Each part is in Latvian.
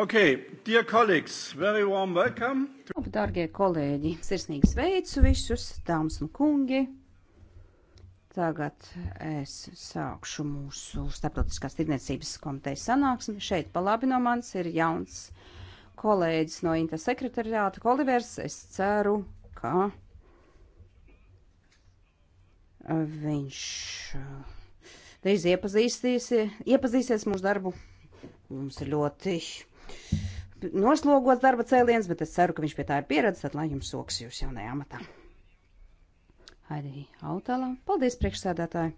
Okay, dear colleagues, very warm welcome. To... Dargie kolēģi, sirsnīgi sveicu visus, dāmas un kungi. Tagad es sākšu mūsu starptautiskās tirdzniecības komitejas sanāksmi. Šeit pa labi no manis ir jauns kolēģis no Inta sekretariāta Kolivers. Es ceru, ka viņš uh, reiz iepazīstīsies, iepazīsies mūsu darbu. Mums ir ļoti noslogots darba cēliens, bet es ceru, ka viņš pie tā ir pieredzis, tad lai jums soks jūs jaunajā amatā. Haidī Autala, paldies priekšsēdētāji!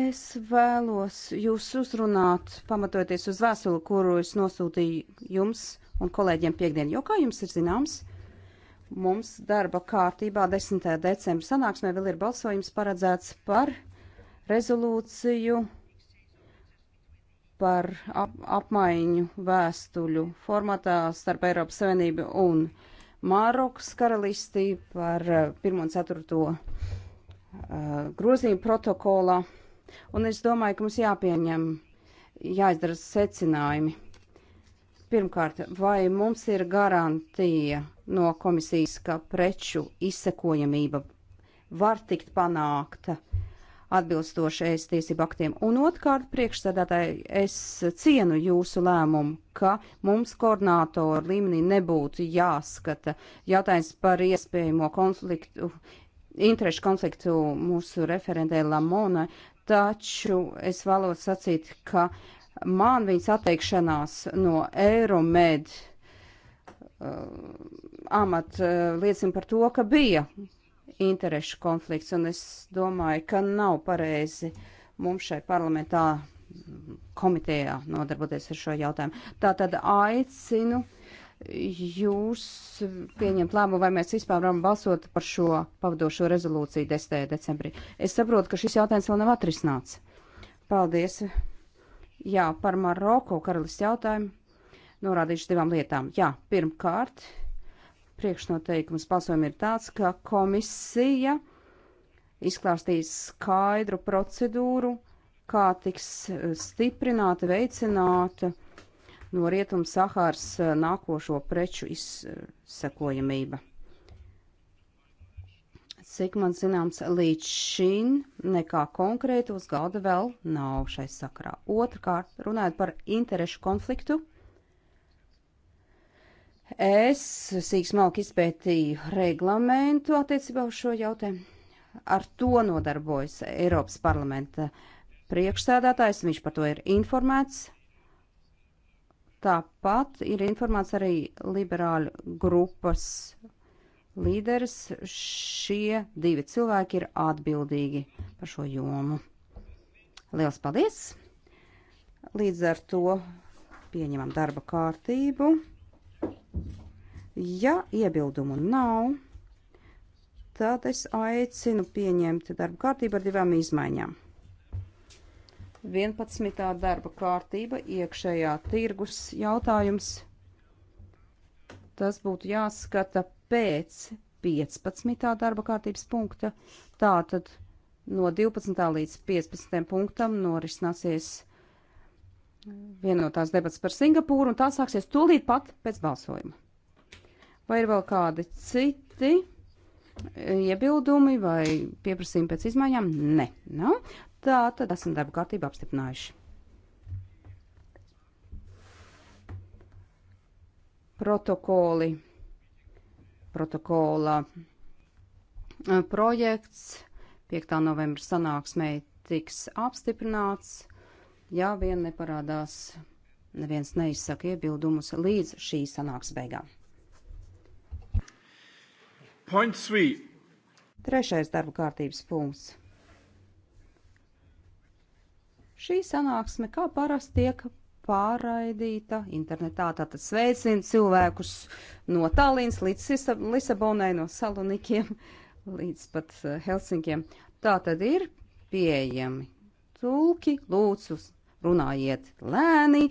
Es vēlos jūs uzrunāt, pamatoties uz vēstuli, kuru es nosūtīju jums un kolēģiem piekdien, jo, kā jums ir zināms, mums darba kārtībā 10. decembra sanāksmē vēl ir balsojums paredzēts par rezolūciju par ap apmaiņu vēstuļu formatā starp Eiropas Savienību un Mārokas karalisti par 1 eh, un 4 eh, grozījumu protokolā, un es domāju, ka mums jāpieņem, jāizdara secinājumi. Pirmkārt, vai mums ir garantija no komisijas, ka preču izsekojamība var tikt panākta atbilstoši es tiesību aktiem. Un otrkārt, priekšsēdētāji, es cienu jūsu lēmumu, ka mums koordinātoru līmenī nebūtu jāskata jautājums par iespējamo konfliktu, interešu konfliktu mūsu referentē Lamona, taču es vēlos sacīt, ka man viņas atteikšanās no Eiromed uh, amata uh, liecina par to, ka bija interešu konflikts, un es domāju, ka nav pareizi mums šai parlamentā komitejā nodarboties ar šo jautājumu. Tātad aicinu jūs pieņemt lēmumu, vai mēs vispār varam balsot par šo pavadošo rezolūciju 10. decembrī. Es saprotu, ka šis jautājums vēl nav atrisināts. Paldies. Jā, par Maroko karalistu jautājumu norādīšu divām lietām. Jā, pirmkārt, priekšnoteikums balsojumam ir tāds, ka komisija izklāstīs skaidru procedūru, kā tiks stiprināta, veicināta no rietumu Sahāras nākošo preču izsekojamība. Cik man zināms, līdz šim nekā konkrēta uz galda vēl nav šai sakrā. Otrkārt, runājot par interešu konfliktu, Es sīksmalki izpētīju reglamentu attiecībā uz šo jautājumu. Ar to nodarbojas Eiropas parlamenta priekšsēdētājs, viņš par to ir informēts. Tāpat ir informēts arī liberāļu grupas līderis. Šie divi cilvēki ir atbildīgi par šo jomu. Liels paldies! Līdz ar to pieņemam darba kārtību. Ja iebildumu nav, tad es aicinu pieņemt darba kārtību ar divām izmaiņām. 11. darba kārtība iekšējā tirgus jautājums. Tas būtu jāskata pēc 15. darba kārtības punkta. Tātad no 12. līdz 15. punktam norisināsies vienotās debats par Singapūru, un tā sāksies tūlīt pat pēc balsojuma. Vai ir vēl kādi citi iebildumi vai pieprasījumi pēc izmaiņām? Nē, nav. Tā tad esam darba kārtību apstiprinājuši. Protokoli, protokola projekts 5. novembra sanāksmē tiks apstiprināts, ja vien neparādās, neviens neizsaka iebildumus līdz šī sanāks beigām. Point three. Trešais darba kārtības punkts. Šī sanāksme, kā parasti, tiek pārraidīta internetā. Tātad sveicinu cilvēkus no Tallinas līdz Lisabonai, no Salonikiem līdz pat eh, Helsinkiem. Tā tad ir pieejami tulki, lūdzu, runājiet lēni,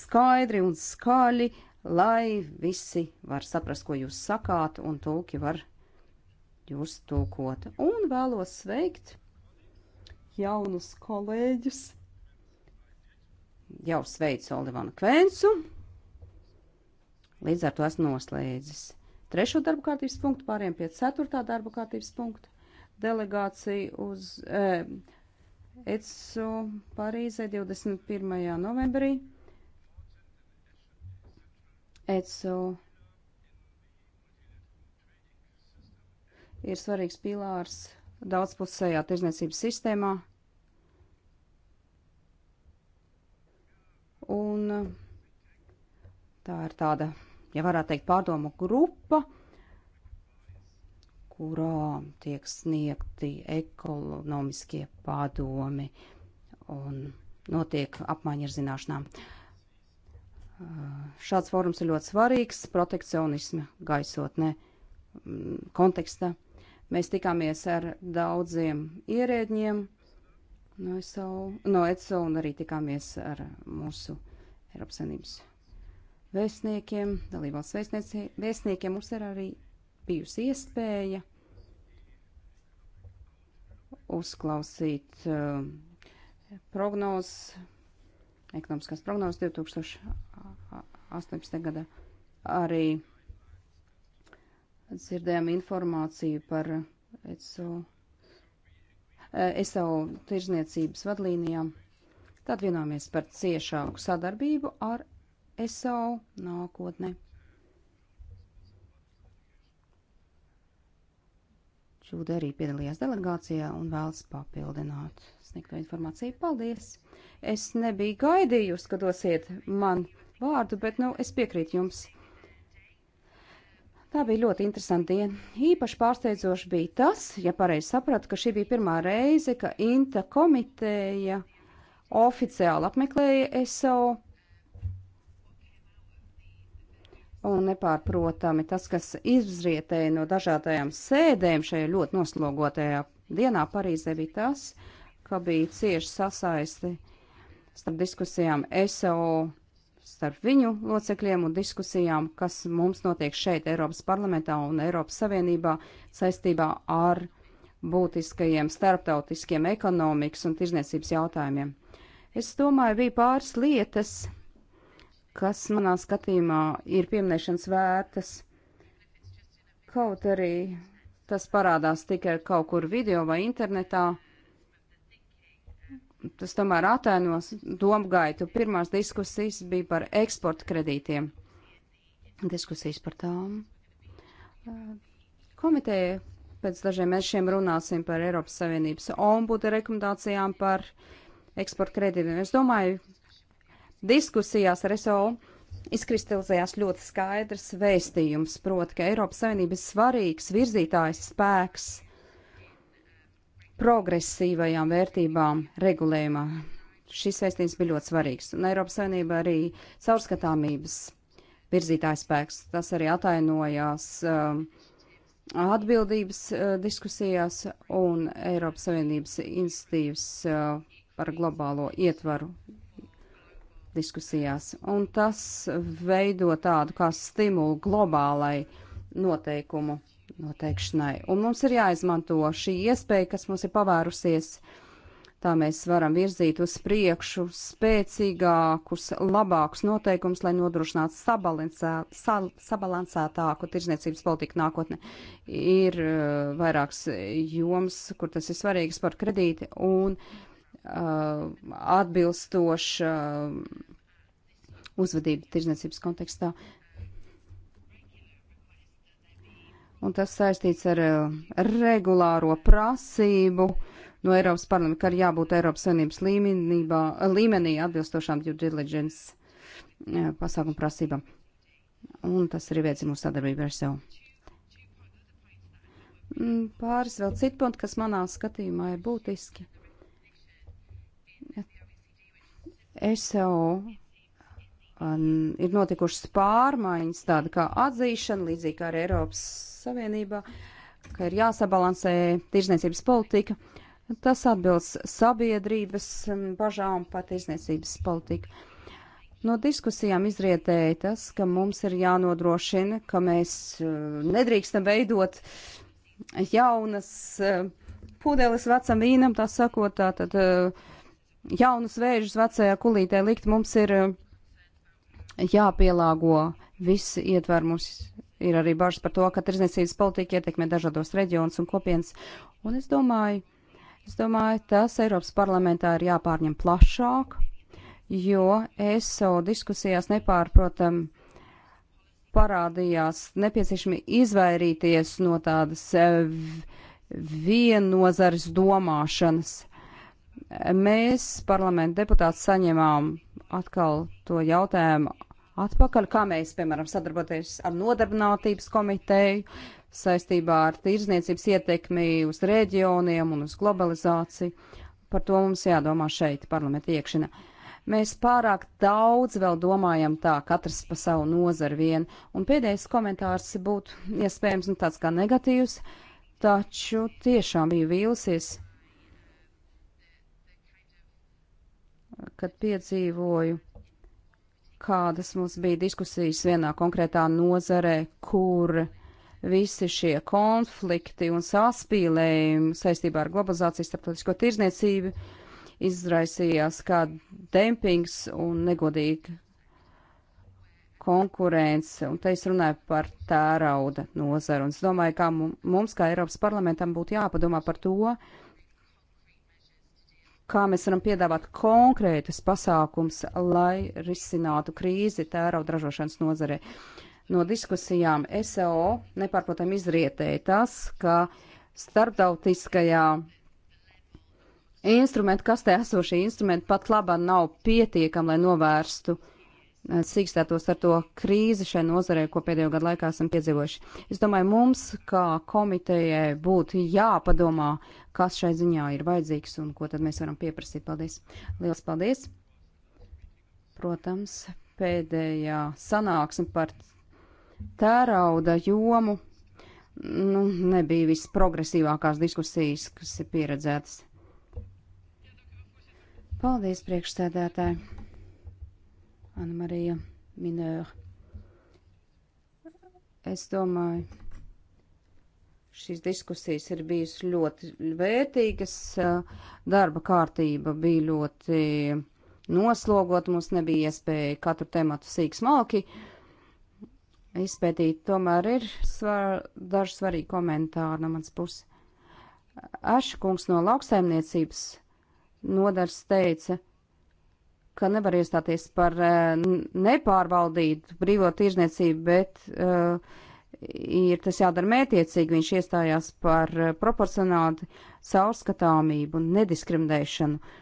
skaidri un skaļi, lai visi var saprast, ko jūs sakāt, un tulki var jūs tulkot. Un vēlos sveikt jaunus kolēģus. Jau sveicu Olivanu Kvensu. Līdz ar to esmu noslēdzis. Trešo darba kārtības punktu pāriem pie ceturtā darba kārtības punkta. Delegācija uz eh, ECU Parīzē 21. novembrī. ECO ir svarīgs pilārs daudzpusējā tirzniecības sistēmā. Un tā ir tāda, ja varētu teikt, pārdomu grupa, kurā tiek sniegti ekonomiskie padomi un notiek apmaiņa ar zināšanām. Uh, Šāds fórums ir ļoti svarīgs protekcionisma gaisotnē kontekstā. Mēs tikāmies ar daudziem ierēdņiem no ECO, no ECO un arī tikāmies ar mūsu Eiropas Savienības vēstniekiem, dalībvalsts vēstniekiem. Mums ir arī bijusi iespēja uzklausīt uh, prognozes, ekonomiskās prognozes 2000. 18. gadā. Arī dzirdējām informāciju par ESO, ESO tirzniecības vadlīnijām. Tad vienojāmies par ciešāku sadarbību ar ESO nākotnē. Čūda arī piedalījās delegācijā un vēlas papildināt sniegto informāciju. Paldies! Es nebiju gaidījusi, ka dosiet man vārdu, bet nu, es piekrītu jums. Tā bija ļoti interesanta diena. Īpaši pārsteidzoši bija tas, ja pareizi sapratu, ka šī bija pirmā reize, ka Inta komiteja oficiāli apmeklēja ESO. Un nepārprotami tas, kas izrietēja no dažādajām sēdēm šajā ļoti noslogotajā dienā Parīzē, bija tas, ka bija cieši sasaisti starp diskusijām ESO starp viņu locekļiem un diskusijām, kas mums notiek šeit, Eiropas parlamentā un Eiropas Savienībā saistībā ar būtiskajiem starptautiskiem ekonomikas un tirzniecības jautājumiem. Es domāju, bija pāris lietas, kas manā skatījumā ir pieminēšanas vērtas, kaut arī tas parādās tikai kaut kur video vai internetā tas tomēr atēnos domgaitu. Pirmās diskusijas bija par eksporta kredītiem. Diskusijas par tām. Komiteja pēc dažiem mēnešiem runāsim par Eiropas Savienības ombuda rekomendācijām par eksporta kredītiem. Es domāju, diskusijās ar SO izkristalizējās ļoti skaidrs vēstījums, proti, ka Eiropas Savienības svarīgs virzītājs spēks progresīvajām vērtībām regulējumā. Šis saistības bija ļoti svarīgs, un Eiropas Savienība arī caurskatāmības virzītājs spēks. Tas arī atainojās um, atbildības uh, diskusijās un Eiropas Savienības institīvas uh, par globālo ietvaru diskusijās. Un tas veido tādu kā stimulu globālai noteikumu noteikšanai. Un mums ir jāizmanto šī iespēja, kas mums ir pavērusies. Tā mēs varam virzīt uz priekšu spēcīgākus, labākus noteikumus, lai nodrošinātu sabalansētāku tirzniecības politiku nākotne. Ir uh, vairāks joms, kur tas ir svarīgs par kredīti un uh, atbilstoši uh, uzvedību tirzniecības kontekstā. Uh, un tas saistīts ar eh, regulāro prasību no Eiropas parlamenta, ka ir jābūt Eiropas savinības līmenī atbilstošām due diligence eh, pasākumu prasībām. Un tas arī veicina mūsu sadarbību ar sevi. Mm, pāris vēl citu punktu, kas manā skatījumā ir būtiski. SEO eh, ir notikušas pārmaiņas, tāda kā atzīšana, līdzīgi kā ar Eiropas Savienībā, ka ir jāsabalansē tirzniecības politika. Tas atbilst sabiedrības mm, bažām par tirzniecības politiku. No diskusijām izrietēja tas, ka mums ir jānodrošina, ka mēs mm, nedrīkstam veidot jaunas mm, pudeles vecam vīnam, tā sakot, tātad jaunas vēžus vecajā kulītē likt. Mums ir jāpielāgo visi ietver mums ir arī bažas par to, ka tirzniecības politika ietekmē dažādos reģionus un kopienas. Un es domāju, es domāju, tas Eiropas parlamentā ir jāpārņem plašāk, jo ESO diskusijās nepārprotam parādījās nepieciešami izvairīties no tādas eh, viennozares domāšanas. Mēs parlamenta deputāti saņemām atkal to jautājumu atpakaļ, kā mēs, piemēram, sadarboties ar nodarbinātības komiteju saistībā ar tirzniecības ietekmi uz reģioniem un uz globalizāciju. Par to mums jādomā šeit, parlamenta iekšienē. Mēs pārāk daudz vēl domājam tā, katrs pa savu nozari vien, un pēdējais komentārs būtu iespējams nu, tāds kā negatīvs, taču tiešām biju vīlusies, kad piedzīvoju kādas mums bija diskusijas vienā konkrētā nozarē, kur visi šie konflikti un saspīlējumi saistībā ar globalizāciju starptautisko tirzniecību izraisījās kā dempings un negodīga konkurence, un te es runāju par tērauda nozaru, un es domāju, kā mums, kā Eiropas parlamentam, būtu jāpadomā par to, uh, kā mēs varam piedāvāt konkrētus pasākums, lai risinātu krīzi tērauda ražošanas nozarē. No diskusijām SEO nepārprotam izrietēja tas, ka starptautiskajā instrumentu kastē esošie instrumenti pat labā nav pietiekami, lai novērstu uh, cīkstētos ar to krīzi šai nozarē, ko pēdējo gadu laikā esam piedzīvojuši. Es domāju, mums, kā komitejai, būtu jāpadomā, kas šai ziņā ir vajadzīgs un ko tad mēs varam pieprasīt. Paldies! Lielas paldies! Protams, pēdējā sanāksme par tērauda jomu nu, nebija visprogresīvākās diskusijas, kas ir pieredzētas. Paldies, priekšsēdētāji! Anna Marija Minēra. Es domāju, šīs diskusijas ir bijusi ļoti vērtīgas. Darba kārtība bija ļoti noslogot, mums nebija iespēja katru tematu sīk smalki izpētīt. Tomēr ir svar, daži svarīgi komentāri no mans puses. Aškungs no lauksaimniecības nodars teica, ka nevar iestāties par eh, nepārvaldītu brīvo tirzniecību, bet uh, ir tas jādara mētiecīgi. Viņš iestājās par eh, proporcionāli caurskatāmību un nediskriminēšanu.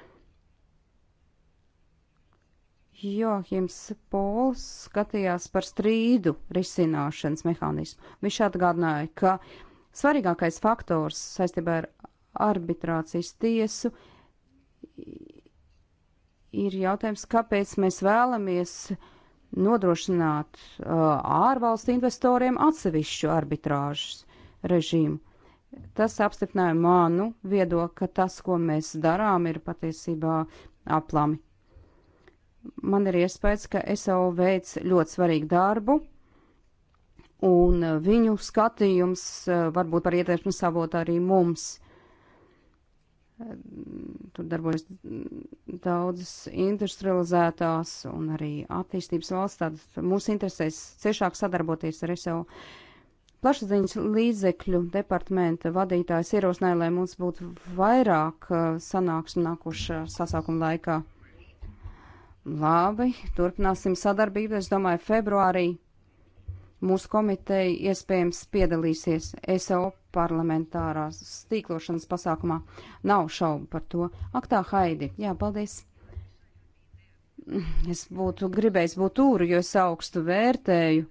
Johims Pols skatījās par strīdu risināšanas mehānismu. Viņš atgādināja, ka svarīgākais faktors saistībā ar arbitrācijas tiesu ir jautājums, kāpēc mēs vēlamies nodrošināt uh, ārvalstu investoriem atsevišķu arbitrāžas režīmu. Tas apstiprināja manu viedokli, ka tas, ko mēs darām, ir patiesībā aplami. Man ir iespējas, ka SAO veic ļoti svarīgu darbu, un uh, viņu skatījums uh, varbūt par ieteikumu savot arī mums. Tur darbojas daudzas industrializētās un arī attīstības valsts. Tātad mūs interesēs ciešāk sadarboties ar SEO. Plašsaziņas līdzekļu departamenta vadītājs ierosināja, lai mums būtu vairāk uh, sanāksmu nākošā sasaukuma laikā. Labi, turpināsim sadarbību. Es domāju, februārī mūsu komiteja iespējams piedalīsies SEO parlamentārās stīklošanas pasākumā. Nav šaubu par to. Ak tā, Haidi, jā, paldies. Es būtu gribējis būt tūru, jo es augstu vērtēju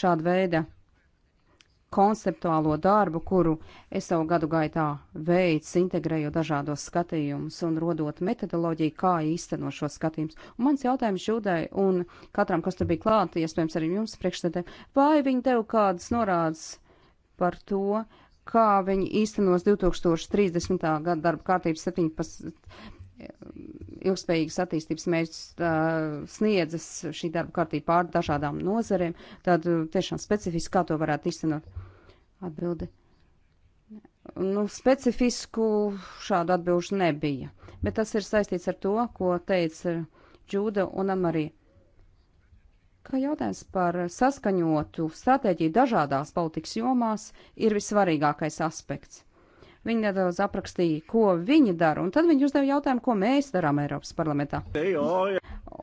šādu veidu konceptuālo darbu, kuru es savu gadu gaitā veicu, integrējot dažādos skatījumus un rodot metodoloģiju, kā īsteno šo skatījumus. Un mans jautājums Žudai un katram, kas tur bija klāt, iespējams arī jums priekšstādē, vai viņi tev kādas norādes par to, kā viņi īstenos 2030. gada darba kārtības 17 ilgspējīgas attīstības mērķus sniedzas šī darba kārtība pār dažādām nozarēm, tad uh, tiešām specifiski, kā to varētu iztenot? Atbildi. Nu, specifisku šādu atbilžu nebija, bet tas ir saistīts ar to, ko teica Džūda un Amarija ka jautājums par saskaņotu stratēģiju dažādās politikas jomās ir vissvarīgākais aspekts. Viņi nedaudz aprakstīja, ko viņi dara, un tad viņi uzdeva jautājumu, ko mēs darām Eiropas parlamentā.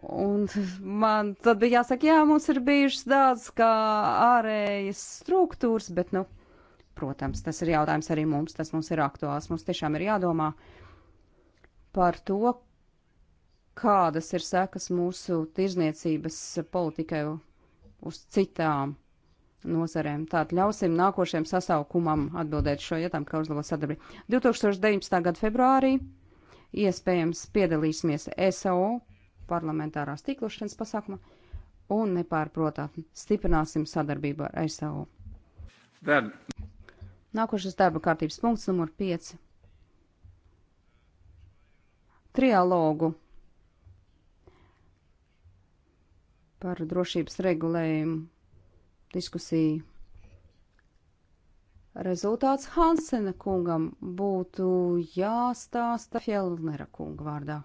Un man tad bija jāsaka, jā, mums ir bijušas tādas kā ārējas struktūras, bet, nu, protams, tas ir jautājums arī mums, tas mums ir aktuāls, mums tiešām ir jādomā par to, kādas ir sekas mūsu tirzniecības politikai uz citām nozarēm. Tātad ļausim nākošajam sasaukumam atbildēt šo jautājumu, kā uzlabot sadarbību. 2019. gada februārī iespējams piedalīsimies SAO parlamentārās tīklošanas pasākumā un nepārprotāt stiprināsim sadarbību ar SAO. Then. Nākošais darba kārtības punkts numur 5. Trialogu par drošības regulējumu diskusiju. Rezultāts Hansena kungam būtu jāstāsta Fjellnera kunga vārdā.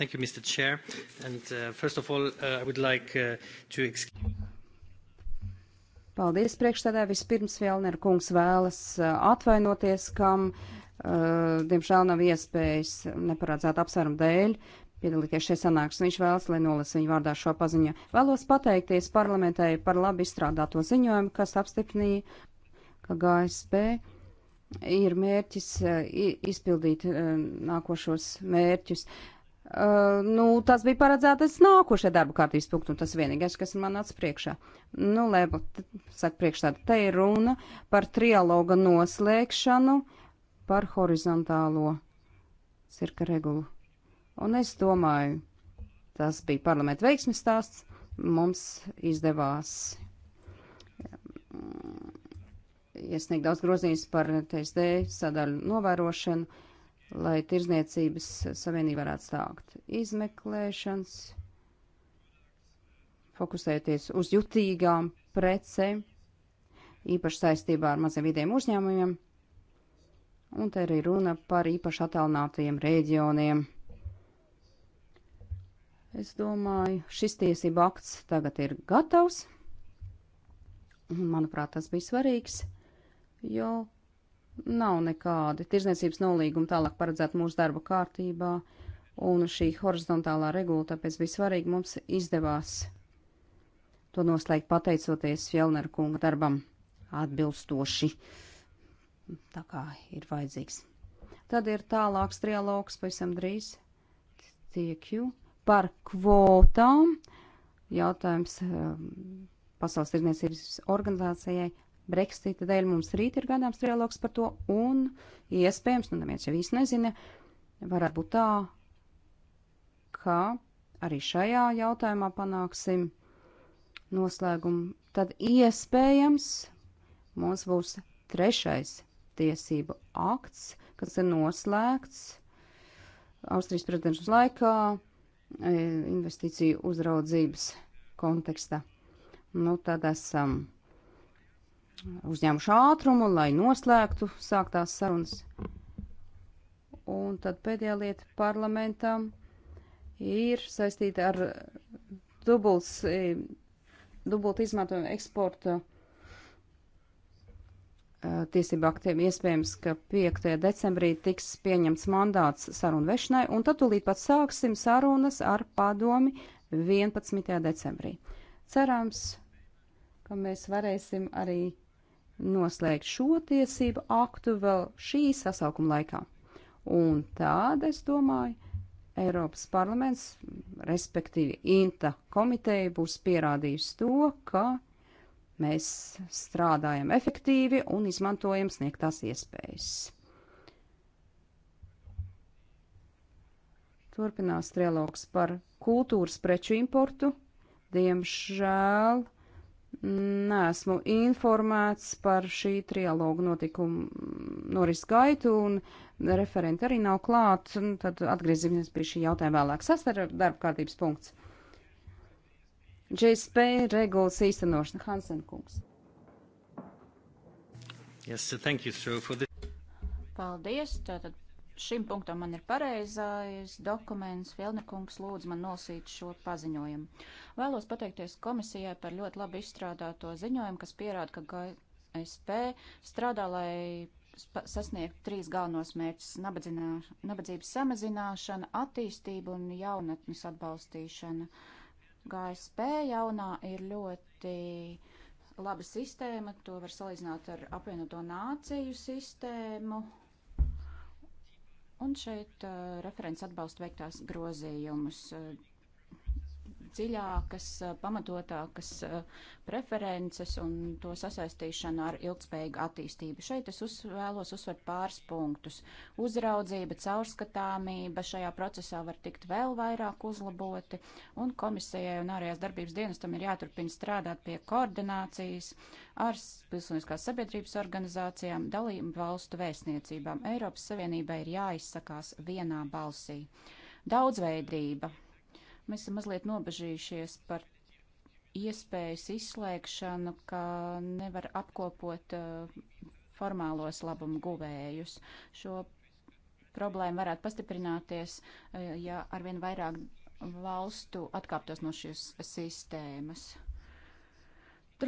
Thank you, Mr. Chair. And uh, first of all, uh, I would like uh, to excuse. Paldies priekšstādē. Vispirms Fjellner kungs vēlas uh, atvainoties, kam, uh, diemžēl, nav iespējas neparādzēt apsvērumu dēļ piedalīties šajā sanāksmē. Viņš vēlas, lai nolas viņa vārdā šo paziņu. Vēlos pateikties parlamentēji par labi izstrādāto ziņojumu, kas apstiprināja, ka GSP ir mērķis eh, izpildīt eh, nākošos mērķus. Uh, nu, tas bija paredzēts nākošajā darba kārtības punktā, un tas vienīgais, kas man nāca priekšā. Nu, lēba, saka priekšstādā, te ir runa par trialoga noslēgšanu par horizontālo cirka regulu. Un es domāju, tas bija parlamenta veiksmes stāsts. Mums izdevās mm, iesniegt daudz grozījums par TSD sadaļu novērošanu, lai tirzniecības savienība varētu sākt izmeklēšanas, fokusēties uz jutīgām precēm, īpaši saistībā ar maziem vidiem uzņēmumiem, un te arī runa par īpaši attālinātajiem reģioniem. Es domāju, šis tiesība akts tagad ir gatavs. Un, manuprāt, tas bija svarīgs, jo nav nekādi tirzniecības nolīgumi tālāk paredzēt mūsu darba kārtībā, un šī horizontālā regula tāpēc bija svarīga mums izdevās to noslēgt pateicoties Fjellnera kunga darbam atbilstoši, tā kā ir vajadzīgs. Tad ir tālāks trialogs pavisam drīz, TQ, Par kvotām jautājums ehm, Pasaules tirdzniecības organizācijai Brexita dēļ mums rīt ir gaidāms trialogs par to, un iespējams, nu neviens jau īsti nezina, varētu būt tā, ka arī šajā jautājumā panāksim noslēgumu. Tad iespējams mums būs trešais tiesību akts, kas ir noslēgts Austrijas prezidentūras laikā E, investīciju uzraudzības kontekstā. Nu, tad esam uzņēmuši ātrumu, lai noslēgtu sāktās sarunas. Un tad pēdējā lieta parlamentam ir saistīta ar dubults, e, dubult izmantojumu eksporta Eh, tiesību aktiem iespējams, ka 5. decembrī tiks pieņemts mandāts sarunu vešanai, un tad tūlīt pat sāksim sarunas ar padomi 11. decembrī. Cerams, ka mēs varēsim arī noslēgt šo tiesību aktu vēl šī sasaukuma laikā. Un tāda, es domāju, Eiropas parlaments, respektīvi INTA komiteja, būs pierādījusi to, ka Mēs strādājam efektīvi un izmantojam sniegtās iespējas. Turpinās trialogs par kultūras preču importu. Diemžēl neesmu informēts par šī trialoga notikumu noris gaitu, un referenti arī nav klāt, tad atgriezīsimies pie šī jautājuma vēlāk. Sastar darba kārtības punkts. GSP regulas īstenošana. Hansen kungs. Yes, so thank you, sir, for the... Paldies. Tātad šim punktam man ir pareizais dokuments. Vielnekungs lūdz man nosīt šo paziņojumu. Vēlos pateikties komisijai par ļoti labi izstrādāto ziņojumu, kas pierāda, ka GSP strādā, lai sasniegt trīs galvenos mērķus - nabadzības samazināšana, attīstība un jaunatnes atbalstīšana. Uh, GSP jaunā ir ļoti laba sistēma, to var salīdzināt ar apvienoto nāciju sistēmu. Un šeit uh, referents atbalsta veiktās grozījumus. Uh, dziļākas, eh, pamatotākas eh, preferences un to sasaistīšanu ar ilgspējīgu attīstību. Šeit es uz, vēlos uzsvert pāris punktus. Uzraudzība, caurskatāmība šajā procesā var tikt vēl vairāk uzlaboti, un komisijai un ārējās darbības dienestam ir jāturpina strādāt pie koordinācijas ar pilsoniskās sabiedrības organizācijām, dalību valstu vēstniecībām. Eiropas Savienībai ir jāizsakās vienā balsī. Daudzveidība Mēs esam mazliet nobežījušies par iespējas izslēgšanu, ka nevar apkopot uh, formālos labumu guvējus. Šo problēma varētu pastiprināties, uh, ja arvien vairāk valstu atkāptos no šīs sistēmas.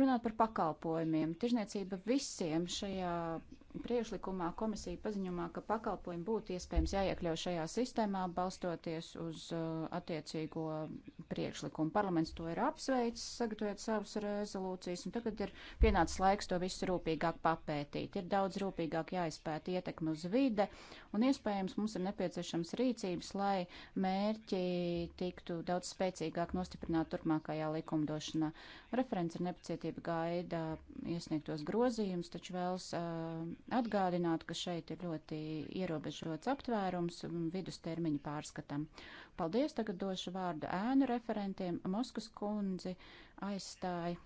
Runāt par pakalpojumiem. Tirzniecība visiem šajā priešlikumā komisija paziņumā, ka pakalpojumi būtu iespējams jāiekļauj šajā sistēmā, balstoties uz uh, attiecīgo priekšlikumu. Parlaments to ir apsveicis, sagatavojot savas rezolūcijas, un tagad ir pienācis laiks to visu rūpīgāk papētīt. Ir daudz rūpīgāk jāizpēta ietekme uz vide, un iespējams mums ir nepieciešams rīcības, lai mērķi tiktu daudz spēcīgāk nostiprināt turpmākajā likumdošanā. Referents ar nepacietību gaida iesniegtos grozījumus, taču vēlas uh, atgādināt, ka šeit ir ļoti ierobežots aptvērums vidustermiņu pārskatam. Paldies, tagad došu vārdu ēnu referentiem. Moskas kundzi aizstāja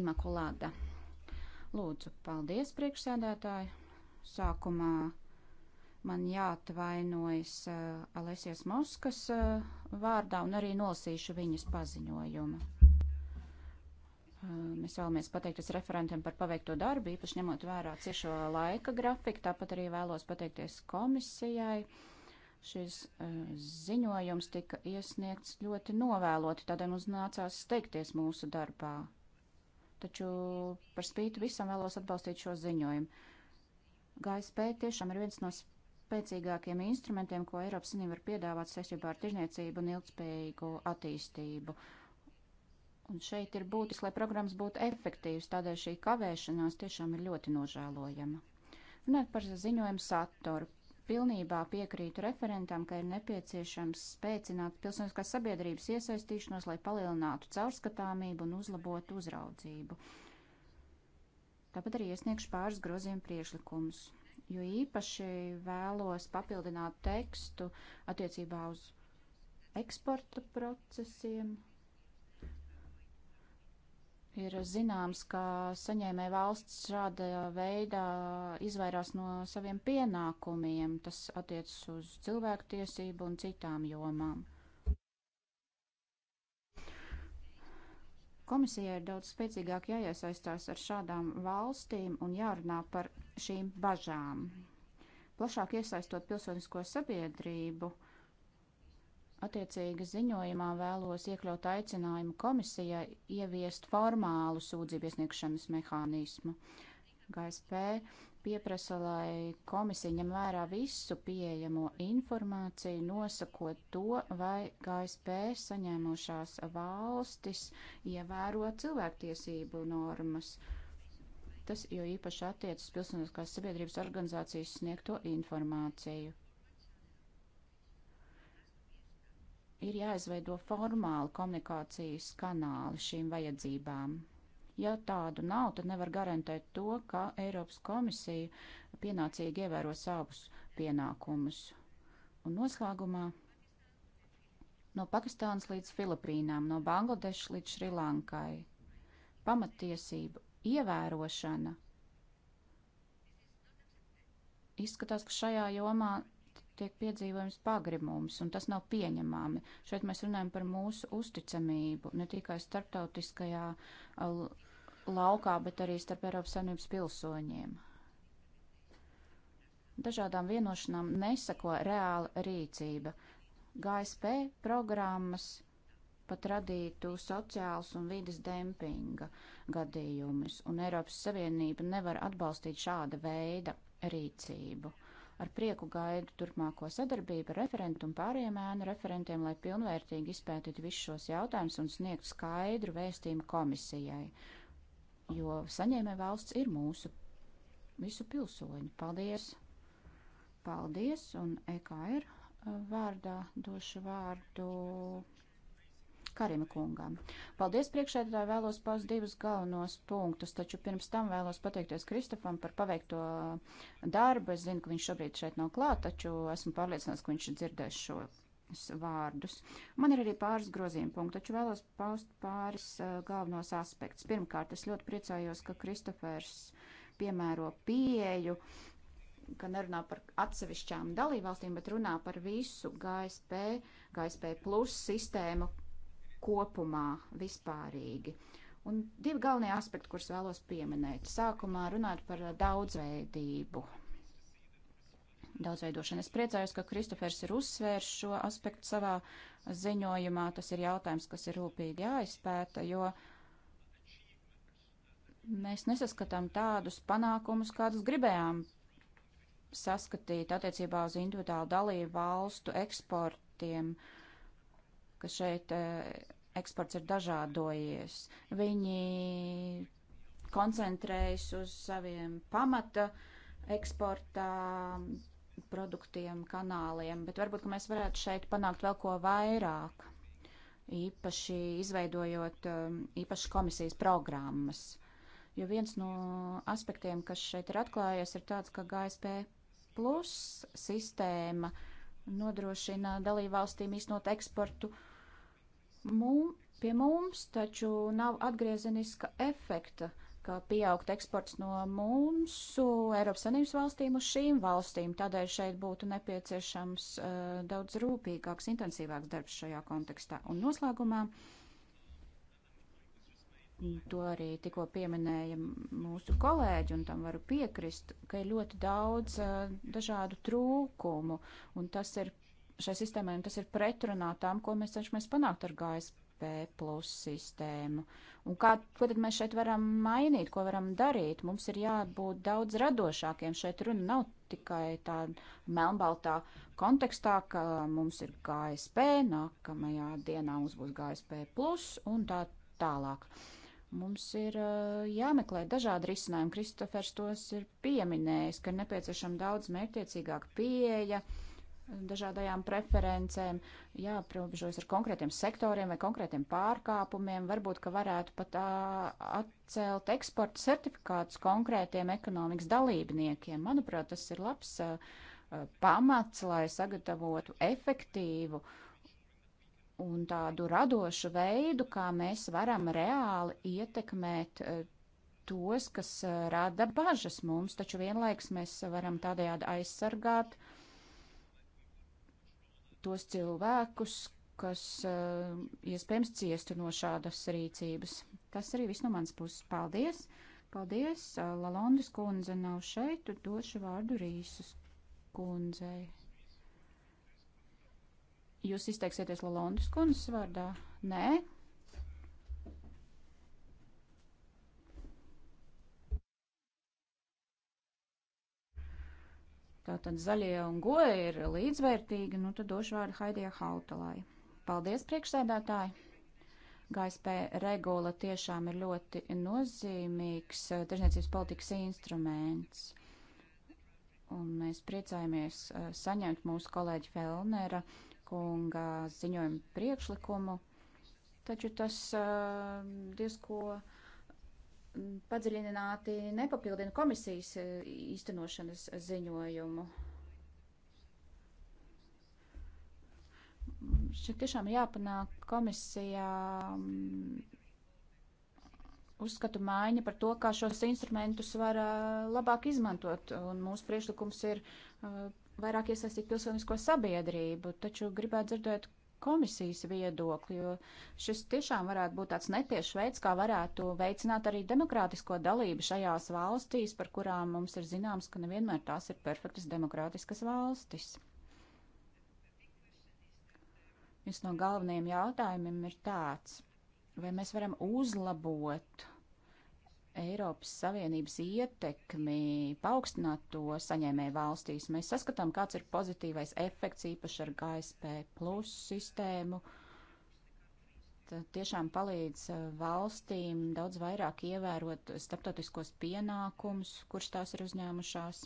Imakulāda. Lūdzu, paldies, priekšsēdētāji. Sākumā man jāatvainojas uh, eh, Alesijas Moskas uh, vārdā un arī nolasīšu viņas paziņojumu. Mēs vēlamies pateikties referentiem par paveikto darbu, īpaši ņemot vērā ciešo laika grafiku. Tāpat arī vēlos pateikties komisijai. Šis uh, ziņojums tika iesniegts ļoti novēloti, tādēļ mums nācās steigties mūsu darbā. Taču par spīti visam vēlos atbalstīt šo ziņojumu. GSP tiešām ir viens no spēcīgākiem instrumentiem, ko Eiropas Savienība var piedāvāt saistībā ar tirzniecību un ilgspējīgu attīstību. Uh, Un šeit ir būtiski, lai programmas būtu efektīvas, tādēļ šī kavēšanās tiešām ir ļoti nožēlojama. Runāt par ziņojumu saturu. Pilnībā piekrītu referentam, ka ir nepieciešams spēcināt pilsoniskās sabiedrības iesaistīšanos, lai palielinātu caurskatāmību un uzlabotu uzraudzību. Tāpat arī iesniegšu pāris grozījumu priekšlikumus, jo īpaši vēlos papildināt tekstu attiecībā uz eksporta procesiem, Ir zināms, ka saņēmē valsts šāda veidā izvairās no saviem pienākumiem. Tas attiecas uz cilvēktiesību un citām jomām. Komisijai ir daudz spēcīgāk jāiesaistās ar šādām valstīm un jārunā par šīm bažām. Plašāk iesaistot pilsonisko sabiedrību, uh, Attiecīgi ziņojumā vēlos iekļaut aicinājumu komisijai ieviest formālu sūdzību iesniegšanas mehānismu. GSP pieprasa, lai komisija ņem vērā visu pieejamo informāciju, nosakot to, vai GSP saņēmušās valstis ievēro cilvēktiesību normas. Tas jo īpaši attiecas pilsoniskās sabiedrības organizācijas sniegto informāciju. ir jāizveido formāli komunikācijas kanāli šīm vajadzībām. Ja tādu nav, tad nevar garantēt to, ka Eiropas komisija pienācīgi ievēro savus pienākumus. Un noslēgumā no Pakistānas līdz Filipīnām, no Bangladešas līdz Šrilankai. Pamatiesību ievērošana izskatās, ka šajā jomā tiek piedzīvojams pagrimums, un tas nav pieņemami. Šeit mēs runājam par mūsu uzticamību ne tikai starptautiskajā laukā, bet arī starp Eiropas Savienības pilsoņiem. Dažādām vienošanām nesako reāla rīcība. GSP programmas pat radītu sociāls un vidas dempinga gadījumus, un Eiropas Savienība nevar atbalstīt šāda veida rīcību. Uh, Ar prieku gaidu turpmāko sadarbību ar referentu un pārējiem ēnu referentiem, lai pilnvērtīgi izpētītu visus šos jautājumus un sniegtu skaidru vēstījumu komisijai, jo saņēmē valsts ir mūsu visu pilsoņi. Paldies! Paldies! Un EKR uh, vārdā došu vārdu Karima kungām. Paldies priekšēdētāji, vēlos paust divus galvenos punktus, taču pirms tam vēlos pateikties Kristofam par paveikto darbu. Es zinu, ka viņš šobrīd šeit nav klāt, taču esmu pārliecināts, ka viņš dzirdēs šo vārdus. Man ir arī pāris grozījuma punkti, taču vēlos paust pāris uh, galvenos aspektus. Pirmkārt, es ļoti priecājos, ka Kristofers piemēro pieeju, ka nerunā par atsevišķām dalībvalstīm, bet runā par visu GSP, GSP plus sistēmu, kopumā, vispārīgi. Un divi galvenie aspekti, kurus vēlos pieminēt. Sākumā runāt par daudzveidību. Daudzveidošana. Es priecājos, ka Kristofers ir uzsvērs šo aspektu savā ziņojumā. Tas ir jautājums, kas ir rūpīgi jāizpēta, jo mēs nesaskatām tādus panākumus, kādus gribējām saskatīt attiecībā uz individuālu dalību valstu eksportiem. Uh, ka šeit e, eksports ir dažādojies. Viņi koncentrējas uz saviem pamata eksporta produktiem, kanāliem, bet varbūt, ka mēs varētu šeit panākt vēl ko vairāk, īpaši izveidojot e, īpaši komisijas programmas. Jo viens no aspektiem, kas šeit ir atklājies, ir tāds, ka GSP plus sistēma nodrošina dalībvalstīm īstenot eksportu uh, Mum, pie mums taču nav atgriezeniska efekta, ka pieaugt eksports no mūsu Eiropas Savienības valstīm uz šīm valstīm. Tādēļ šeit būtu nepieciešams uh, daudz rūpīgāks, intensīvāks darbs šajā kontekstā. Un noslēgumā to arī tikko pieminēja mūsu kolēģi, un tam varu piekrist, ka ir ļoti daudz uh, dažādu trūkumu, un tas ir šai sistēmai, un tas ir pretrunā tam, ko mēs cenšamies panākt ar GSP plus sistēmu. Un kā, ko tad mēs šeit varam mainīt, ko varam darīt? Mums ir jābūt daudz radošākiem. Šeit runa nav tikai tā melnbaltā kontekstā, ka mums ir GSP, nākamajā dienā mums būs GSP plus un tā tālāk. Mums ir jāmeklē dažādi risinājumi. Kristofers tos ir pieminējis, ka nepieciešama daudz mērķtiecīgāka pieeja. Uh, dažādajām preferencēm, jāaprobežojas ar konkrētiem sektoriem vai konkrētiem pārkāpumiem, varbūt, ka varētu pat atcelt eksporta certifikātus konkrētiem ekonomikas dalībniekiem. Manuprāt, tas ir labs a, pamats, lai sagatavotu efektīvu un tādu radošu veidu, kā mēs varam reāli ietekmēt a, tos, kas rada bažas mums, taču vienlaiks mēs varam tādējādi aizsargāt uh, tos cilvēkus, kas uh, iespējams ciestu no šādas rīcības. Tas arī viss no manas puses. Paldies! Paldies! Uh, eh, Lalondas kundze nav šeit, došu vārdu Rīsas kundzei. Jūs izteiksieties Lalondas kundzes vārdā? Nē? tātad zaļie un goja ir līdzvērtīgi, nu tad došu vārdu Haidija Hautalai. Paldies, priekšsēdētāji! GSP regula tiešām ir ļoti nozīmīgs eh, tirzniecības politikas instruments. Un mēs priecājamies eh, saņemt mūsu kolēģi Felnera kunga ziņojumu priekšlikumu, taču tas eh, diezko. Uh, padziļināti nepapildina komisijas e, īstenošanas ziņojumu. Šeit tiešām jāpanāk komisijā uzskatu maiņa par to, kā šos instrumentus var e, labāk izmantot. Un mūsu priešlikums ir e, vairāk iesaistīt pilsonisko sabiedrību, taču gribētu dzirdēt, komisijas viedokli, jo šis tiešām varētu būt tāds netiešs veids, kā varētu veicināt arī demokrātisko dalību šajās valstīs, par kurām mums ir zināms, ka nevienmēr tās ir perfektas demokrātiskas valstis. Viens no galvenajiem jautājumiem ir tāds, vai mēs varam uzlabot Eiropas Savienības ietekmi paaugstināt to saņēmēju valstīs, mēs saskatām, kāds ir pozitīvais efekts īpaši ar GSP plus sistēmu. Tad tiešām palīdz uh, valstīm daudz vairāk ievērot starptautiskos pienākumus, kurš tās ir uzņēmušās.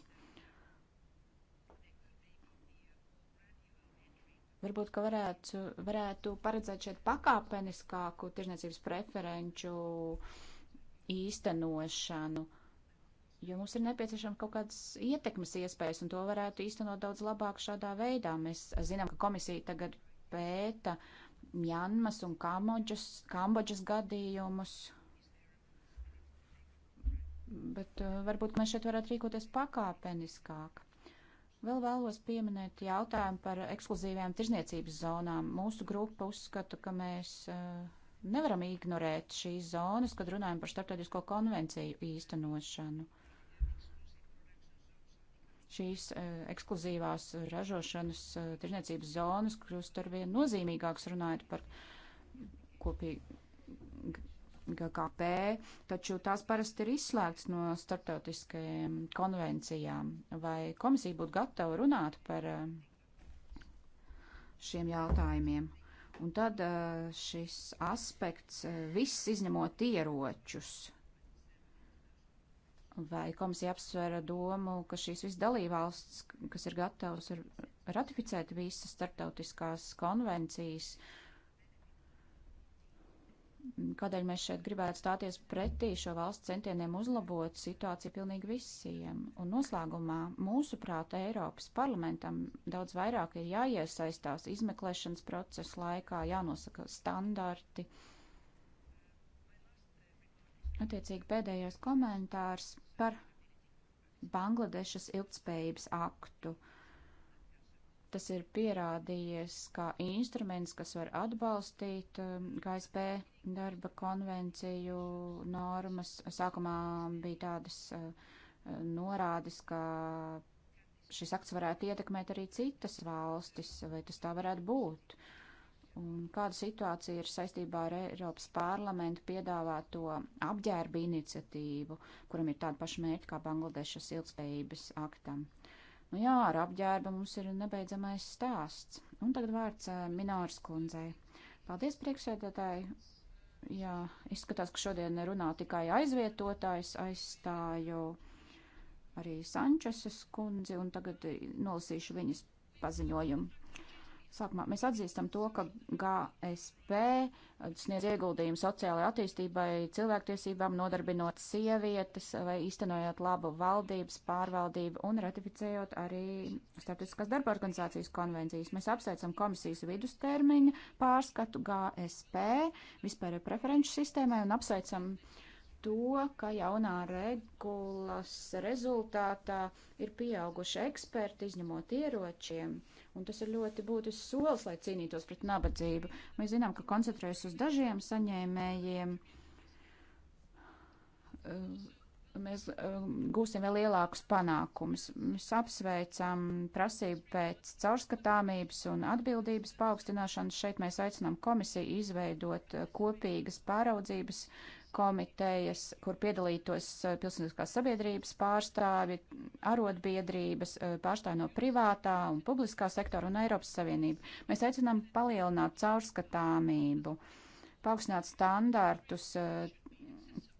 Varbūt, ka varētu, varētu paredzēt šeit pakāpeniskāku tirzniecības preferenču uh, īstenošanu, jo mums ir nepieciešama kaut kādas ietekmes iespējas, un to varētu īstenot daudz labāk šādā veidā. Mēs zinām, ka komisija tagad pēta Mjanmas un Kambodžas, Kambodžas gadījumus, bet uh, varbūt mēs šeit varētu rīkoties pakāpeniskāk. Vēl vēlos pieminēt jautājumu par ekskluzīvajām tirzniecības zonām. Mūsu grupa uzskata, ka mēs uh, Nevaram ignorēt šīs zonas, kad runājam par starptautisko konvenciju īstenošanu. Šīs uh, ekskluzīvās ražošanas uh, eh, tirniecības zonas kļūst arvien nozīmīgāks runājot par kopīgi GKP, taču tās parasti ir izslēgts no starptautiskajām konvencijām. Vai komisija būtu gatava runāt par uh, šiem jautājumiem? Un tad šis aspekts viss izņemot ieročus. Vai komisija apsvēra domu, ka šīs visas dalībvalsts, kas ir gatavas ratificēt visas starptautiskās konvencijas, uh, kādēļ mēs šeit gribētu stāties pretī šo valstu centieniem uzlabot situāciju pilnīgi visiem. Un noslēgumā, mūsuprāt, Eiropas parlamentam daudz vairāk ir jāiesaistās izmeklēšanas procesa laikā, jānosaka standarti. Attiecīgi pēdējais komentārs par Bangladešas ilgtspējības aktu. Uh, tas ir pierādījies kā instruments, kas var atbalstīt KSP um, darba konvenciju normas. Sākumā bija tādas uh, norādes, ka šis akts varētu ietekmēt arī citas valstis, vai tas tā varētu būt. Un kāda situācija ir saistībā ar Eiropas parlamentu piedāvāto apģērbu iniciatīvu, kuram ir tāda paša mērķa kā Bangladešas ilgspējības aktam? Uh, Nu jā, ar apģērbu mums ir nebeidzamais stāsts. Un tagad vārds eh, Mināras kundzei. Paldies, priekšsēdētāji. Jā, izskatās, ka šodien runā tikai aizvietotājs, aizstāju arī Sančesas kundzi, un tagad nolasīšu viņas paziņojumu. Sākumā mēs atzīstam to, ka GSP uh, sniedz ieguldījumu sociālajai attīstībai, cilvēktiesībām, nodarbinot sievietes vai iztenojot labu valdības pārvaldību un ratificējot arī Starptautiskās darba organizācijas konvencijas. Mēs apsveicam komisijas vidustermiņa pārskatu GSP vispārējo preferenču sistēmai un apsveicam uh, to, ka jaunā regulas rezultātā ir pieauguši eksperti, izņemot ieročiem, un tas ir ļoti būtisks solis, lai cīnītos pret nabadzību. Mēs zinām, ka koncentrējas uz dažiem saņēmējiem. Mēs um, gūsim vēl lielākus panākumus. Mēs apsveicam prasību pēc caurskatāmības un atbildības paaugstināšanas. Šeit mēs aicinām komisiju izveidot kopīgas pāraudzības uh, komitejas, kur piedalītos eh, pilsoniskās sabiedrības pārstāvi, arotbiedrības, eh, pārstāvi no privātā un publiskā sektora un Eiropas Savienība. Mēs aicinām palielināt caurskatāmību, paaugstināt standārtus eh,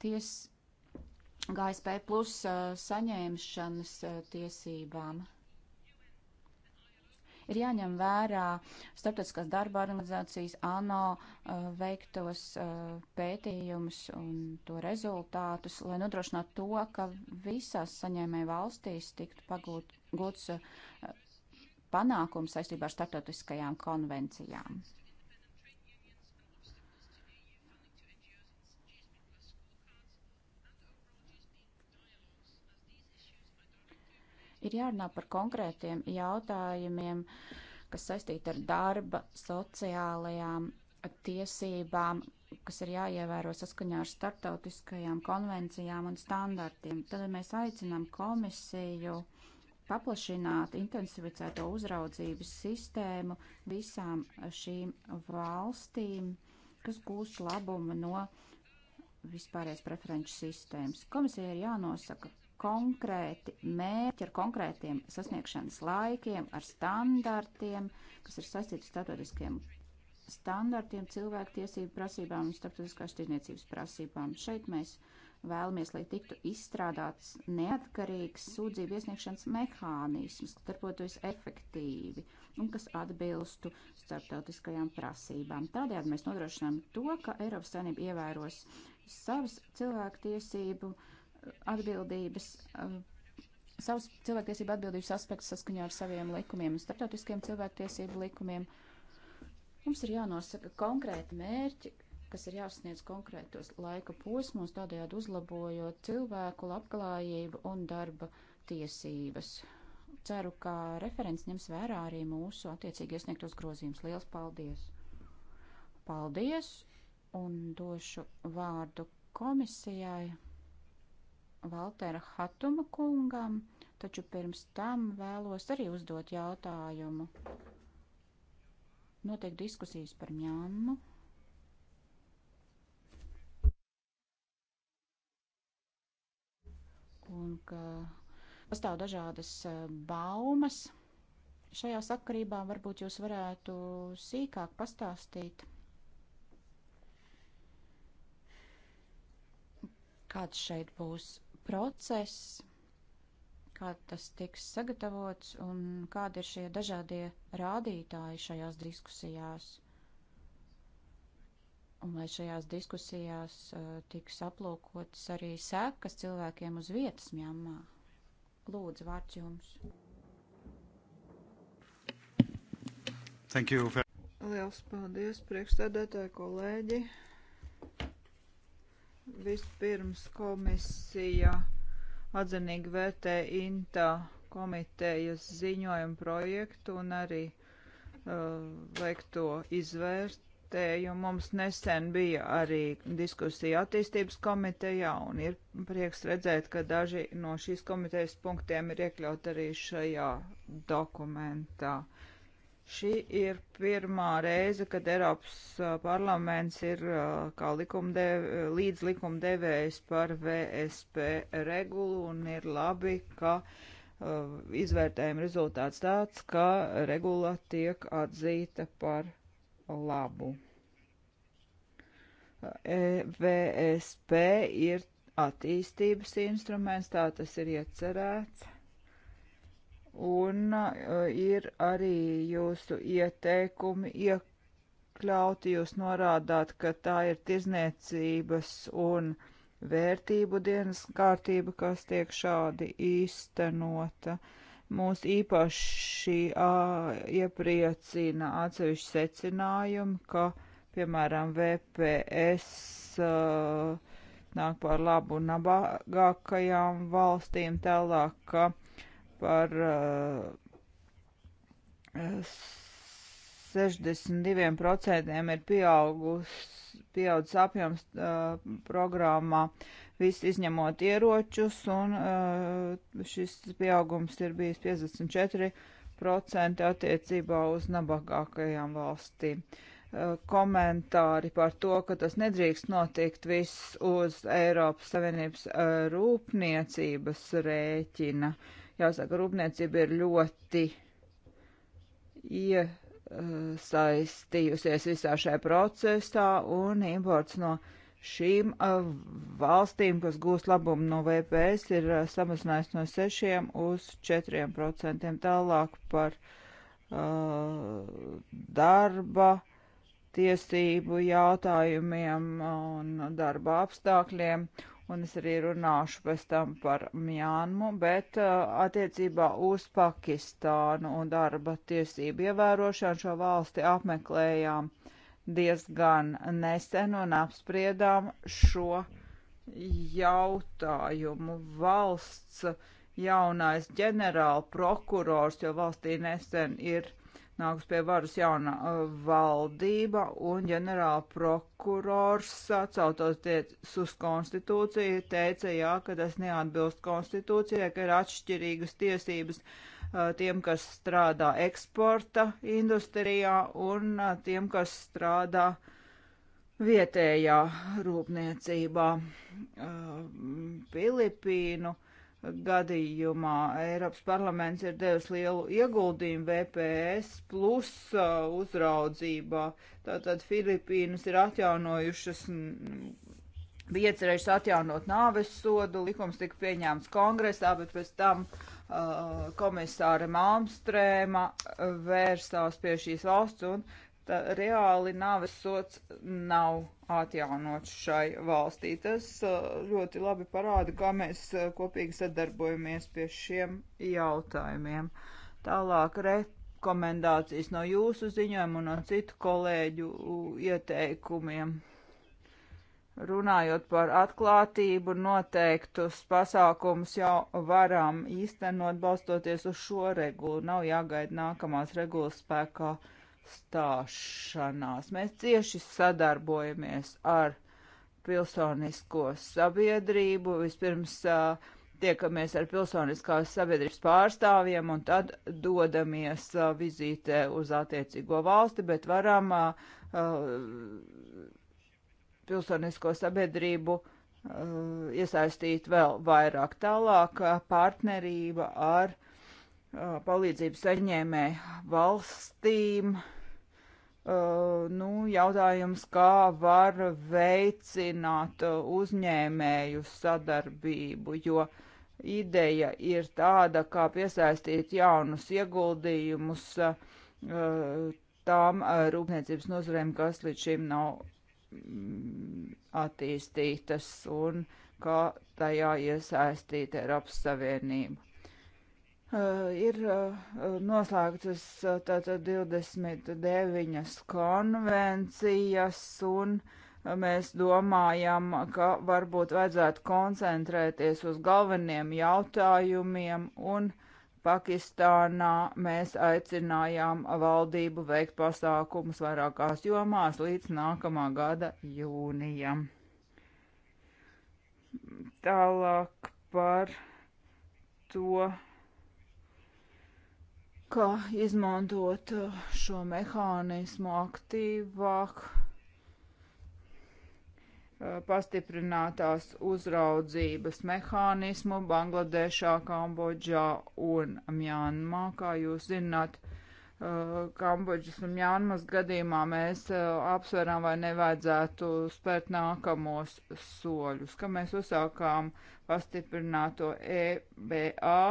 ties, GSP plus saņēmšanas tiesībām. Ir jāņem vērā starptautiskās darba organizācijas ANO eh, veiktos eh, pētījumus un to rezultātus, lai nodrošinātu to, ka visās saņēmē valstīs tiktu pagūts eh, panākums saistībā ar starptautiskajām konvencijām. Ir jārunā par konkrētiem jautājumiem, kas saistīti ar darba, sociālajām tiesībām, kas ir jāievēro saskaņā ar starptautiskajām konvencijām un standartiem. Tad mēs aicinām komisiju paplašināt intensificēto uzraudzības sistēmu visām šīm valstīm, kas gūs labumu no vispārējais preferenču sistēmas. Komisija ir jānosaka konkrēti mērķi, ar konkrētiem sasniegšanas laikiem, ar standartiem, kas ir saistīti starptautiskiem standartiem, cilvēktiesību prasībām un starptautiskās tirniecības prasībām. Šeit mēs vēlamies, lai tiktu izstrādāts neatkarīgs sūdzību iesniegšanas mehānisms, kas darbotos efektīvi un kas atbilstu starptautiskajām prasībām. Tādējādi mēs nodrošinām to, ka Eiropas Savienība ievēros savas cilvēktiesību uh, atbildības, um, savus cilvēktiesību atbildības aspektus saskaņā ar saviem likumiem un starptautiskiem cilvēktiesību likumiem. Mums ir jānosaka konkrēti mērķi, kas ir jāsniedz konkrētos laika posmos, tādējādi uzlabojot cilvēku labklājību un darba tiesības. Ceru, ka referents ņems vērā arī mūsu attiecīgi iesniegtos grozījumus. Lielas paldies! Paldies! Un došu vārdu komisijai. Valtera Hatuma kungam, taču pirms tam vēlos arī uzdot jautājumu. Notiek diskusijas par ņēmumu. Un ka pastāv dažādas e, baumas. Šajā sakarībā varbūt jūs varētu sīkāk pastāstīt. Kāds šeit būs process, kā tas tiks sagatavots un kādi ir šie dažādie rādītāji šajās diskusijās. Un lai šajās diskusijās uh, tiks aplūkotas arī sekas cilvēkiem uz vietas mjāmā. Lūdzu, vārds jums. Thank you. Liels paldies, priekšstādētāji, kolēģi. Vispirms komisija atzinīgi vērtē INTA komitejas ziņojumu projektu un arī uh, veikto izvērtējumu. Mums nesen bija arī diskusija attīstības komitejā un ir prieks redzēt, ka daži no šīs komitejas punktiem ir iekļaut arī šajā dokumentā. Uh, Šī ir pirmā reize, kad Eiropas parlaments ir kā likumdev, līdz likumdevējs par VSP regulu un ir labi, ka uh, izvērtējuma rezultāts tāds, ka regula tiek atzīta par labu. E, VSP ir attīstības instruments, tā tas ir iecerēts un uh, ir arī jūsu ieteikumi iekļauti. Jūs norādāt, ka tā ir tirzniecības un vērtību dienas kārtība, kas tiek šādi īstenota mūs īpaši ā, uh, iepriecina atsevišķi secinājumi, ka, piemēram, VPS ā, uh, nāk par labu nabagākajām valstīm tālāk, ka par uh, eh, 62% ir pieaugus, pieaudzis apjoms uh, programmā, viss izņemot ieročus, un uh, šis pieaugums ir bijis 54% attiecībā uz nabagākajām valstīm. Uh, komentāri par to, ka tas nedrīkst notikt viss uz Eiropas Savienības uh, rūpniecības rēķina. Uh, Jāsaka, rūpniecība ir ļoti iesaistījusies visā šajā procesā un imports no šīm valstīm, kas gūst labumu no VPS, ir samazinājis no 6 uz 4 procentiem tālāk par uh, darba tiesību jautājumiem un darba apstākļiem. Uh, un es arī runāšu pēc tam par Mjānmu, bet uh, attiecībā uz Pakistānu un darba tiesību ievērošanu šo valsti apmeklējām diezgan nesen un apspriedām šo jautājumu. Valsts jaunais ģenerāla prokurors, jo valstī nesen ir nāks pie varas jauna uh, valdība un ģenerāla prokurors atsaucoties uz konstitūciju teica, jā, ka tas neatbilst konstitūcijai, ka ir atšķirīgas tiesības uh, tiem, kas strādā eksporta industrijā un uh, tiem, kas strādā vietējā rūpniecībā. Filipīnu uh, gadījumā Eiropas parlaments ir devis lielu ieguldījumu VPS plus uh, uzraudzībā. Tātad Filipīnas ir atjaunojušas, mm, bija iecerējušas atjaunot nāves sodu, likums tika pieņēmts kongresā, bet pēc tam uh, komisāra Malmstrēma vērsās pie šīs valsts un uh, tā, reāli nāvesots nav atjaunots šai valstī. Tas uh, ļoti labi parāda, kā mēs uh, kopīgi sadarbojamies pie šiem jautājumiem. Tālāk rekomendācijas no jūsu ziņojuma un no citu kolēģu ieteikumiem. Runājot par atklātību, noteiktus pasākumus jau varam īstenot balstoties uz šo regulu. Nav jāgaida nākamās regulas spēkā uh, stāšanās. Mēs cieši sadarbojamies ar pilsonisko sabiedrību. Vispirms uh, tiekamies ar pilsoniskās sabiedrības pārstāvjiem un tad dodamies uh, vizītē uz attiecīgo valsti, bet varam uh, uh, pilsonisko sabiedrību iesaistīt vēl vairāk tālāk partnerība ar palīdzību saņēmē valstīm, Uh, nu, jautājums, kā var veicināt uh, uzņēmēju sadarbību, jo ideja ir tāda, kā piesaistīt jaunus ieguldījumus uh, tām uh, rūpniecības nozarēm, kas līdz šim nav mm, attīstītas un kā tajā iesaistīt Eiropas Savienību. Eh, ir eh, noslēgtas eh, tātad 29 konvencijas un mēs domājam, ka varbūt vajadzētu koncentrēties uz galveniem jautājumiem un Pakistānā mēs aicinājām valdību veikt pasākumus vairākās jomās līdz nākamā gada jūnijam. Tālāk par to ka izmantot uh, šo mehānismu aktīvāk, uh, pastiprinātās uzraudzības mehānismu Bangladešā, Kambodžā un Mjānmā. Kā jūs zināt, uh, Kambodžas un Mjānmas gadījumā mēs apsveram, vai nevajadzētu spērt nākamos soļus, ka mēs uzsākām pastiprināto EBA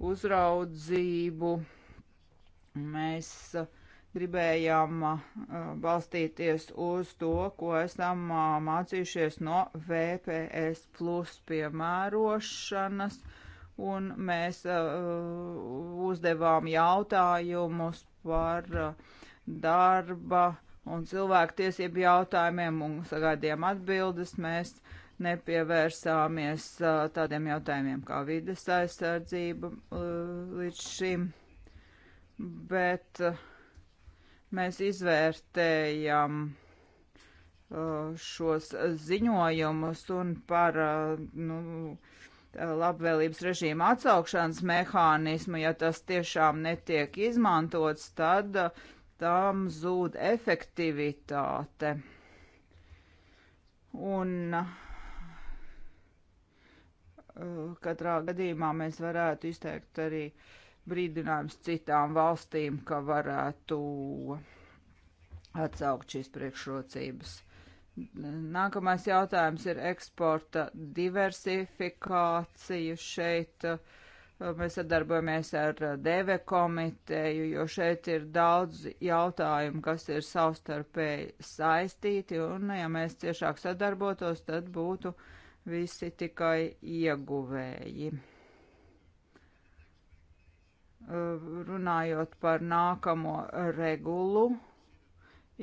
uzraudzību. Mēs uh, gribējām uh, balstīties uz to, ko esam uh, mācījušies no VPS plus piemērošanas, un mēs uzdevām jautājumus par darba un cilvēktiesību jautājumiem un sagādījām atbildes. Mēs nepievērsāmies tādiem jautājumiem kā vides aizsardzība līdz šim, bet mēs izvērtējam šos ziņojumus un par nu, labvēlības režīma atsaukšanas mehānismu, ja tas tiešām netiek izmantots, tad tam zūd efektivitāte. Un uh, Eh, katrā gadījumā mēs varētu izteikt arī brīdinājums citām valstīm, ka varētu atsaukt šīs priekšrocības. Nākamais jautājums ir eksporta diversifikācija. Šeit eh, mēs sadarbojamies ar eh, DV komiteju, jo šeit ir daudz jautājumu, kas ir savstarpēji saistīti, un ja mēs ciešāk sadarbotos, tad būtu uh, visi tikai ieguvēji. Uh, runājot par nākamo regulu,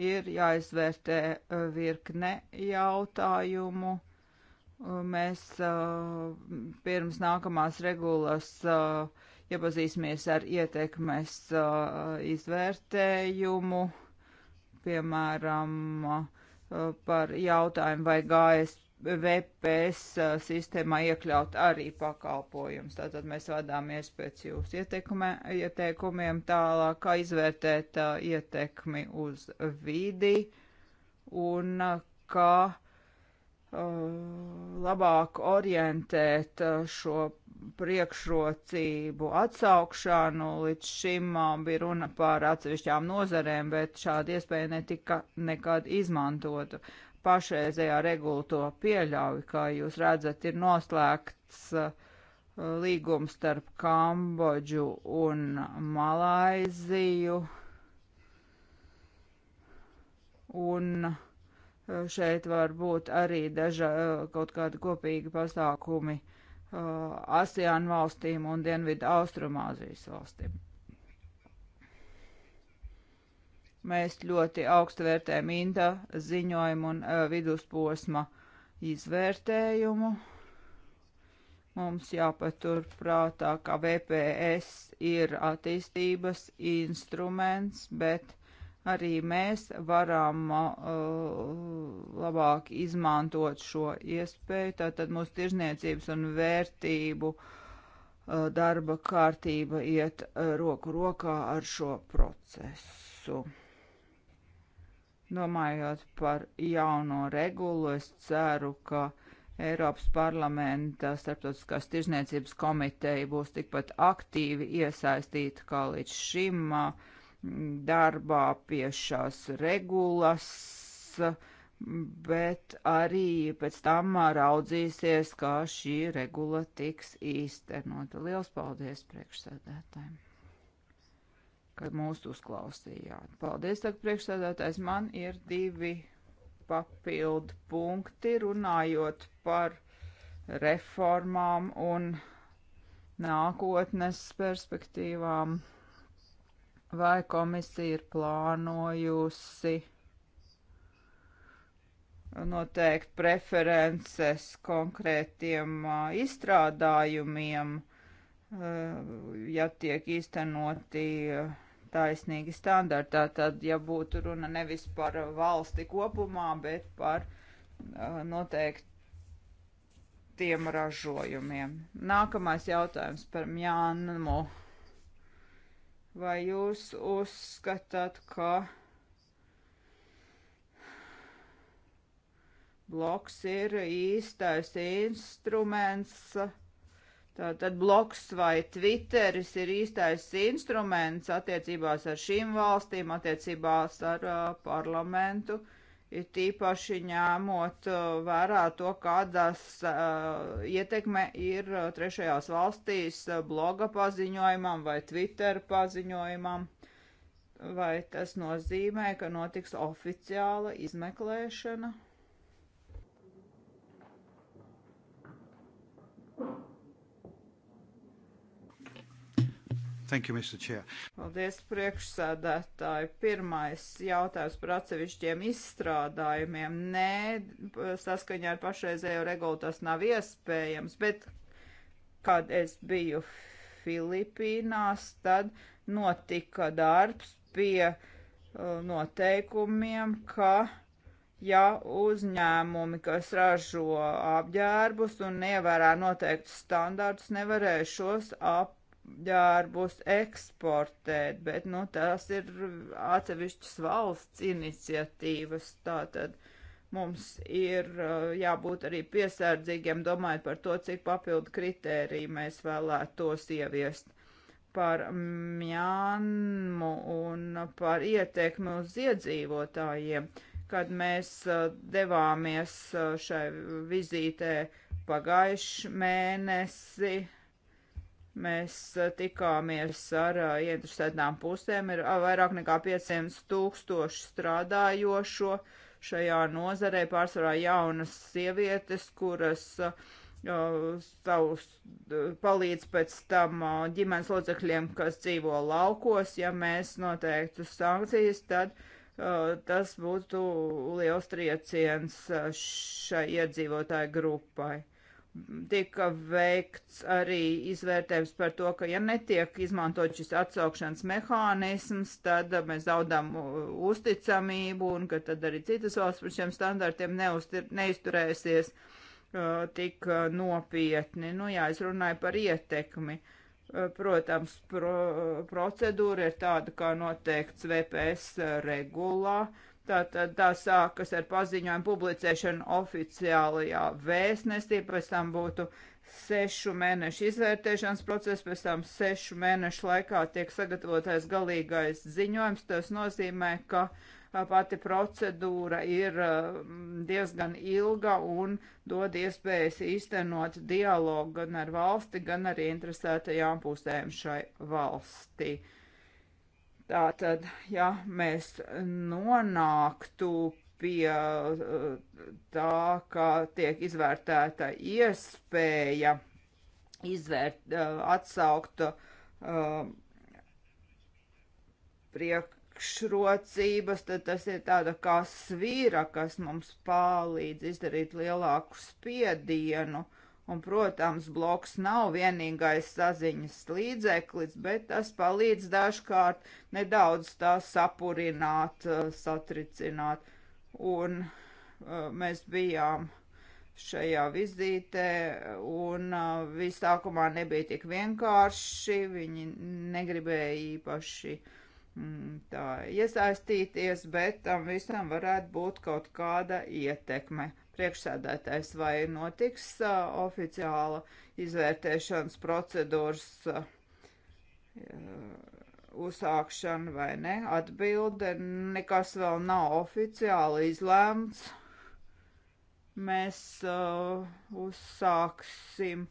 ir jāizvērtē uh, virkne jautājumu. Uh, mēs pirms nākamās regulas iepazīsimies ar ietekmes izvērtējumu, piemēram, par jautājumu, vai GSP VPS uh, sistēmā iekļaut arī pakalpojums. Tātad mēs vadāmies pēc jūsu ieteikumiem tālāk, kā izvērtēt uh, ietekmi uz vidi un uh, kā uh, labāk orientēt uh, šo priekšrocību atsaukšanu. Līdz šim uh, bija runa par atsevišķām nozarēm, bet šāda iespēja netika nekad izmantota pašreizējā regula to pieļauj, kā jūs redzat, ir noslēgts uh, līgums starp Kambodžu un Malaiziju. Un uh, šeit var būt arī daža, uh, kaut kādi kopīgi pasākumi ASEAN valstīm un Dienvidu Austrumāzijas valstīm. Mēs ļoti augstu vērtējam Inda ziņojumu un uh, vidusposma izvērtējumu. Mums jāpatur prātā, ka VPS ir attīstības instruments, bet arī mēs varam uh, labāk izmantot šo iespēju. Tātad mūsu tirzniecības un vērtību uh, darba kārtība iet uh, roku rokā ar šo procesu. Domājot par jauno regulu, es ceru, ka Eiropas parlamenta starptautiskās tirzniecības komiteja būs tikpat aktīvi iesaistīta kā līdz šim mm, darbā pie šās regulas, bet arī pēc tam raudzīsies, kā šī regula tiks īstenota. Liels paldies priekšsēdētājiem! ka mūs uzklausījāt. Paldies, saka priekšsēdētājs. Man ir divi papildu punkti runājot par reformām un nākotnes perspektīvām. Vai komisija ir plānojusi noteikt preferences konkrētiem izstrādājumiem, ja tiek īstenoti uh, taisnīgi standartā. Tad, ja būtu runa nevis par valsti kopumā, bet par uh, noteiktiem ražojumiem. Nākamais jautājums par Mjānmu. Vai jūs uzskatāt, ka bloks ir īstais instruments? Uh, Tātad bloks vai Twitteris ir īstais instruments attiecībās ar šīm valstīm, attiecībās ar uh, parlamentu, ir tīpaši ņēmot uh, vērā to, kādas uh, ietekme ir uh, trešajās valstīs uh, bloga paziņojumam vai Twitter paziņojumam. Vai tas nozīmē, ka notiks oficiāla izmeklēšana? Thank you, Mr. Chair. Paldies, priekšsēdētāji. Pirmais jautājums par atsevišķiem izstrādājumiem. Nē, saskaņā ar pašreizējo regulu tas nav iespējams, bet kad es biju Filipīnās, tad notika darbs pie uh, noteikumiem, ka ja uzņēmumi, kas ražo apģērbus un ievērā noteiktus standārtus, nevarēja šos ap darbus eksportēt, bet, nu, tās ir atsevišķas valsts iniciatīvas, tātad mums ir uh, jābūt arī piesardzīgiem, domājot par to, cik papildu kritēriju mēs vēlētos ieviest par Mjānmu un par ietekmi uz iedzīvotājiem. Kad mēs uh, devāmies uh, šai vizītē pagājuši mēnesi, Mēs eh, tikāmies ar eh, ieinteresētām pusēm, ir eh, vairāk nekā 500 tūkstoši strādājošo šajā nozarē, pārsvarā jaunas sievietes, kuras savus palīdz pēc tam ģimenes locekļiem, kas dzīvo laukos. Ja mēs noteiktu sankcijas, tad tas būtu liels trieciens šai iedzīvotāju grupai tika veikts arī izvērtējums par to, ka ja netiek izmantot šis atsaukšanas mehānisms, tad mēs zaudām uzticamību un ka tad arī citas valsts par šiem standartiem neustir, neizturēsies uh, tik uh, nopietni. Nu jā, es runāju par ietekmi. Uh, protams, pro, procedūra ir tāda, kā noteikts VPS regulā. Uh, Tātad tā sākas ar paziņojumu publicēšanu oficiālajā vēstnesī, pēc tam būtu sešu mēnešu izvērtēšanas process, pēc tam sešu mēnešu laikā tiek sagatavotais galīgais ziņojums. Tas nozīmē, ka pati procedūra ir diezgan ilga un dod iespējas īstenot dialogu gan ar valsti, gan arī interesētajām pusēm šai valstī. Tātad, ja mēs nonāktu pie eh, tā, ka tiek izvērtēta iespēja izvērt, eh, atsaukt um, priekšrocības, tad tas ir tāda kā svīra, kas mums palīdz izdarīt lielāku spiedienu Un, protams, bloks nav vienīgais saziņas līdzeklis, bet tas palīdz dažkārt nedaudz tā sapurināt, eh, satricināt. Un eh, mēs bijām šajā vizītē, un eh, viss sākumā nebija tik vienkārši, viņi negribēja īpaši mm, tā iesaistīties, bet tam visam varētu būt kaut kāda ietekme priekšsēdētājs, vai notiks uh, oficiāla izvērtēšanas procedūras uh, uzsākšana vai ne. Atbilde nekas vēl nav oficiāli izlēmts. Mēs uh, uzsāksim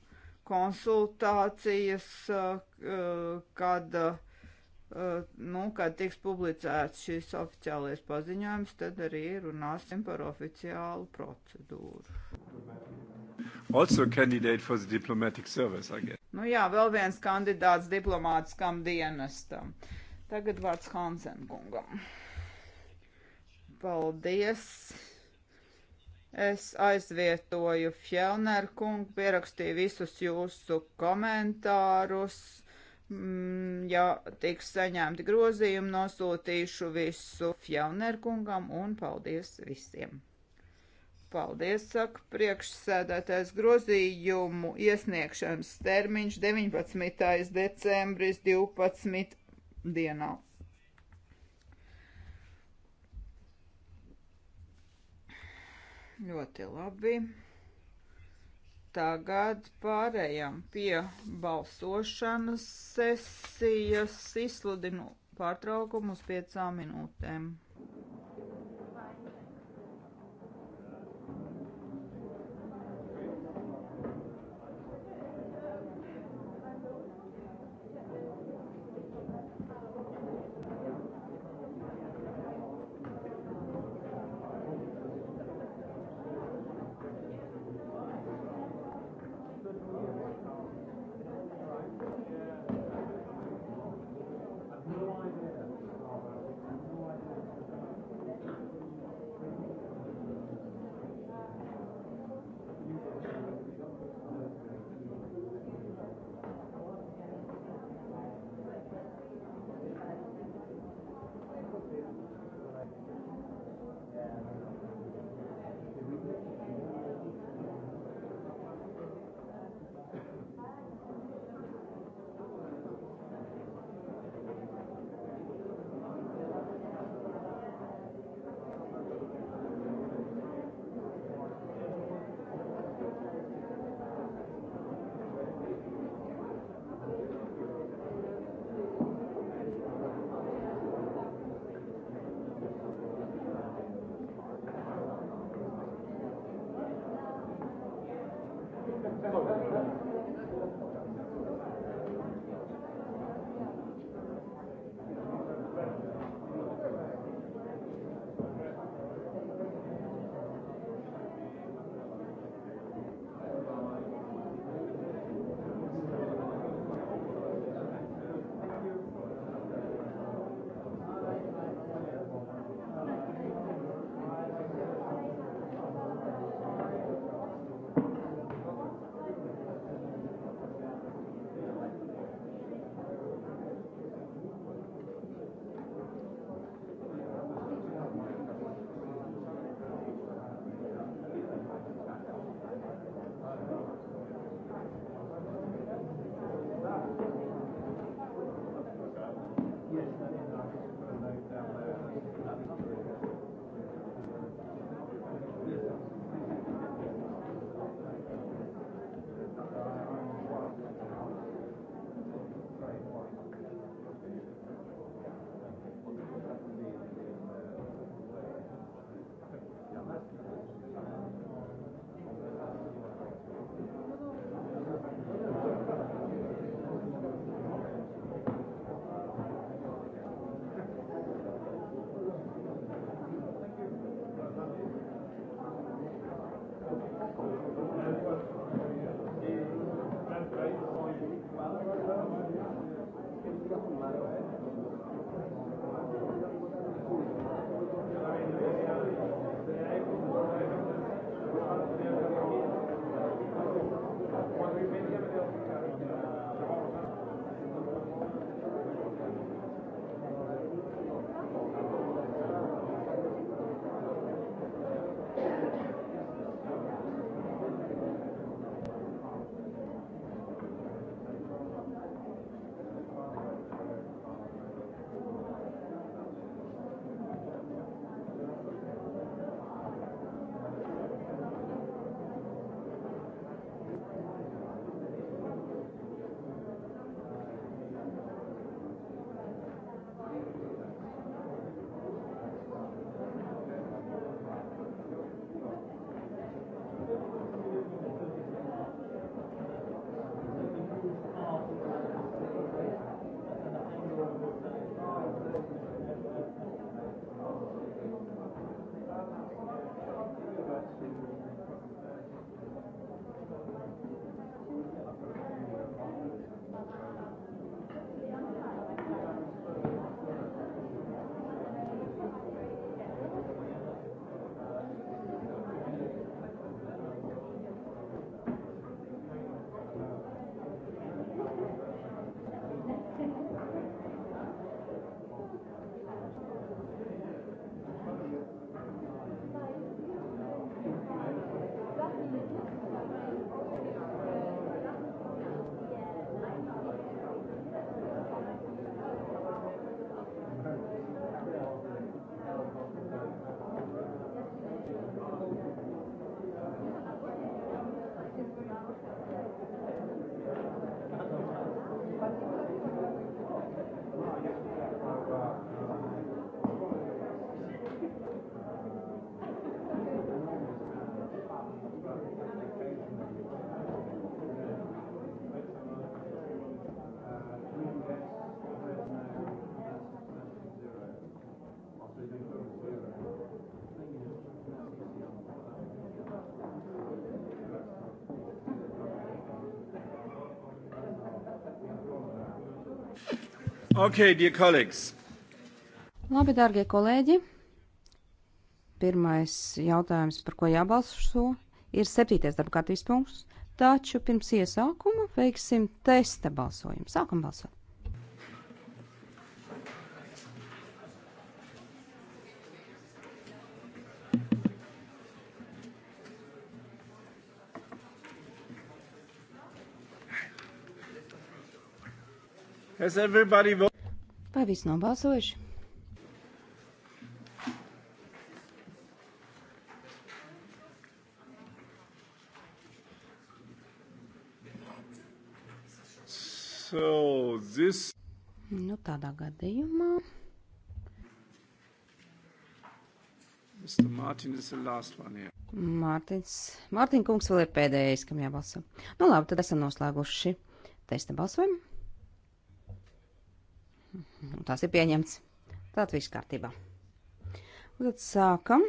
konsultācijas, uh, kad uh, Eh, nu, kad tiks publicēts šis oficiālais paziņojums, tad arī runāsim par oficiālu procedūru. Also candidate for the diplomatic service, I guess. Nu jā, vēl viens kandidāts diplomātiskam dienestam. Tagad vārds Hansen kungam. Paldies! Es aizvietoju Fjellner kungu, pierakstīju visus jūsu komentārus Mm, ja tiks saņemti grozījumi, nosūtīšu visu Fjaunerkungam un paldies visiem. Paldies, saka priekšsēdētājs grozījumu iesniegšanas termiņš 19. decembris 12. dienā. Ļoti labi tagad pārējām pie balsošanas sesijas. Izsludinu pārtraukumu uz piecām minūtēm. Okay, dear colleagues. Labi, dārgie kolēģi. Pirmais jautājums, par ko jābalso, ir septītais darba kārtības punkts. Taču pirms iesākuma veiksim testa balsojumu. Sākam balsot. Everybody... Vai viss nobalsojuši? So this... Nu, tādā gadījumā. Mārtiņš Mārtiņ kungs vēl ir pēdējais, kam jābalso. Nu labi, tad esam noslēguši testa balsojumu. Tās ir pieņemts. Tātad viss kārtībā. Un tad sākam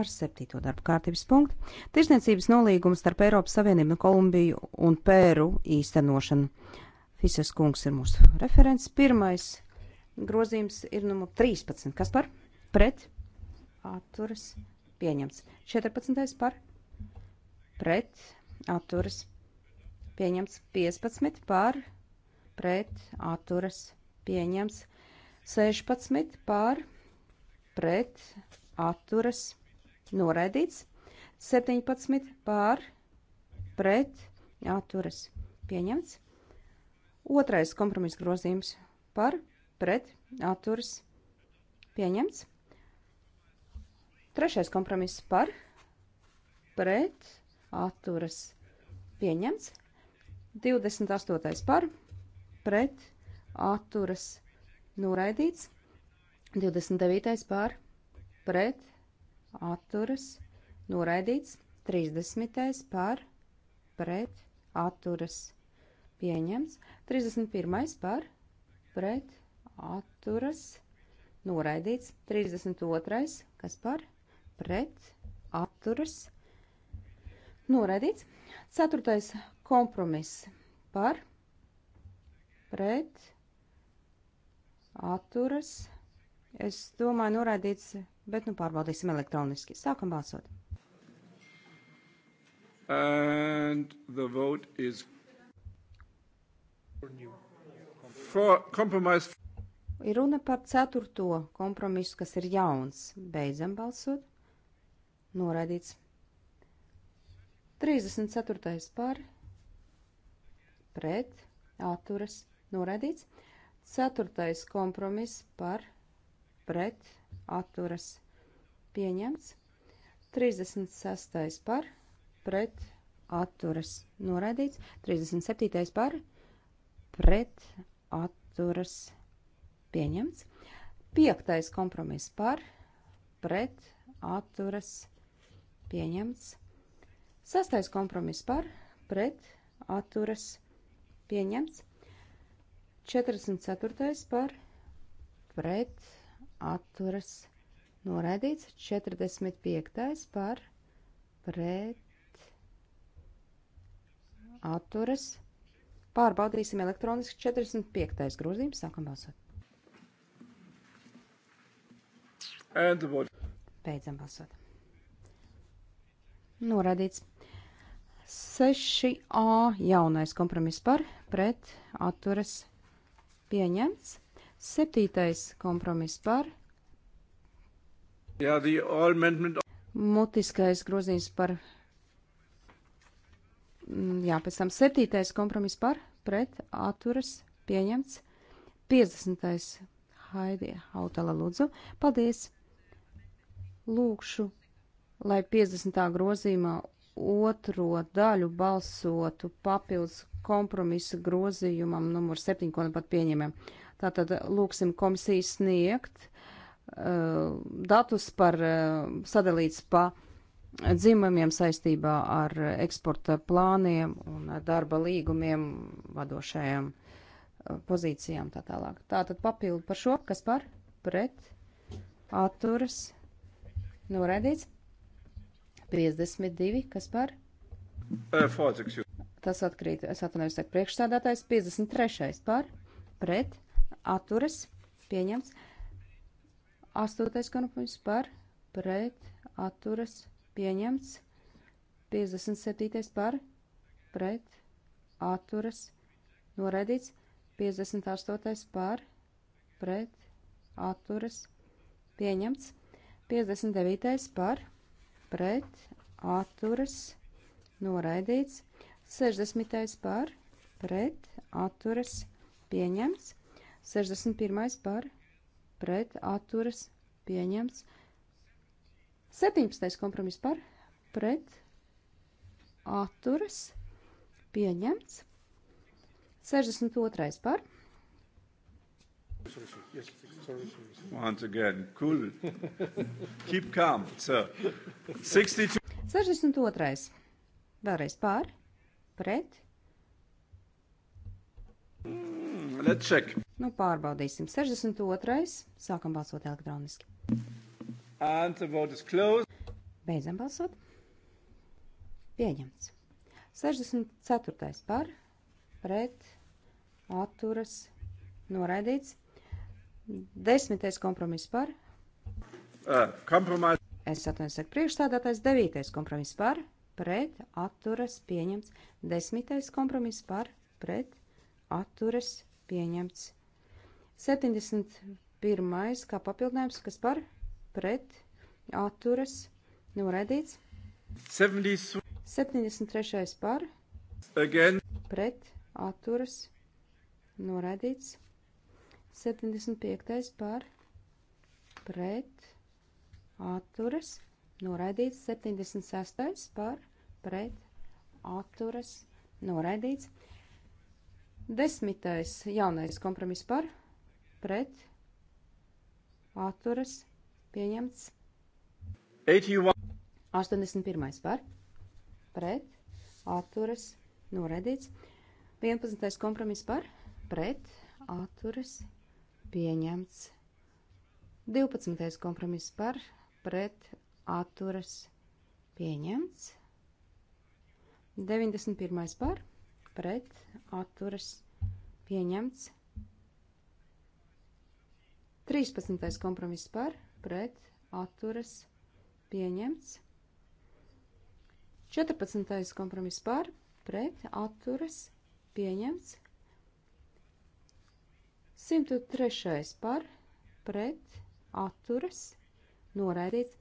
ar septīto darba kārtības punktu. Tirzniecības nolīgums starp Eiropas Savienību un Kolumbiju un Pēru īstenošanu. Fises kungs ir mūsu referents. Pirmais grozījums ir numur 13. Kas par? Pret. Atturas. Pieņemts. 14. par. Pret. Atturas. Pieņemts. 15. par. Pret. Atturas. Pieņemts pieņems 16 pār pret atturas noraidīts, 17 pār pret atturas pieņemts, otrais kompromis grozījums par pret atturas pieņemts, trešais kompromis par pret atturas pieņemts, 28 par pret atturas pieņemts atturas noraidīts. 29. pār pret atturas noraidīts. 30. pār pret atturas pieņems. 31. pār pret atturas noraidīts. 32. kas par pret atturas noraidīts. 4. kompromiss par pret atturas atturas. Es domāju, noraidīts, bet nu pārbaudīsim elektroniski. Sākam balsot. And the vote is for compromise. Ir runa par ceturto kompromisu, kas ir jauns. Beidzam balsot. Noraidīts. 34. par pret atturas noraidīts. Ceturtais kompromiss par pret atturas pieņemts. 36. par pret atturas noraidīts. 37. par pret atturas pieņemts. Piektais kompromiss par pret atturas pieņemts. Sastais kompromiss par pret atturas pieņemts. 44. par pret atturas noraidīts, 45. par pret atturas. Pārbaudīsim elektroniski 45. grozījums, sākam balsot. Beidzam balsot. Noraidīts. 6A jaunais kompromiss par pret atturas pieņemts. Septītais kompromiss par. Jā, yeah, Mutiskais grozījums par. Mm, jā, pēc tam septītais kompromiss par, pret, atturas, pieņemts. 50. Haidi Hautala lūdzu. Paldies! Lūkšu, lai 50. grozījumā otro daļu balsotu papildus kompromisa grozījumam numur 7, ko nu pat pieņemam. Tātad lūksim komisiju sniegt uh, datus par uh, sadalīts pa dzimumiem saistībā ar eksporta plāniem un darba līgumiem vadošajām uh, pozīcijām tā tālāk. Tātad papildu par šo, kas par pret atturas noraidīts. 52, kas par? Uh, Fāziks. Tas atkrīt, es atvainojos, saka priekšsādātājs. 53 par, pret, atturas, pieņems. 8. konopums par, pret, atturas, pieņems. 57. par, pret, atturas, noraidīts. 58. par, pret, atturas, pieņemts. 59. par, pret pret, atturas, noraidīts. 60. par, pret, atturas, pieņemts. 61. par, pret, atturas, pieņemts. 17. kompromis par, pret, atturas, pieņemts. 62. par, Resolution. Yes, resolution. Once again, cool. Keep calm, sir. 62. 62. Vēlreiz pār, pret. Mm, let's check. Nu, pārbaudīsim. 62. Sākam balsot elektroniski. And the vote is closed. Beidzam balsot. Pieņemts. 64. par, pret, atturas, noraidīts. Desmitais kompromiss par. Uh, kompromis. Es atvainojos, saka priekšstādātais. Devītais kompromiss par. Pret. Atturas. Pieņemts. Desmitais kompromiss par. Pret. Atturas. Pieņemts. 71. kā papildinājums, kas par. Pret. Atturas. Noraidīts. 70. 73. par. Again. Pret. Atturas. Noraidīts. 75. par pret atturas noraidīts. 76. par pret atturas noraidīts. Desmitais jaunais kompromiss par pret atturas pieņemts. 81. 81. par pret atturas noraidīts. 11. kompromiss par pret atturas pieņemts pieņemts. 12. kompromiss par pret atturas pieņemts. 91. par pret atturas pieņemts. 13. kompromiss par pret atturas pieņemts. 14. kompromiss par pret atturas pieņemts. 103. par pret atturas noraidīts.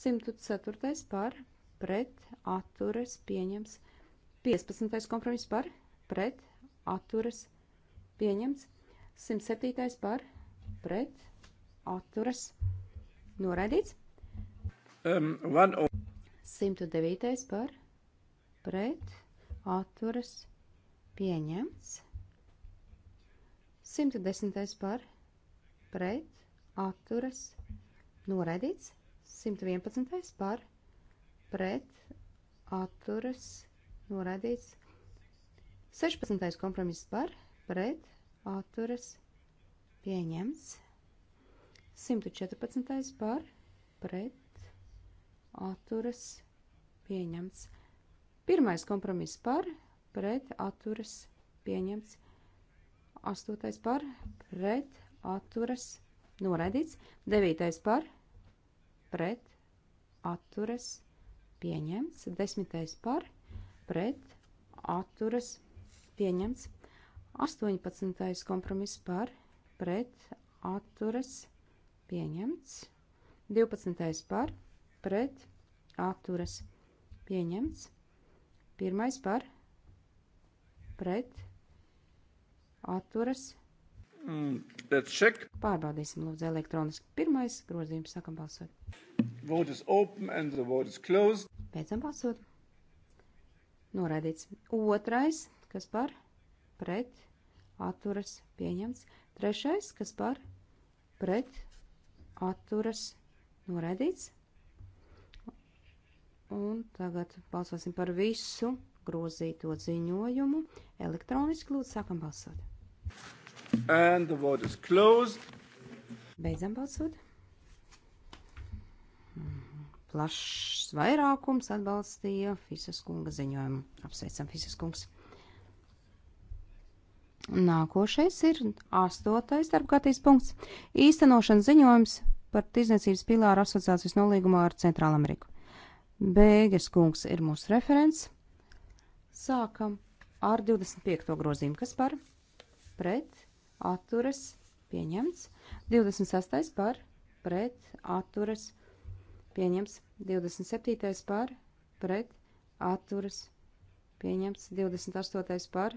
104. par pret atturas pieņems. 15. kompromiss par pret atturas pieņems. 107. par pret atturas noraidīts. Um, one, oh. 109. par pret atturas pieņemts. 110. par pret atturas noraidīts. 111. par pret atturas noraidīts. 16. kompromiss par pret atturas pieņemts. 114. par pret atturas pieņemts. Pirmais kompromiss par pret atturas pieņemts. Astotais par pret atturas noraidīts. Devītais par pret atturas pieņemts. Desmitais par pret atturas pieņemts. 18. kompromiss par pret atturas pieņemts. 12. par pret atturas pieņemts. 1. par pret atturas pieņemts atturas. Mm, Pārbaudīsim, lūdzu, elektroniski. Pirmais grozījums, sākam balsot. Beidzam balsot. Noraidīts. Otrais, kas par, pret, atturas, pieņemts. Trešais, kas par, pret, atturas, noraidīts. Un tagad balsosim par visu grozīto ziņojumu. Elektroniski lūdzu sākam balsot. And the vote is closed. Beidzam balsot. Mhm. Plašs vairākums atbalstīja Fisas kunga ziņojumu. Apsveicam, Fisas kungs. Nākošais ir astotais darbkārtības punkts - īstenošanas ziņojums par tirdzniecības pilāru asociācijas nolīgumā ar Centrālameriku. Bēges kungs ir mūsu referents. Sākam ar 25. grozījumu, kas par pret atturas pieņemts. 26. par pret atturas pieņemts. 27. par pret atturas pieņemts. 28. par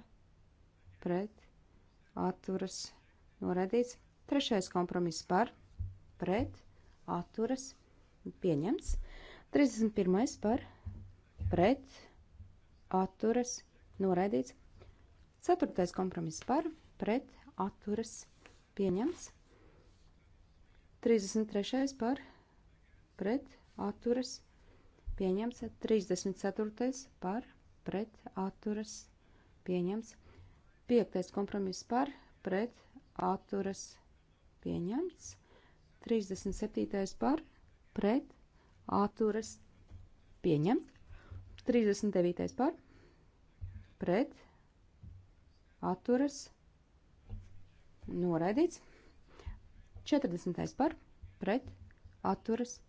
pret atturas noraidīts. 3. kompromiss par pret atturas pieņemts. 31. par pret atturas noraidīts. Ceturtais kompromiss par, pret, atturas, pieņemts. 33. par, pret, atturas, pieņemts. 34. par, pret, atturas, pieņemts. 5. kompromiss par, pret, atturas, pieņemts. 37. par, pret, atturas, pieņemts. 39. par, pret, atturas noraidīts. 40. par pret atturas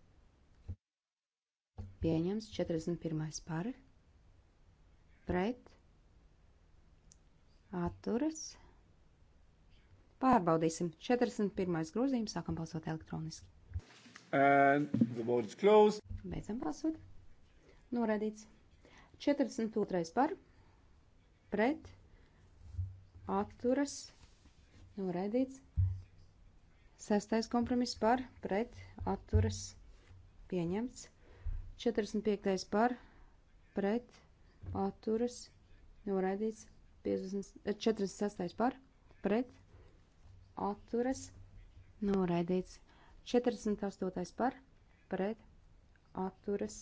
pieņems. 41. par pret atturas pārbaudīsim. 41. grozījums sākam balsot elektroniski. And the board is closed. Beidzam balsot. Noraidīts. 42. par pret atturas atturas noraidīts. Sestais kompromiss par pret atturas pieņemts. 45. par pret atturas noraidīts. 50, 46. Eh, par pret atturas noraidīts. 48. par pret atturas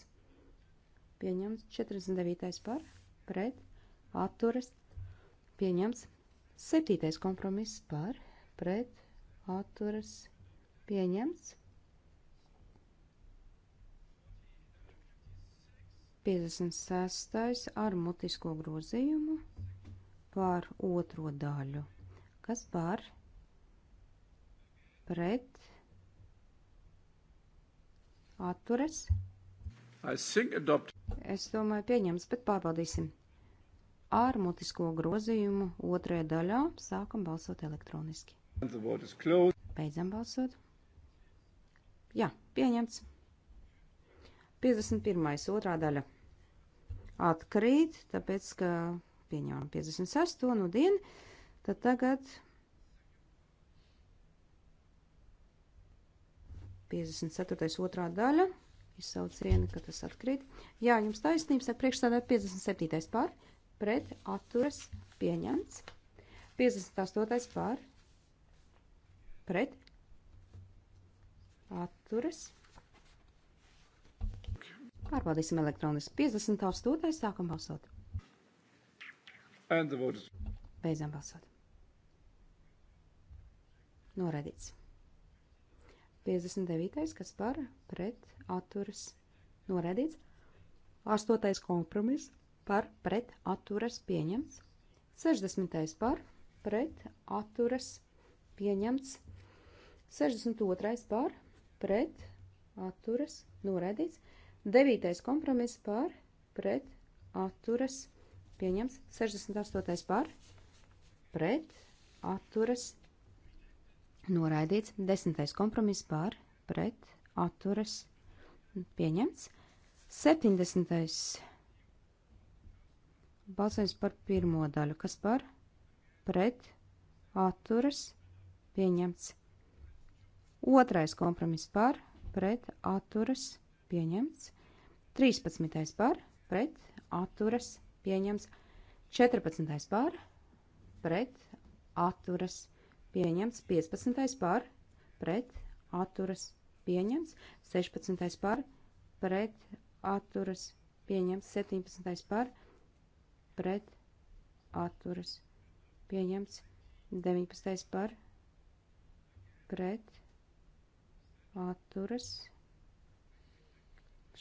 pieņemts. 49. par pret atturas pieņemts. Septītais kompromiss par pret atturas pieņemts. 56. ar mutisko grozījumu par otro daļu, kas par pret atturas. Es domāju, pieņems, bet pārbaudīsim ar mutisko grozījumu otrajā daļā. Sākam balsot elektroniski. Beidzam balsot. Jā, pieņemts. 51. otrā daļa atkrīt, tāpēc, ka pieņemam 56. no dienu, tad tagad 54. otrā daļa izsaucieni, ka tas atkrīt. Jā, jums taisnības ar priekšstādā 57. pār pret atturas pieņemts. 58. par pret atturas. Pārbaudīsim elektroniski. 58. sākam balsot. Beidzam balsot. Noredīts. 59. kas par pret atturas noredīts. 8. kompromiss par pret atturas pieņemts. 60. par pret atturas pieņemts. 62. par pret atturas noraidīts. 9. kompromiss par pret atturas pieņemts. 68. par pret atturas noraidīts. 10. kompromiss par pret atturas pieņemts. 70. Balsojums par pirmo daļu. Kas par? Pret. Atturas. Pieņemts. Otrais kompromiss par. Pret. Atturas. Pieņemts. 13. par. Pret. Atturas. Pieņemts. 14. par. Pret. Atturas. Pieņemts. 15. par. Pret. Atturas. Pieņemts. 16. par. Pret. Atturas. Pieņemts. 17. par. Pret, pret atturas pieņemts 19. par pret atturas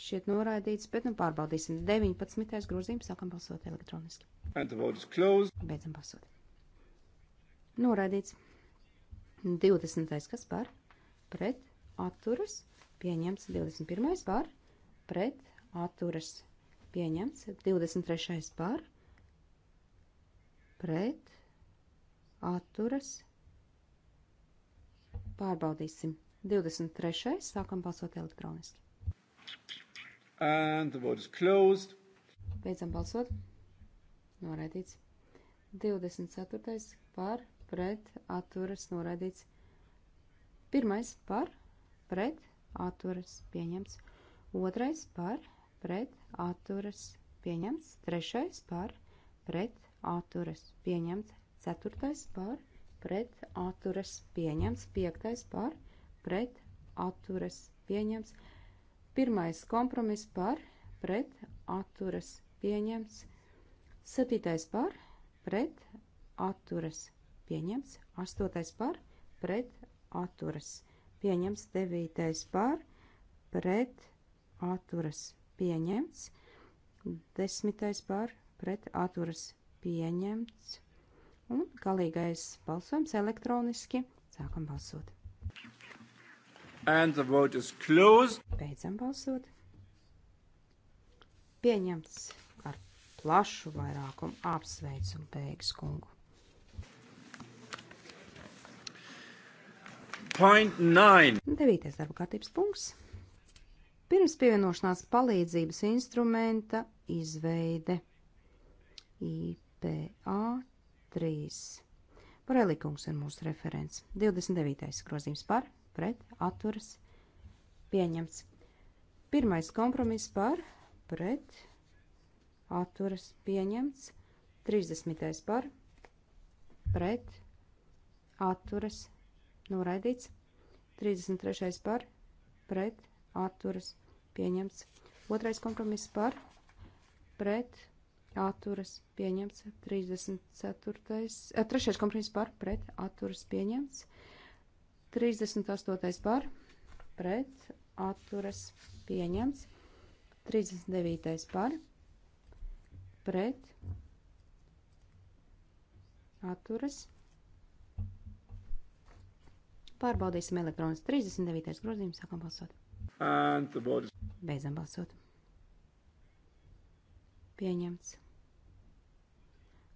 šķiet noraidīts, bet nu pārbaudīsim 19. grozījums, sākam balsot elektroniski. Beidzam balsot. Noraidīts 20. kas par pret atturas pieņemts 21. par pret atturas pieņemts 23. par pret pret, atturas, pārbaudīsim. 23. sākam balsot elektroniski. And the vote is closed. Beidzam balsot. Noraidīts. 24. par, pret, atturas, noraidīts. Pirmais par, pret, atturas, pieņemts. Otrais par, pret, atturas, pieņemts. Trešais par, pret, atturas pieņemts, ceturtais par pret atturas pieņemts, piektais par pret atturas pieņemts, pirmais kompromis par pret atturas pieņemts, septītais par pret atturas pieņemts, astotais par pret atturas pieņemts, devītais par pret atturas pieņemts, desmitais par pret atturas pieņemts pieņemts. Un galīgais balsojums elektroniski. Sākam balsot. And the vote is closed. Beidzam balsot. Pieņemts ar plašu vairākumu apsveicu Bēgas kungu. Point 9. Devītais darba kārtības punkts. Pirms pievienošanās palīdzības instrumenta izveide. IP TA3. Parelikums ir mūsu referents. 29. grozījums par, pret, atturas, pieņemts. Pirmais kompromiss par, pret, atturas, pieņemts. 30. par, pret, atturas, noraidīts. 33. par, pret, atturas, pieņemts. Otrais kompromiss par, pret, atturas atturas pieņemts, 34. Eh, trešais kompromiss par, pret, atturas pieņemts, 38. par, pret, atturas pieņemts, 39. par, pret, atturas. Pārbaudīsim elektronas 39. grozījumu, sākam balsot. Beidzam balsot. Pieņemts.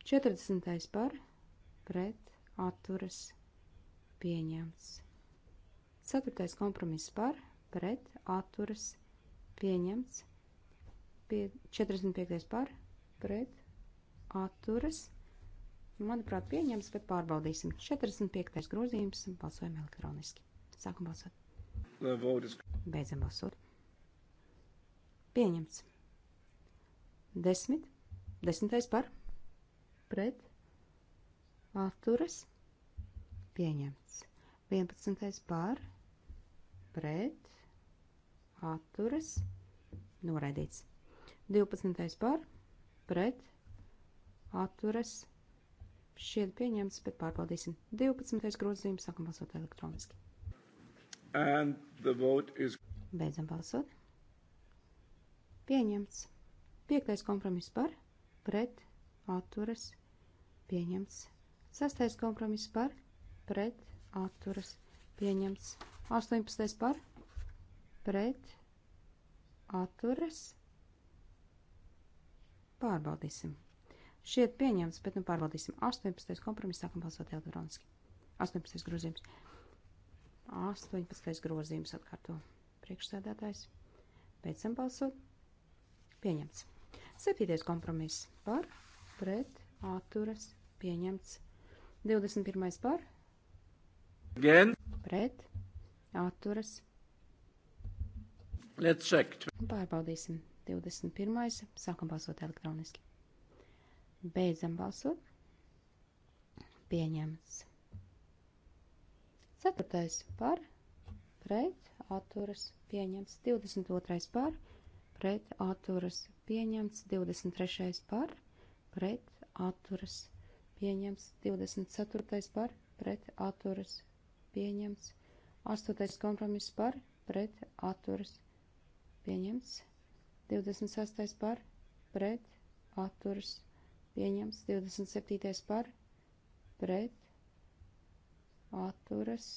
40. par pret atturas pieņemts. 4. kompromiss par pret atturas pieņemts. 45. par pret atturas. Manuprāt, pieņems, bet pārbaudīsim. 45. grozījums balsojam elektroniski. Sākam balsot. Beidzam balsot. Pieņemts. 10. 10. par pret atturas pieņemts. 11. par pret atturas noraidīts. 12. par pret atturas šķiet pieņemts, bet pārbaudīsim. 12. grozījums sākam balsot elektroniski. And the vote is... Beidzam balsot. Pieņemts. Piektais kompromiss par pret atturas pieņemts pieņemts. Sastais kompromiss par, pret, atturas, pieņemts. 18. par, pret, atturas, pārbaudīsim. Šiet pieņemts, bet nu pārbaudīsim. 18. kompromiss sākam balsot elektroniski. 18. grozījums. 18. grozījums atkārto priekšsēdētājs. Beidzam balsot. Pieņemts. Septītais kompromiss par, pret, atturas, pieņemts. 21. par. Gen. Pret. Atturas. Let's check. Pārbaudīsim. 21. Sākam balsot elektroniski. Beidzam balsot. Pieņemts. 4. par. Pret. Atturas. Pieņemts. 22. par. Pret. Atturas. Pieņemts. 23. par. Pret. Atturas. Pieņemts pieņems, 24. par pret atturas pieņems, 8. kompromiss par pret atturas pieņems, 26. par pret atturas pieņems, 27. par pret atturas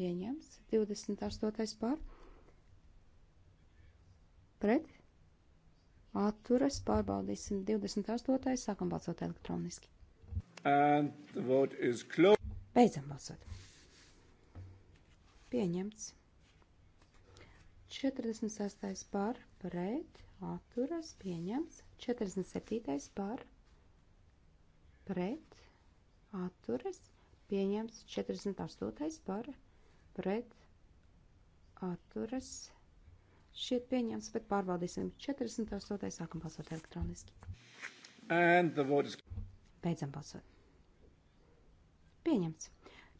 pieņems, 28. par pret atturas pārbaudīsim 28. sākam balsot elektroniski. Beidzam balsot. Pieņemts. 46. par pret atturas pieņemts. 47. par pret atturas pieņemts. 48. par pret atturas šķiet pieņemts, bet pārbaudīsim 48. sākam balsot elektroniski. And the vote is Beidzam balsot. Pieņemts.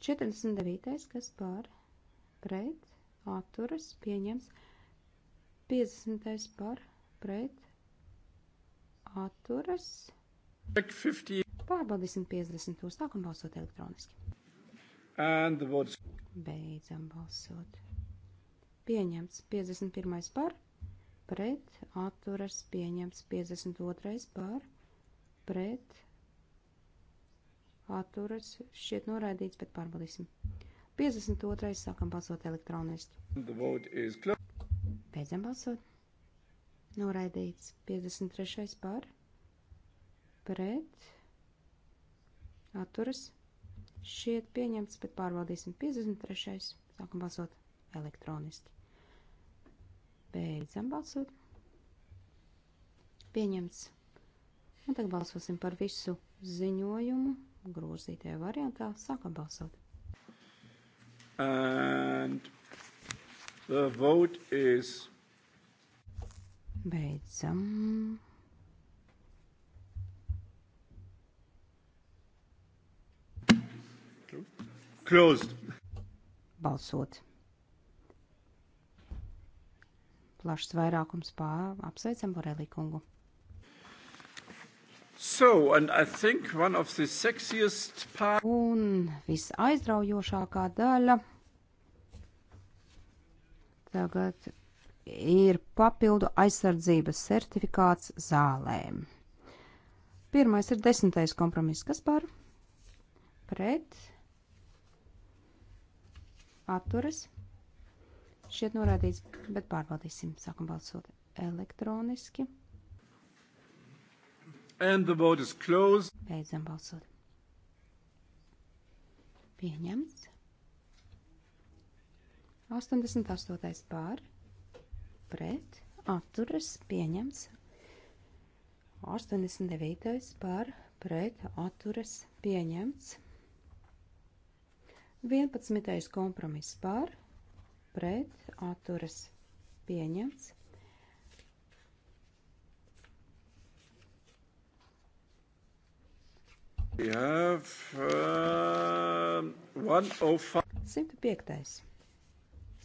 49. kas par pret atturas pieņems. 50. par pret atturas. Pārbaudīsim 50. sākam balsot elektroniski. Beidzam balsot. Pieņemts 51. par pret atturas pieņemts 52. par pret atturas šķiet noraidīts, bet pārbaudīsim. 52. sākam balsot elektroniski. Beidzam balsot. Noraidīts. 53. par. Pret. Atturas. Šķiet pieņemts, bet pārbaudīsim. 53. sākam balsot elektroniski. Beidzam balsot. Pieņemts. Un tagad balsosim par visu ziņojumu grozītajā variantā. Sākam balsot. And the vote is. Beidzam. Closed. Balsot. Plašs vairākums pār apsveicam Borelī kungu. So, and I think one of the sexiest part... Un visaizraujošākā daļa tagad ir papildu aizsardzības certifikāts zālēm. Pirmais ir desmitais kompromiss, kas par pret atturas. Šķiet norādīts, bet pārbaudīsim. Sākam balsot elektroniski. And the vote is closed. Beidzam balsot. Pieņemts. 88. pār. Pret. Atturas. Pieņemts. 89. pār. Pret. Atturas. Pieņemts. 11. kompromiss pār. Pret. Atturas. Pieņemts. Have, uh, 105. 105.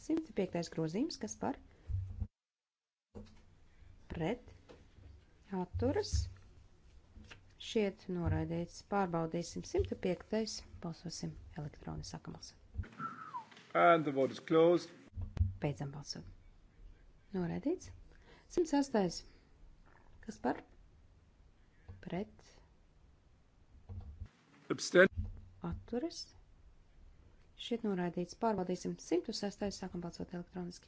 105. grozījums, kas par pret atturas šiet noraidīts. Pārbaudīsim 105. Balsosim elektronis akamals. And the vote is closed. Beidzam balsot. Noraidīts. 106. Kas par? Pret. Atturas. Šit noraidīts. Pārbaudīsim 106. Sākam balsot elektroniski.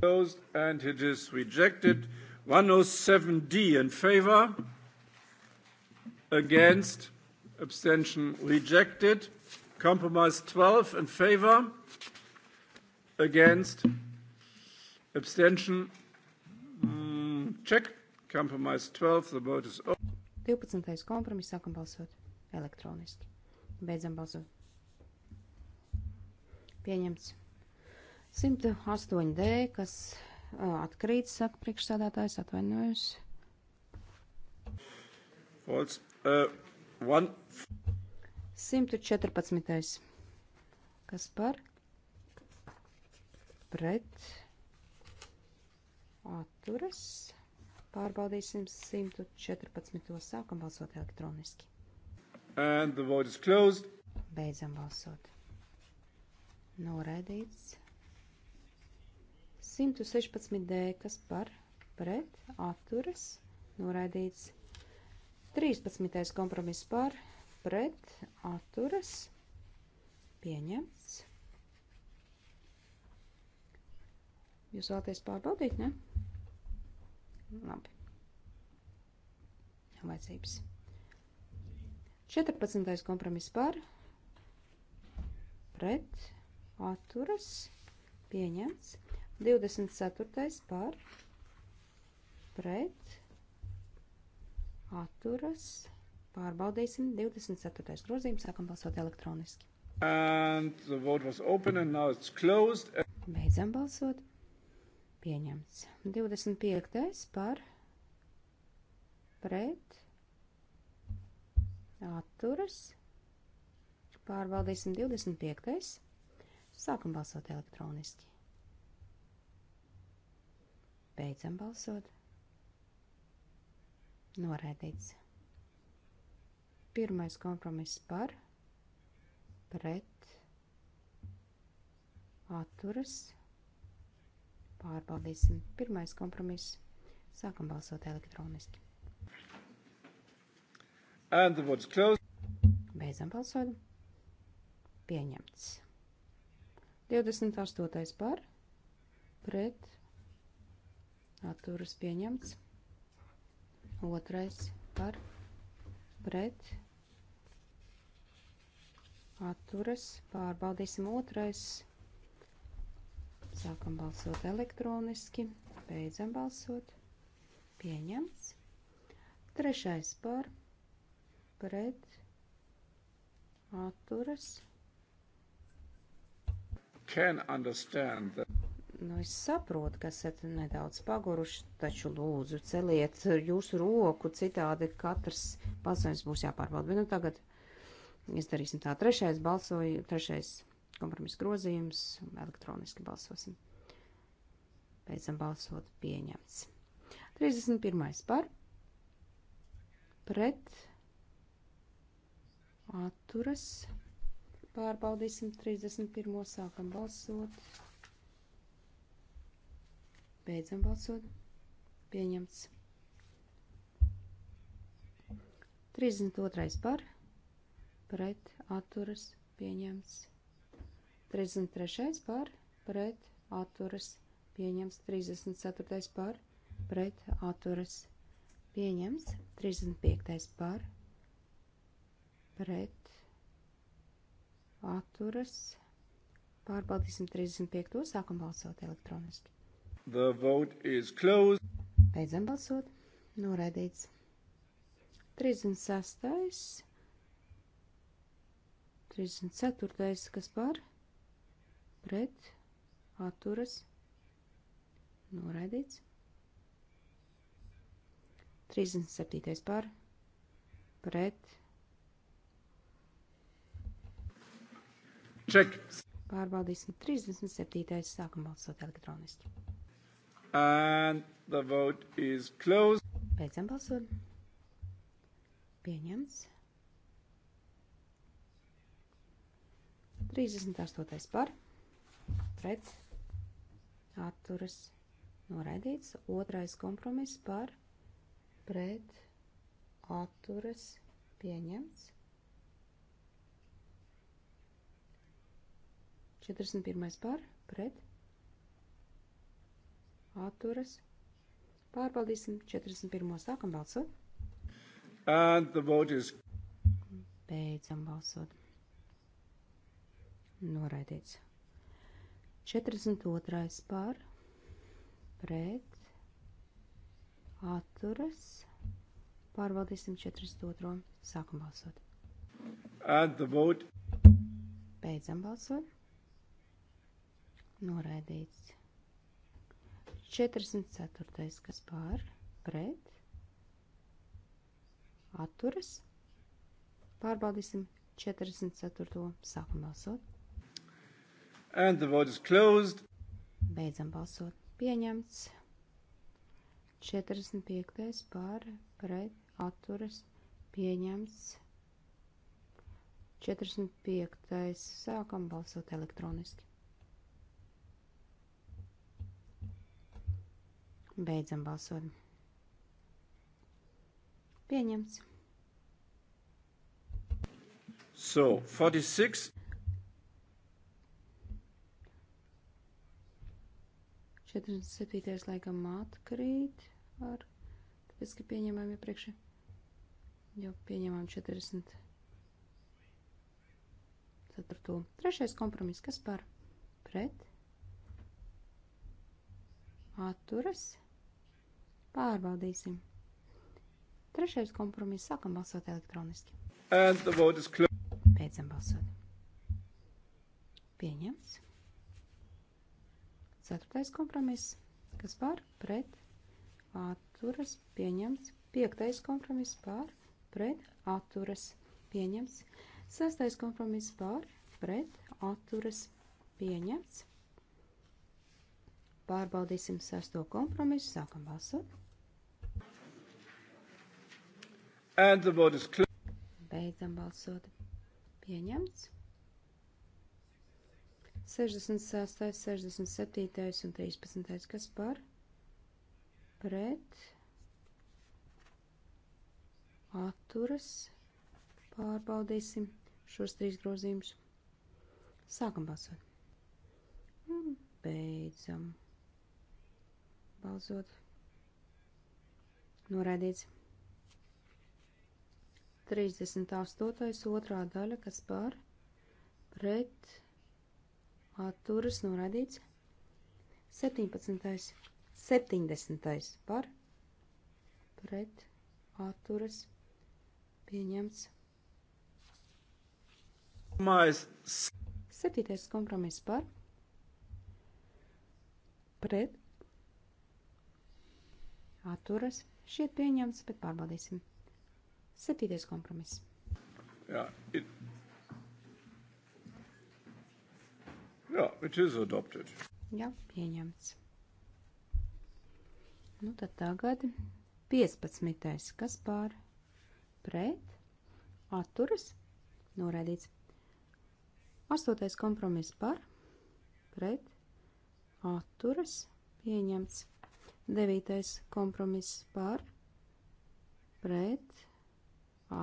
Closed and it is rejected. 107D in favor. Against. Abstention rejected. Compromise 12 in favor. Against. Abstention. Mm, check. Compromise 12, the vote is open. 12. kompromiss, sākam balsot elektroniski. Beidzam balsot. Pieņemts. 108D, kas atkrīt, saka priekšstādātājs, atvainojos. False. Uh, one. 114. Kas par? Pret. Atturas. Pārbaudīsim 114. Sākam balsot elektroniski. And the vote is closed. Beidzam balsot. Noraidīts. 116 D, kas par pret atturas. Noraidīts. 13. kompromiss par pret atturas. Pieņemts. Jūs vēlaties pārbaudīt, ne? Labi. Vajadzības. 14. kompromiss par, pret, atturas, pieņemts. 24. par, pret, atturas, pārbaudīsim. 24. grozījums, sākam balsot elektroniski. And the vote was open and now it's closed. Beidzam balsot pieņemts. 25. par pret atturas. Pārbaudīsim 25. Sākam balsot elektroniski. Beidzam balsot. Noraidīts. Pirmais kompromiss par pret atturas. Pārbaudīsim. Pirmais kompromiss. Sākam balsot elektroniski. And the vote's closed. Beidzam balsot. Pieņemts. 28. par, pret, atturas pieņemts. Otrais par, pret, atturas. Pārbaudīsim otrais. Sākam balsot elektroniski, beidzam balsot. Pieņemts. Trešais par pret atturas. Can understand that. Nu, es saprotu, ka esat nedaudz paguruši, taču lūdzu celiet jūsu roku, citādi katrs balsojums būs jāpārbauda. Bet nu tagad izdarīsim tā. Trešais balsoju, trešais kompromisa grozījums. Elektroniski balsosim. Beidzam balsot pieņemts. 31. par pret atturas. Pārbaudīsim 31. sākam balsot. Beidzam balsot. Pieņemts. 32. par pret atturas pieņemts. 33. par pret atturas pieņems 34. par pret atturas pieņems 35. par pret atturas pārbaudīsim 35. sākam balsot elektroniski. The vote is closed. Beidzam balsot. Noraidīts. 36. 34. kas par pret pret atturas noraidīts. 37. par pret Check. Pārbaudīsim 37. sākam balsot elektroniski. And the vote is closed. Beidzam balsot. Pieņemts. 38. par pret pret atturas noraidīts. Otrais kompromiss par pret atturas pieņemts. 41. par pret atturas. Pārbaudīsim 41. sākam balsot. And the vote is... Beidzam balsot. Noraidīts. 42. par pret atturas pārvaldīsim 42. Sākam balsot. And the vote. Beidzam balsot. Noraidīts. 44. kas pār pret atturas pārbaudīsim 44. Sākam balsot. And the vote is closed. Beidzam balsot. Pieņemts. 45. par pret atturas pieņemts. 45. sākam balsot elektroniski. Beidzam balsot. Pieņemts. So, 46. 47. laikam atkrīt ar, tāpēc, ka pieņemam iepriekš, jo pieņemam 40. Ceturto. Trešais kompromiss, kas par pret? Atturas. Pārbaudīsim. Trešais kompromiss, sākam balsot elektroniski. Beidzam balsot. Pieņemts. Ceturtais kompromiss, kas par pret atturas pieņemts. Piektais kompromiss par pret atturas pieņemts. Sestais kompromiss par pret atturas pieņemts. Pārbaudīsim sesto kompromisu. Sākam balsot. Beidzam balsot. Pieņemts. 66, 67 un 13. Kas par? Pret. Atturas. Pārbaudīsim šos trīs grozījumus. Sākam balsot. Un beidzam balsot. Noraidīts. 38. otrā daļa, kas par pret atturas norādīts. 17. 70. par pret atturas pieņemts. Mais. 7. kompromiss par pret atturas šķiet pieņemts, bet pārbaudīsim. 7. kompromiss. Jā, it... Jā, yeah, it is adopted. Jā, pieņemts. Nu tad tagad 15. kas pār pret atturas noraidīts. 8. kompromiss par pret atturas pieņemts. 9. kompromiss par pret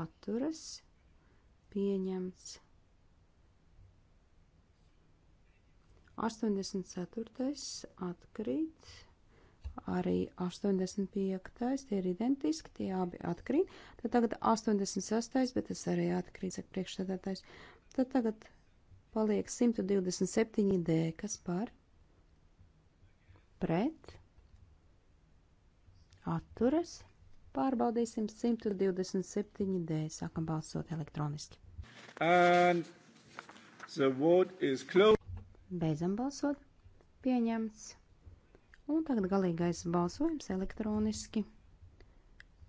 atturas pieņemts. 84. atkrīt, arī 85. tie ir identiski, tie abi atkrīt. Tad tagad 86. bet tas arī atkrīt, saka priekšstādātais. Tad tagad paliek 127 D, kas par pret atturas. Pārbaudīsim 127 D, sākam balsot elektroniski. And the vote is closed. Beidzam balsot. Pieņemts. Un tagad galīgais balsojums elektroniski.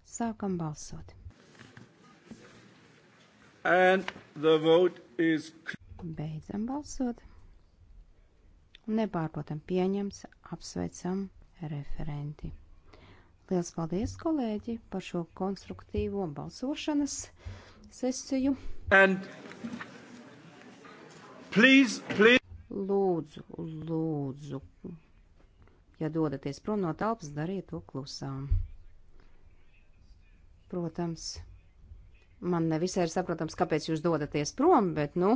Sākam balsot. Is... Beidzam balsot. Nepārprotam pieņems, apsveicam referenti. Liels paldies, kolēģi, par šo konstruktīvo balsošanas sesiju. And please, please. Lūdzu, lūdzu, ja dodaties prom no telpas, dariet to klusām. Protams, man nevisai ir saprotams, kāpēc jūs dodaties prom, bet, nu,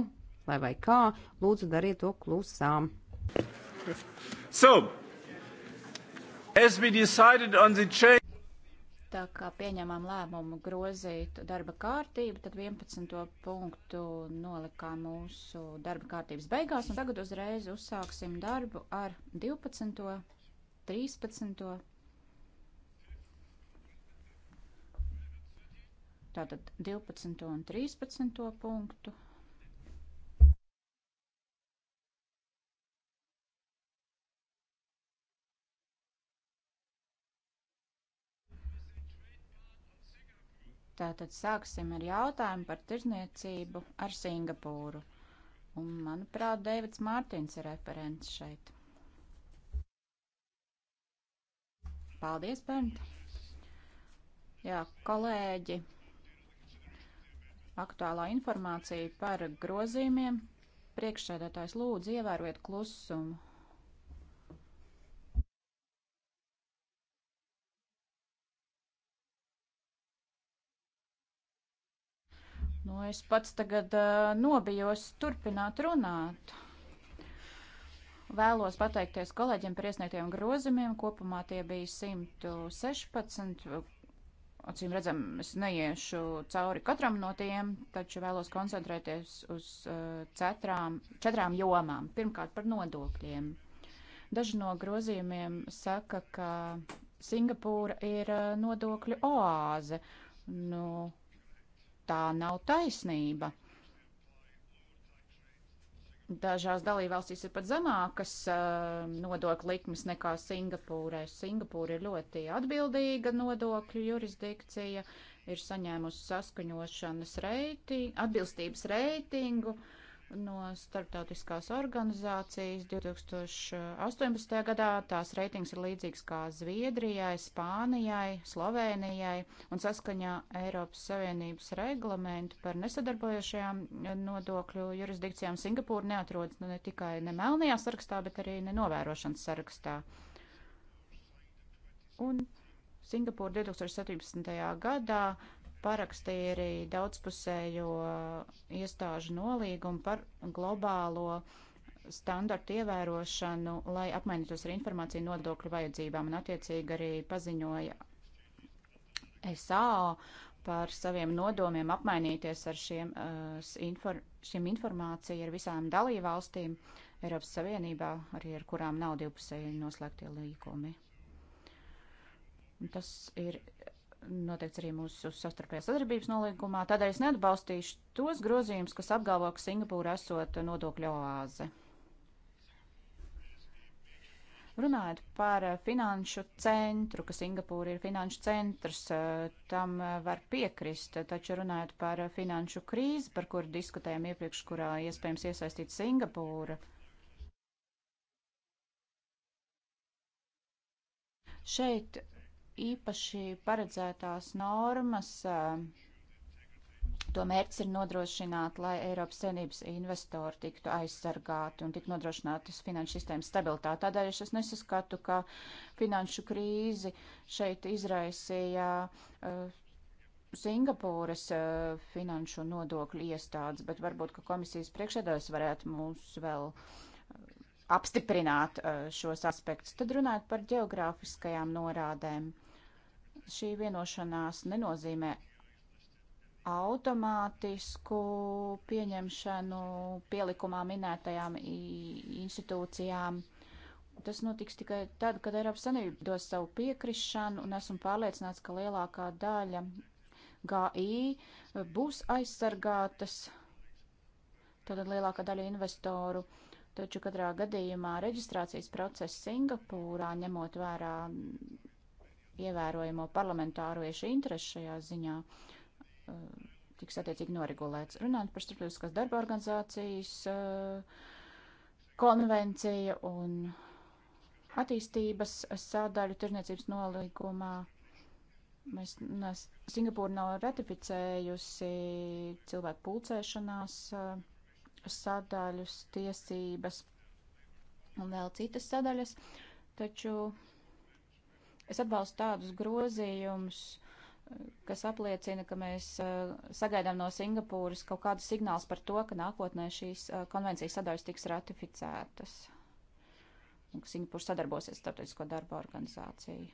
lai vai kā, lūdzu, dariet to klusām. So, as we decided on the change kā pieņemam lēmumu grozīt darba kārtību, tad 11. punktu nolikām mūsu darba kārtības beigās, un tagad uzreiz uzsāksim darbu ar 12. 13. Tātad 12. un 13. punktu. Tātad sāksim ar jautājumu par tirzniecību ar Singapūru. Un, manuprāt, Deivids Mārtiņš ir referents šeit. Paldies, Bernt! Jā, kolēģi, aktuālā informācija par grozījumiem. Priekšsēdētājs lūdzu ievērojiet klusumu. Nu, es pats tagad uh, nobijos turpināt runāt. Vēlos pateikties kolēģiem par iesniegtiem grozumiem. Kopumā tie bija 116. Acīm redzam, es neiešu cauri katram no tiem, taču vēlos koncentrēties uz uh, cetrām, četrām jomām. Pirmkārt par nodokļiem. Daži no grozījumiem saka, ka Singapūra ir uh, nodokļu oāze. Nu, tā nav taisnība. Dažās dalībvalstīs ir pat zemākas uh, nodokļu likmes nekā Singapūrē. Singapūra ir ļoti atbildīga nodokļu jurisdikcija, ir saņēmusi saskaņošanas reitingu, atbilstības reitingu. Uh, no starptautiskās organizācijas 2018. gadā. Tās reitings ir līdzīgs kā Zviedrijai, Spānijai, Slovenijai un saskaņā Eiropas Savienības reglamentu par nesadarbojošajām nodokļu jurisdikcijām Singapūra neatrodas nu, ne tikai ne melnajā sarakstā, bet arī nenovērošanas sarakstā. Un Singapūra 2017. gadā parakstīja arī daudzpusējo iestāžu nolīgumu par globālo standartu ievērošanu, lai apmainītos ar informāciju nodokļu vajadzībām un attiecīgi arī paziņoja SAO par saviem nodomiem apmainīties ar šiem, uh, infor, šiem informāciju ar visām dalībvalstīm Eiropas Savienībā, arī ar kurām nav divpusēji noslēgtie līgumi. Un tas ir noteikts arī mūsu sastarpējā sadarbības nolīgumā. Tādēļ es neatbalstīšu tos grozījumus, kas apgalvo, ka Singapūra esot nodokļu oāze. Runājot par eh, finanšu centru, ka Singapūra ir finanšu centrs, eh, tam eh, var piekrist, taču runājot par finanšu krīzi, par kuru diskutējām iepriekš, kurā iespējams iesaistīt Singapūra. Šeit īpaši paredzētās normas. Eh, to mērķis ir nodrošināt, lai Eiropas Savienības investori tiktu aizsargāti un tik nodrošinātas finanšu sistēmas stabilitāte. Tādēļ es nesaskatu, ka finanšu krīzi šeit izraisīja uh, Singapūras uh, finanšu nodokļu iestādes, bet varbūt, ka komisijas priekšēdājs varētu mūs vēl uh, apstiprināt uh, šos aspektus. Tad runājot par geogrāfiskajām norādēm šī vienošanās nenozīmē automātisku pieņemšanu pielikumā minētajām institūcijām. Tas notiks tikai tad, kad Eiropas Savienība dos savu piekrišanu, un esmu pārliecināts, ka lielākā daļa GI būs aizsargātas, tātad lielākā daļa investoru. Taču katrā gadījumā reģistrācijas process Singapūrā, ņemot vērā ievērojamo parlamentāriešu interesi šajā ziņā eh, tiks attiecīgi noregulēts. Runājot par starptautiskās darba organizācijas eh, konvenciju un attīstības sādaļu tirniecības nolīgumā. Mēs, nes, Singapūra nav ratificējusi cilvēku pulcēšanās eh, sadaļus, tiesības un vēl citas sadaļas, taču Es atbalstu tādus grozījumus, kas apliecina, ka mēs sagaidām no Singapūras kaut kādus signālus par to, ka nākotnē šīs konvencijas sadaļas tiks ratificētas un ka Singapūra sadarbosies starptautisko darba organizāciju.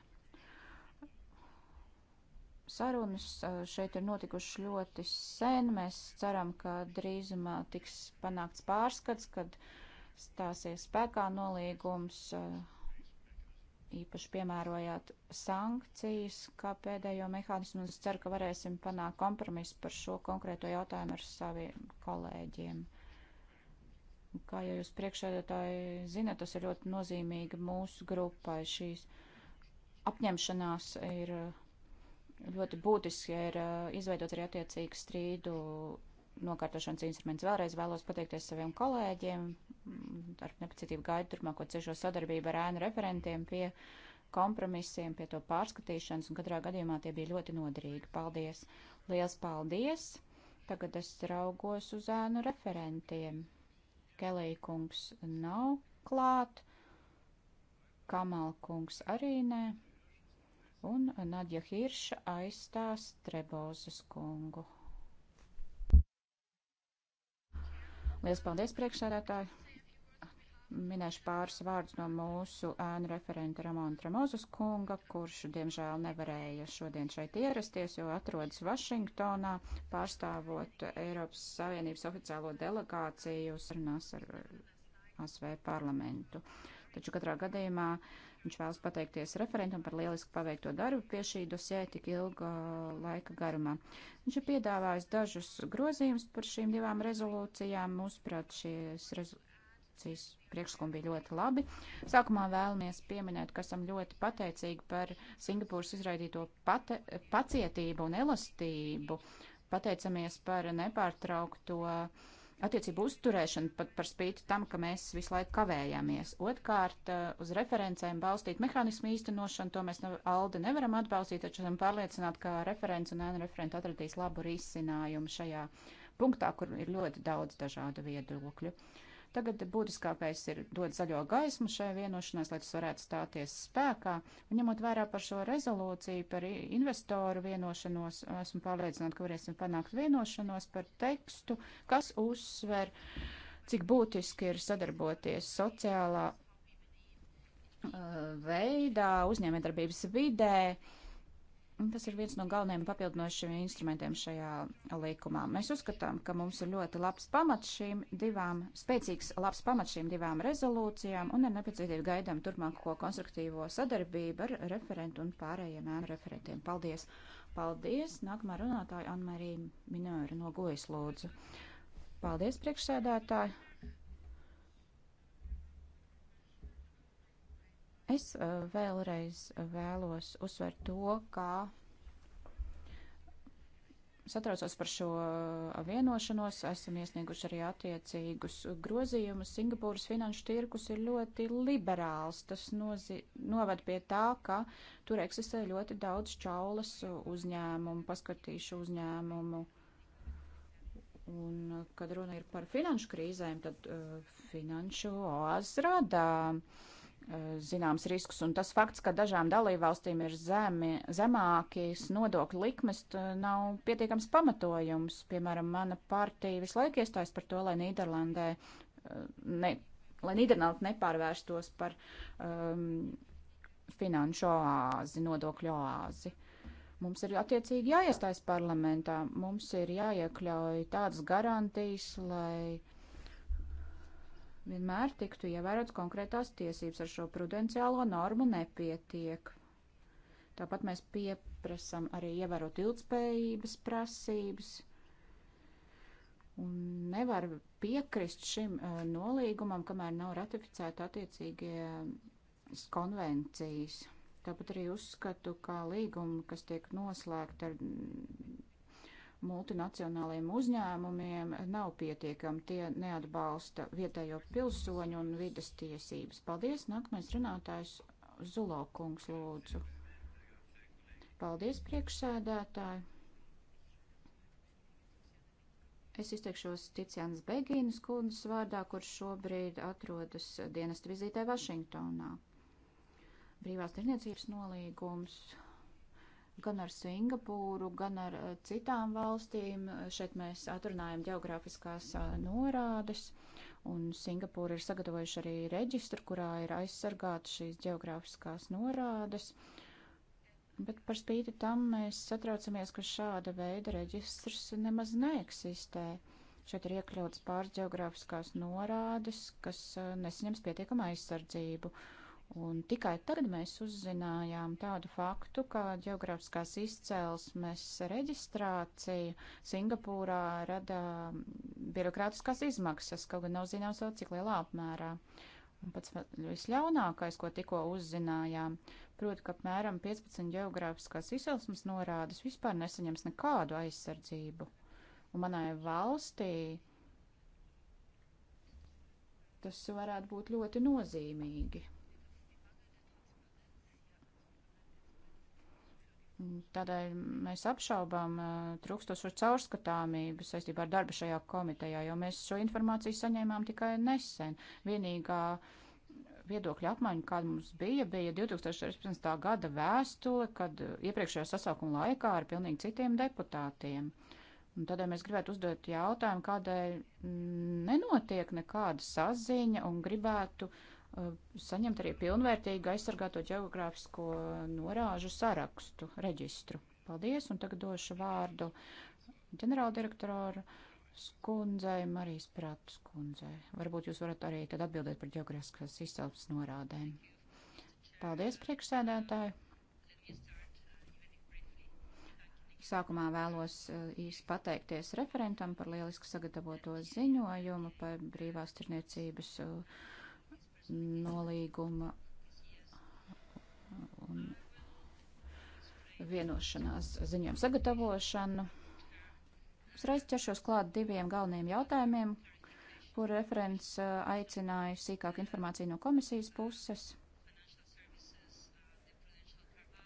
Sarunas šeit ir notikušas ļoti sen. Mēs ceram, ka drīzumā tiks panākts pārskats, kad stāsies spēkā nolīgums. Uh, īpaši piemērojāt sankcijas, kā pēdējo mehānismu, un es ceru, ka varēsim panākt kompromisu par šo konkrēto jautājumu ar saviem kolēģiem. Kā jau jūs priekšēdētāji zinat, tas ir ļoti nozīmīgi mūsu grupai. Šīs apņemšanās ir ļoti būtiski, ja ir uh, izveidot arī attiecīgu strīdu nokārtošanas instruments. Vēlreiz vēlos pateikties saviem kolēģiem, ar nepacitību gaidu turpmāko ciešo sadarbību ar ēnu referentiem pie kompromisiem, pie to pārskatīšanas, un katrā gadījumā tie bija ļoti noderīgi. Paldies! Liels paldies! Tagad es raugos uz ēnu referentiem. Kelīkungs nav klāt, Kamalkungs arī nē un Nadja Hirša aizstās Trebozes kungu. Lielas paldies, priekšsēdētāji! Minēšu pāris vārdus no mūsu ēnu referenta Ramona Tramozus kunga, kurš, diemžēl, nevarēja šodien šeit ierasties, jo atrodas Vašingtonā, pārstāvot Eiropas Savienības oficiālo delegāciju sarunās ar ASV parlamentu. Taču katrā gadījumā uh, Viņš vēlas pateikties referentam par lielisku paveikto darbu pie šī dosē tik ilga laika garumā. Viņš ir piedāvājis dažus grozījumus par šīm divām rezolūcijām. Mūsuprāt, šīs rezolūcijas priekšlikumi bija ļoti labi. Sākumā vēlamies pieminēt, ka esam ļoti pateicīgi par Singapūras izraidīto pate, pacietību un elastību. Pateicamies par nepārtraukto uh, attiecību uzturēšanu pat par spīti tam, ka mēs visu laiku kavējāmies. Otkārt, eh, uz referencēm balstīt mehānismu īstenošanu, to mēs no Alde nevaram atbalstīt, taču esam pārliecināti, ka referents un ēna referenti atradīs labu risinājumu šajā punktā, kur ir ļoti daudz dažādu viedokļu. Uh, Tagad būtiskākais ir dot zaļo gaismu šai vienošanās, lai tas varētu stāties spēkā. Un ņemot vērā par šo rezolūciju, par investoru vienošanos, esmu pārliecināta, ka varēsim panākt vienošanos par tekstu, kas uzsver, cik būtiski ir sadarboties sociālā uh, veidā, uzņēmējdarbības vidē Tas ir viens no galvenajiem papildinošiem instrumentiem šajā likumā. Mēs uzskatām, ka mums ir ļoti labs pamats šīm divām, spēcīgs labs pamats šīm divām rezolūcijām un ir nepacietība gaidām turpmāko konstruktīvo sadarbību ar referentu un pārējiem referentiem. Paldies! Paldies! Nākamā runātāja Anmarija Minēra no Gojas lūdzu. Paldies, priekšsēdētāji! Es eh, vēlreiz vēlos uzsvērt to, kā satraucos par šo eh, vienošanos, esam iesnieguši arī attiecīgus grozījumus. Singapūras finanšu tirkus ir ļoti liberāls. Tas nozi, noved pie tā, ka tur eksistē ļoti daudz čaulas uzņēmumu, paskatīšu uzņēmumu. Un, eh, kad runa ir par finanšu krīzēm, tad uh, finanšu oāzes rada uh, zināms risks, un tas fakts, ka dažām dalībvalstīm ir zemi, zemākīs nodokļu likmes, nav pietiekams pamatojums. Piemēram, mana partija visu laiku iestājas par to, lai Nīderlandē, eh, ne, lai Nīderlanda nepārvērstos par um, finanšu oāzi, nodokļu oāzi. Mums ir attiecīgi jāiestājas parlamentā, mums ir jāiekļauj tādas garantijas, lai uh, vienmēr tiktu ievērots konkrētās tiesības, ar šo prudenciālo normu nepietiek. Tāpat mēs pieprasam arī ievērot ilgspējības prasības. Un nevar piekrist šim eh, nolīgumam, kamēr nav ratificēta attiecīgie eh, konvencijas. Tāpat arī uzskatu, ka līgumi, kas tiek noslēgti ar multinacionālajiem uzņēmumiem nav pietiekami, tie neatbalsta vietējo pilsoņu un vidas tiesības. Paldies, nākamais runātājs Zulokungs lūdzu. Paldies, priekšsēdētāji. Es izteikšos Ticiānas Begīnas kundzes vārdā, kurš šobrīd atrodas dienestu vizītē Vašingtonā. Brīvās tirniecības nolīgums gan ar Singapūru, gan ar eh, citām valstīm. Šeit mēs atrunājam geogrāfiskās eh, norādes, un Singapūra ir sagatavojuši arī reģistru, kurā ir aizsargāta šīs geogrāfiskās norādes. Bet par spīti tam mēs satraucamies, ka šāda veida reģistrs nemaz neeksistē. Šeit ir iekļauts pāris geogrāfiskās norādes, kas eh, nesaņems pietiekamu aizsardzību. Uh, Un tikai tagad mēs uzzinājām tādu faktu, ka geogrāfiskās izcelsmes reģistrācija Singapūrā rada birokrātiskās izmaksas, kaut gan nav zināms vēl cik lielā apmērā. Un pats visļaunākais, ko tikko uzzinājām, proti, ka apmēram 15 geogrāfiskās izcelsmes norādes vispār nesaņems nekādu aizsardzību. Un manai valstī tas varētu būt ļoti nozīmīgi. Tādēļ mēs apšaubām trūkstošo caurskatāmību saistībā ar darbu šajā komitejā, jo mēs šo informāciju saņēmām tikai nesen. Vienīgā viedokļa apmaiņa, kāda mums bija, bija 2016. gada vēstule, kad iepriekšējā sasaukuma laikā ar pilnīgi citiem deputātiem. Un tādēļ mēs gribētu uzdot jautājumu, kādēļ nenotiek nekāda saziņa un gribētu uh, Eh, saņemt arī pilnvērtīgu aizsargāto geogrāfisko norāžu sarakstu, reģistru. Paldies, un tagad došu vārdu ģenerāldirektoru skundzei, Marijas Prātu skundzei. Varbūt jūs varat arī tad atbildēt par geogrāfiskās izcelpas norādēm. Paldies, priekšsēdētāji! Sākumā vēlos eh, īsi pateikties referentam par lieliski sagatavoto ziņojumu par brīvās tirniecības uh, nolīguma un vienošanās ziņojumu sagatavošanu. Uzreiz ķeršos klāt diviem galvenajiem jautājumiem, kur referents aicināja sīkāk informāciju no komisijas puses.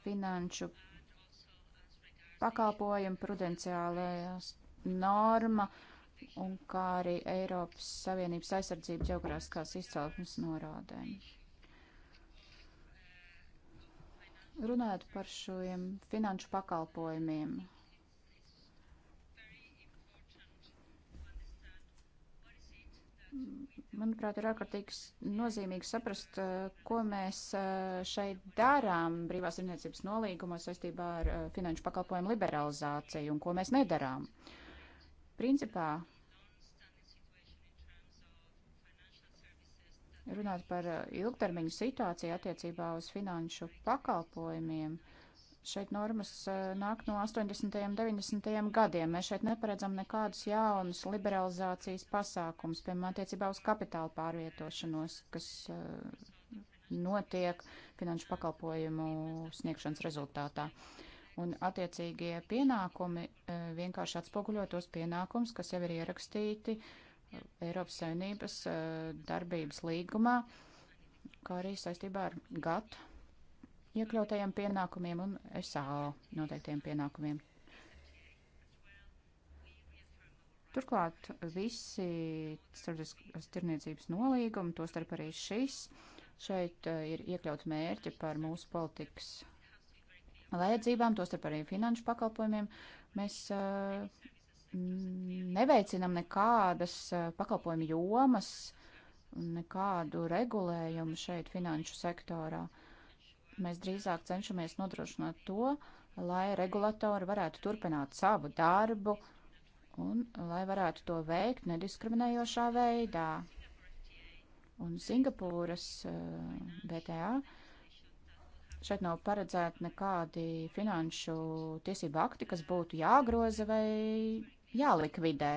Finanšu pakalpojumu prudenciālajās norma. Uh, un kā arī Eiropas Savienības aizsardzību ģeogrāfiskās izcelsmes norādēm. Runājot par šiem finanšu pakalpojumiem, manuprāt, ir ārkārtīgi nozīmīgi saprast, eh, ko mēs eh, šeit darām brīvās rīniecības nolīgumos saistībā ar eh, finanšu pakalpojumu liberalizāciju un ko mēs nedarām. Uh, Principā, runāt par uh, ilgtermiņu situāciju attiecībā uz finanšu pakalpojumiem, šeit normas uh, nāk no 80. un 90. gadiem. Mēs šeit neparedzam nekādus jaunus liberalizācijas pasākums, piemēram, attiecībā uz kapitāla pārvietošanos, kas uh, notiek finanšu pakalpojumu sniegšanas rezultātā. Uh, un attiecīgie pienākumi e, vienkārši atspoguļo tos pienākums, kas jau ir ierakstīti e, Eiropas saimnības e, darbības līgumā, kā arī saistībā ar GATT iekļautajiem pienākumiem un SAO noteiktiem pienākumiem. Turklāt visi starptautiskās tirniecības nolīgumi, tostarp arī šis, šeit ir iekļauts mērķi par mūsu politikas vajadzībām, tostarp arī finanšu pakalpojumiem, mēs eh, neveicinam nekādas eh, pakalpojumu jomas, nekādu regulējumu šeit finanšu sektorā. Mēs drīzāk cenšamies nodrošināt to, lai regulatori varētu turpināt savu darbu un lai varētu to veikt nediskriminējošā veidā. Un Singapūras BTA eh, uh, Šeit nav paredzēti nekādi finanšu tiesību akti, kas būtu jāgroza vai jālikvidē.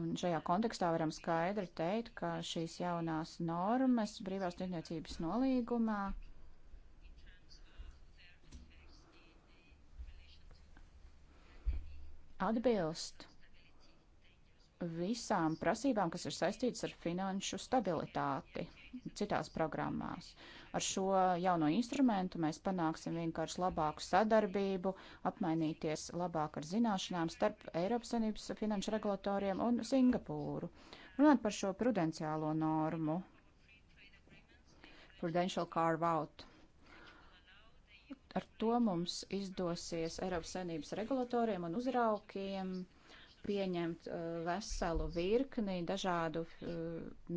Un šajā kontekstā varam skaidri teikt, ka šīs jaunās normas brīvās tirdzniecības nolīgumā atbilst visām prasībām, kas ir saistītas ar finanšu stabilitāti citās programmās. Ar šo jauno instrumentu mēs panāksim vienkārši labāku sadarbību, apmainīties labāk ar zināšanām starp Eiropas Savienības finanšu regulatoriem un Singapūru. Runāt par šo prudenciālo normu. Prudential carve out. Ar to mums izdosies Eiropas Savienības regulatoriem un uzraukiem pieņemt uh, veselu virkni dažādu uh,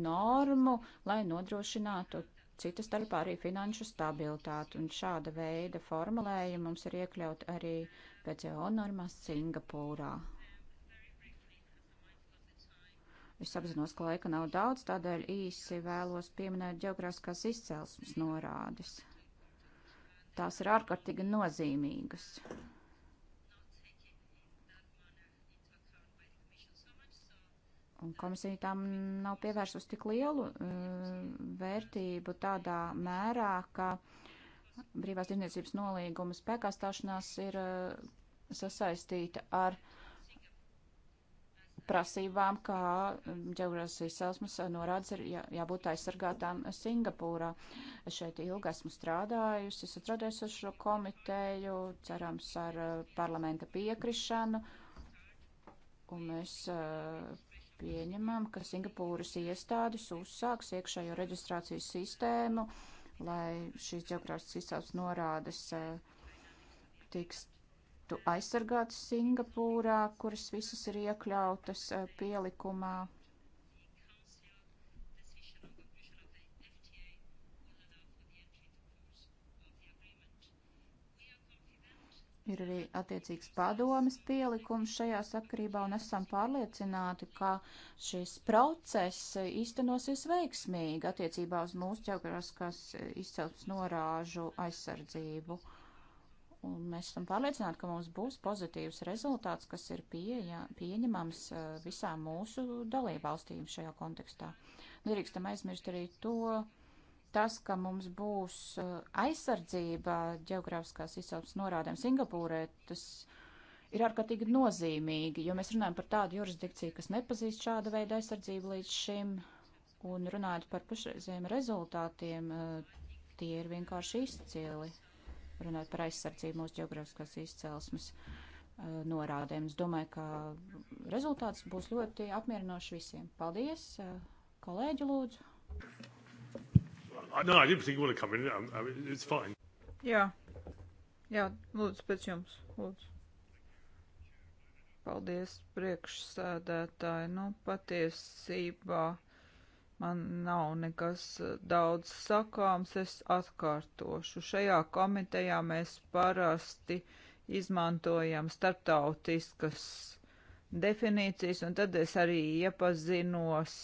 normu, lai nodrošinātu cita starpā arī finanšu stabilitāti. Un šāda veida formulējumi mums ir iekļaut arī PCO e normās Singapūrā. Es apzinos, ka laika nav daudz, tādēļ īsi vēlos pieminēt geogrāfiskās izcelsmes norādes. Tās ir ārkārtīgi nozīmīgas. Un komisija tam nav pievērsus tik lielu um, vērtību tādā mērā, ka brīvās tirdzniecības nolīguma spēkā stāšanās ir uh, sasaistīta ar prasībām, kā ģeogrāfijas selsmas norādes ir jā, jābūt aizsargātām Singapūrā. Es šeit ilgi esmu strādājusi, esmu strādājusi ar šo komiteju, cerams ar e, parlamenta piekrišanu, un mēs uh, pieņemam, ka Singapūras iestādes uzsāks iekšējo reģistrācijas sistēmu, lai šīs ģeogrāfiskas izcelsmes norādes eh, tiks aizsargātas Singapūrā, kuras visas ir iekļautas eh, pielikumā. Ir arī attiecīgs padomas pielikums šajā sakarībā, un esam pārliecināti, ka šis process īstenosies veiksmīgi attiecībā uz mūsu ķeogrāfiskās izcelsmes norāžu aizsardzību. Un mēs esam pārliecināti, ka mums būs pozitīvs rezultāts, kas ir pieeja, pieņemams eh, visām mūsu dalībvalstīm šajā kontekstā. Nedrīkstam aizmirst arī to, tas, ka mums būs uh, aizsardzība ģeogrāfiskās izcelsmes norādēm Singapūrē, tas ir ārkārtīgi nozīmīgi, jo mēs runājam par tādu jurisdikciju, kas nepazīst šāda veida aizsardzību līdz šim, un runājot par pašreizējiem rezultātiem, uh, tie ir vienkārši izcieli, runājot par aizsardzību mūsu ģeogrāfiskās izcelsmes uh, norādēm. Es domāju, ka rezultāts būs ļoti apmierinošs visiem. Paldies, kolēģi lūdzu! No, I didn't particularly want to come in. Um, I mean, it's fine. Jā. Jā, lūdzu, pēc jums. Lūdzu. Paldies, priekšsēdētāji. Nu, patiesībā man nav nekas uh, daudz sakāms, es atkārtošu. Šajā komitejā mēs parasti izmantojam starptautiskas definīcijas, un tad es arī iepazinos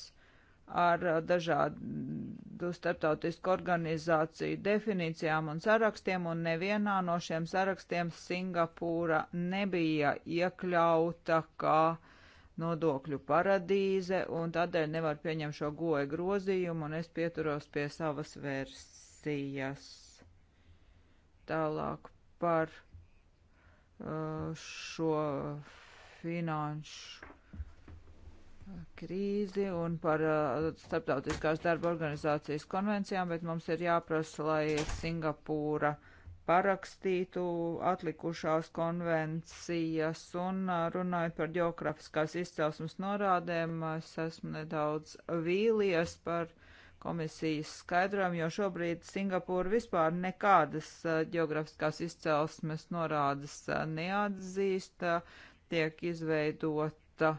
ar uh, dažādu starptautisku organizāciju definīcijām un sarakstiem, un nevienā no šiem sarakstiem Singapūra nebija iekļauta kā nodokļu paradīze, un tādēļ nevar pieņemt šo goja grozījumu, un es pieturos pie savas versijas. Tālāk par uh, šo finanšu krīzi un par uh, starptautiskās darba organizācijas konvencijām, bet mums ir jāprasa, lai Singapūra parakstītu atlikušās konvencijas un uh, runājot par geografiskās izcelsmes norādēm, es esmu nedaudz vīlies par komisijas skaidrojumu, jo šobrīd Singapūra vispār nekādas uh, geografiskās izcelsmes norādes uh, neatzīst, uh, tiek izveidota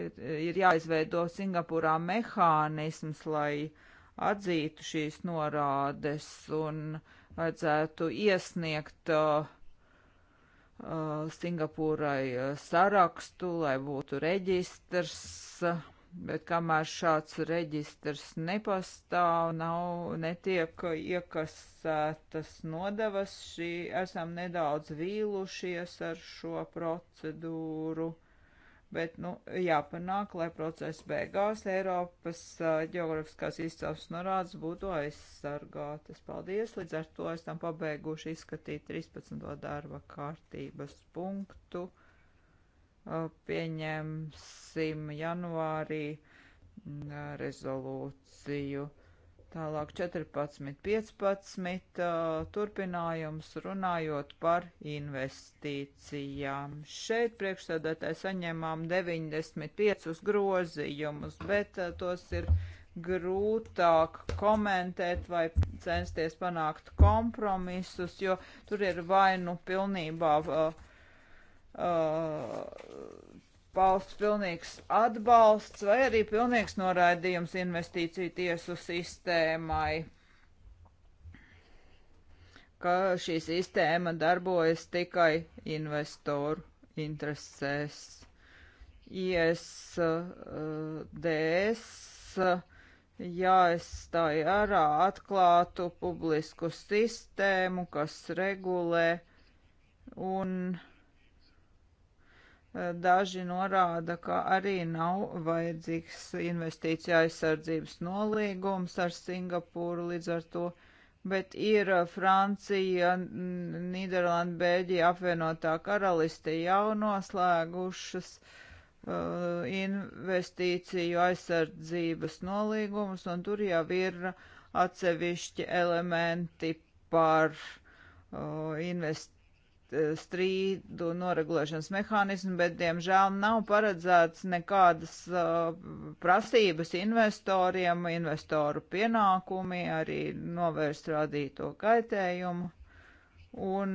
ir jāizveido Singapūrā mehānisms, lai atzītu šīs norādes un vajadzētu iesniegt uh, uh Singapūrai uh, sarakstu, lai būtu reģistrs, bet kamēr šāds reģistrs nepastāv, nav, netiek iekasētas nodevas, šī esam nedaudz vīlušies ar šo procedūru bet, nu, jāpanāk, lai procesa beigās Eiropas geogrāfiskās izcelsmes norādes būtu aizsargātas. Paldies, līdz ar to esam pabeiguši izskatīt 13. darba kārtības punktu. Pieņemsim janvārī rezolūciju. Tālāk 14, 15 turpinājums runājot par investīcijām. Šeit priekšsēdētāji saņēmām 95 grozījumus, bet tos ir grūtāk komentēt vai censties panākt kompromisus, jo tur ir vai nu pilnībā. Uh, uh, atbalsts, pilnīgs atbalsts vai arī pilnīgs noraidījums investīciju tiesu sistēmai, ka šī sistēma darbojas tikai investoru interesēs. ISDS jāizstāj ārā atklātu publisku sistēmu, kas regulē un uh, Eh, daži norāda, ka arī nav vajadzīgs investīcija aizsardzības nolīgums ar Singapūru līdz ar to, bet ir eh, Francija, Nīderlanda, Bēļģija, apvienotā karaliste jau noslēgušas uh, investīciju aizsardzības nolīgumus, un tur jau ir atsevišķi elementi par uh, investīciju Eh, strīdu noregulēšanas mehānismu, bet, diemžēl, nav paredzēts nekādas uh, prasības investoriem, investoru pienākumi, arī novērst radīto kaitējumu. Un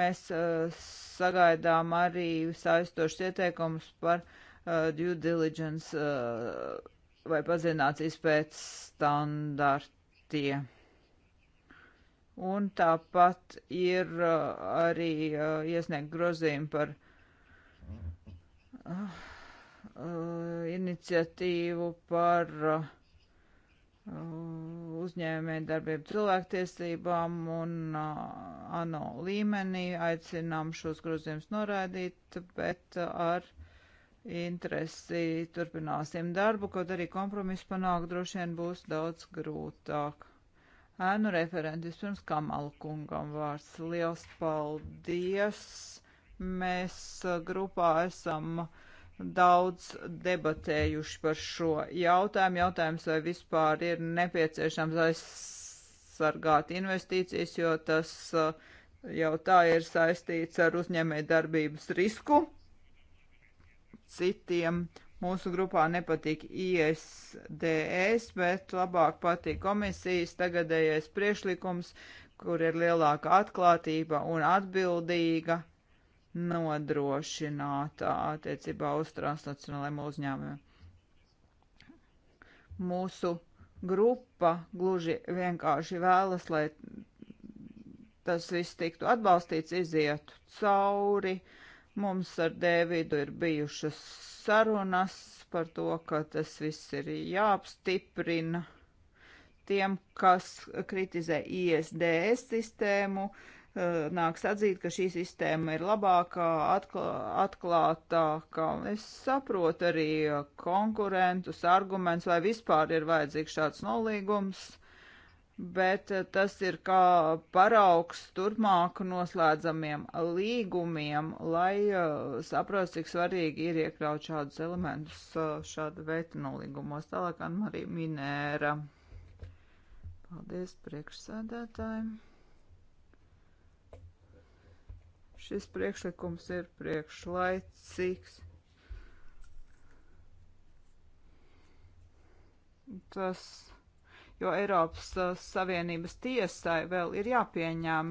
mēs uh, sagaidām arī saistošas ieteikumus par uh, due diligence vai pazinācijas pēc standartiem un tāpat ir uh, arī uh, iesniegt grozījumi par uh, iniciatīvu par uzņēmēju darbību cilvēktiesībām un uh, ANO līmenī. Aicinām šos grozījumus noraidīt, bet ar interesi turpināsim darbu, kaut arī kompromisu panākt droši vien būs daudz grūtāk ēnu referenti. Vispirms Kamala kungam vārds. Liels paldies! Mēs uh, grupā esam daudz debatējuši par šo jautājumu. Jautājums, vai vispār ir nepieciešams aizsargāt investīcijas, jo tas uh, jau tā ir saistīts ar uzņēmē darbības risku citiem mūsu grupā nepatīk ISDS, bet labāk patīk komisijas tagadējais priešlikums, kur ir lielāka atklātība un atbildīga nodrošināta attiecībā uz transnacionālajiem uzņēmumiem. Mūsu grupa gluži vienkārši vēlas, lai tas viss tiktu atbalstīts, izietu cauri, uh, Mums ar Dēvidu ir bijušas sarunas par to, ka tas viss ir jāapstiprina. Tiem, kas kritizē ISDS sistēmu, eh, nāks atzīt, ka šī sistēma ir labākā, atklā, atklātākā. Es saprotu arī konkurentus, arguments, vai vispār ir vajadzīgs šāds nolīgums. Uh, bet eh, tas ir kā paraugs turpmāk noslēdzamiem līgumiem, lai uh, saprast, cik svarīgi ir iekļaut šādus elementus uh, šāda veida nolīgumos. Tālāk Anmarija Minēra. Paldies priekšsēdētājiem. Šis priekšlikums ir priekšlaicīgs. Tas jo Eiropas uh, Savienības tiesai vēl ir jāpieņem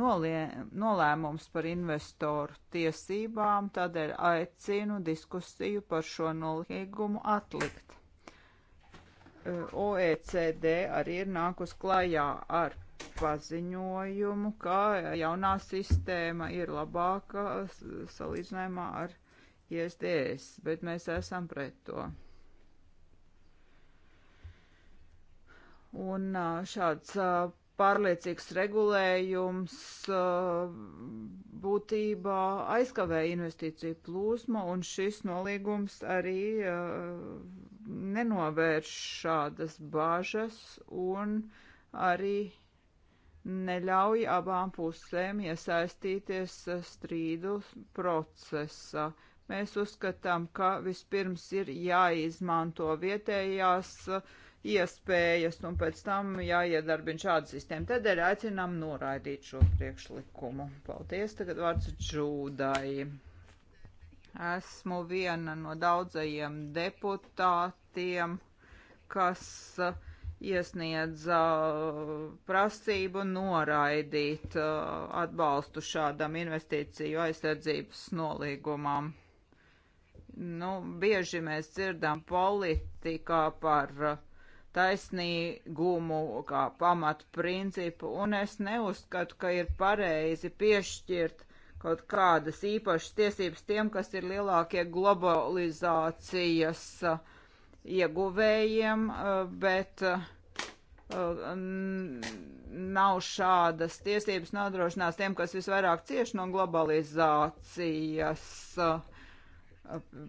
nolie, nolēmums par investoru tiesībām, tādēļ aicinu diskusiju par šo nolīgumu atlikt. Uh, OECD arī ir nākus klajā ar paziņojumu, ka jaunā sistēma ir labāka salīdzinājumā ar ISDS, bet mēs esam pret to. Un šāds pārliecīgs regulējums būtībā aizkavē investīciju plūsmu, un šis nolīgums arī nenovērš šādas bāžas un arī neļauj abām pusēm iesaistīties strīdu procesā. Mēs uzskatām, ka vispirms ir jāizmanto vietējās uh, iespējas, un pēc tam jāiedarbina šāda sistēma. Tādēļ aicinām noraidīt šo priekšlikumu. Paldies, tagad vārds Džūdai. Esmu viena no daudzajiem deputātiem, kas uh, iesniedza uh, prasību noraidīt uh, atbalstu šādam investīciju aizsardzības nolīgumam nu, bieži mēs dzirdam politikā par taisnīgumu kā pamatprincipu, un es neuzskatu, ka ir pareizi piešķirt kaut kādas īpašas tiesības tiem, kas ir lielākie globalizācijas uh, ieguvējiem, uh, bet uh, nav šādas tiesības nodrošinās tiem, kas visvairāk cieši no globalizācijas. Uh,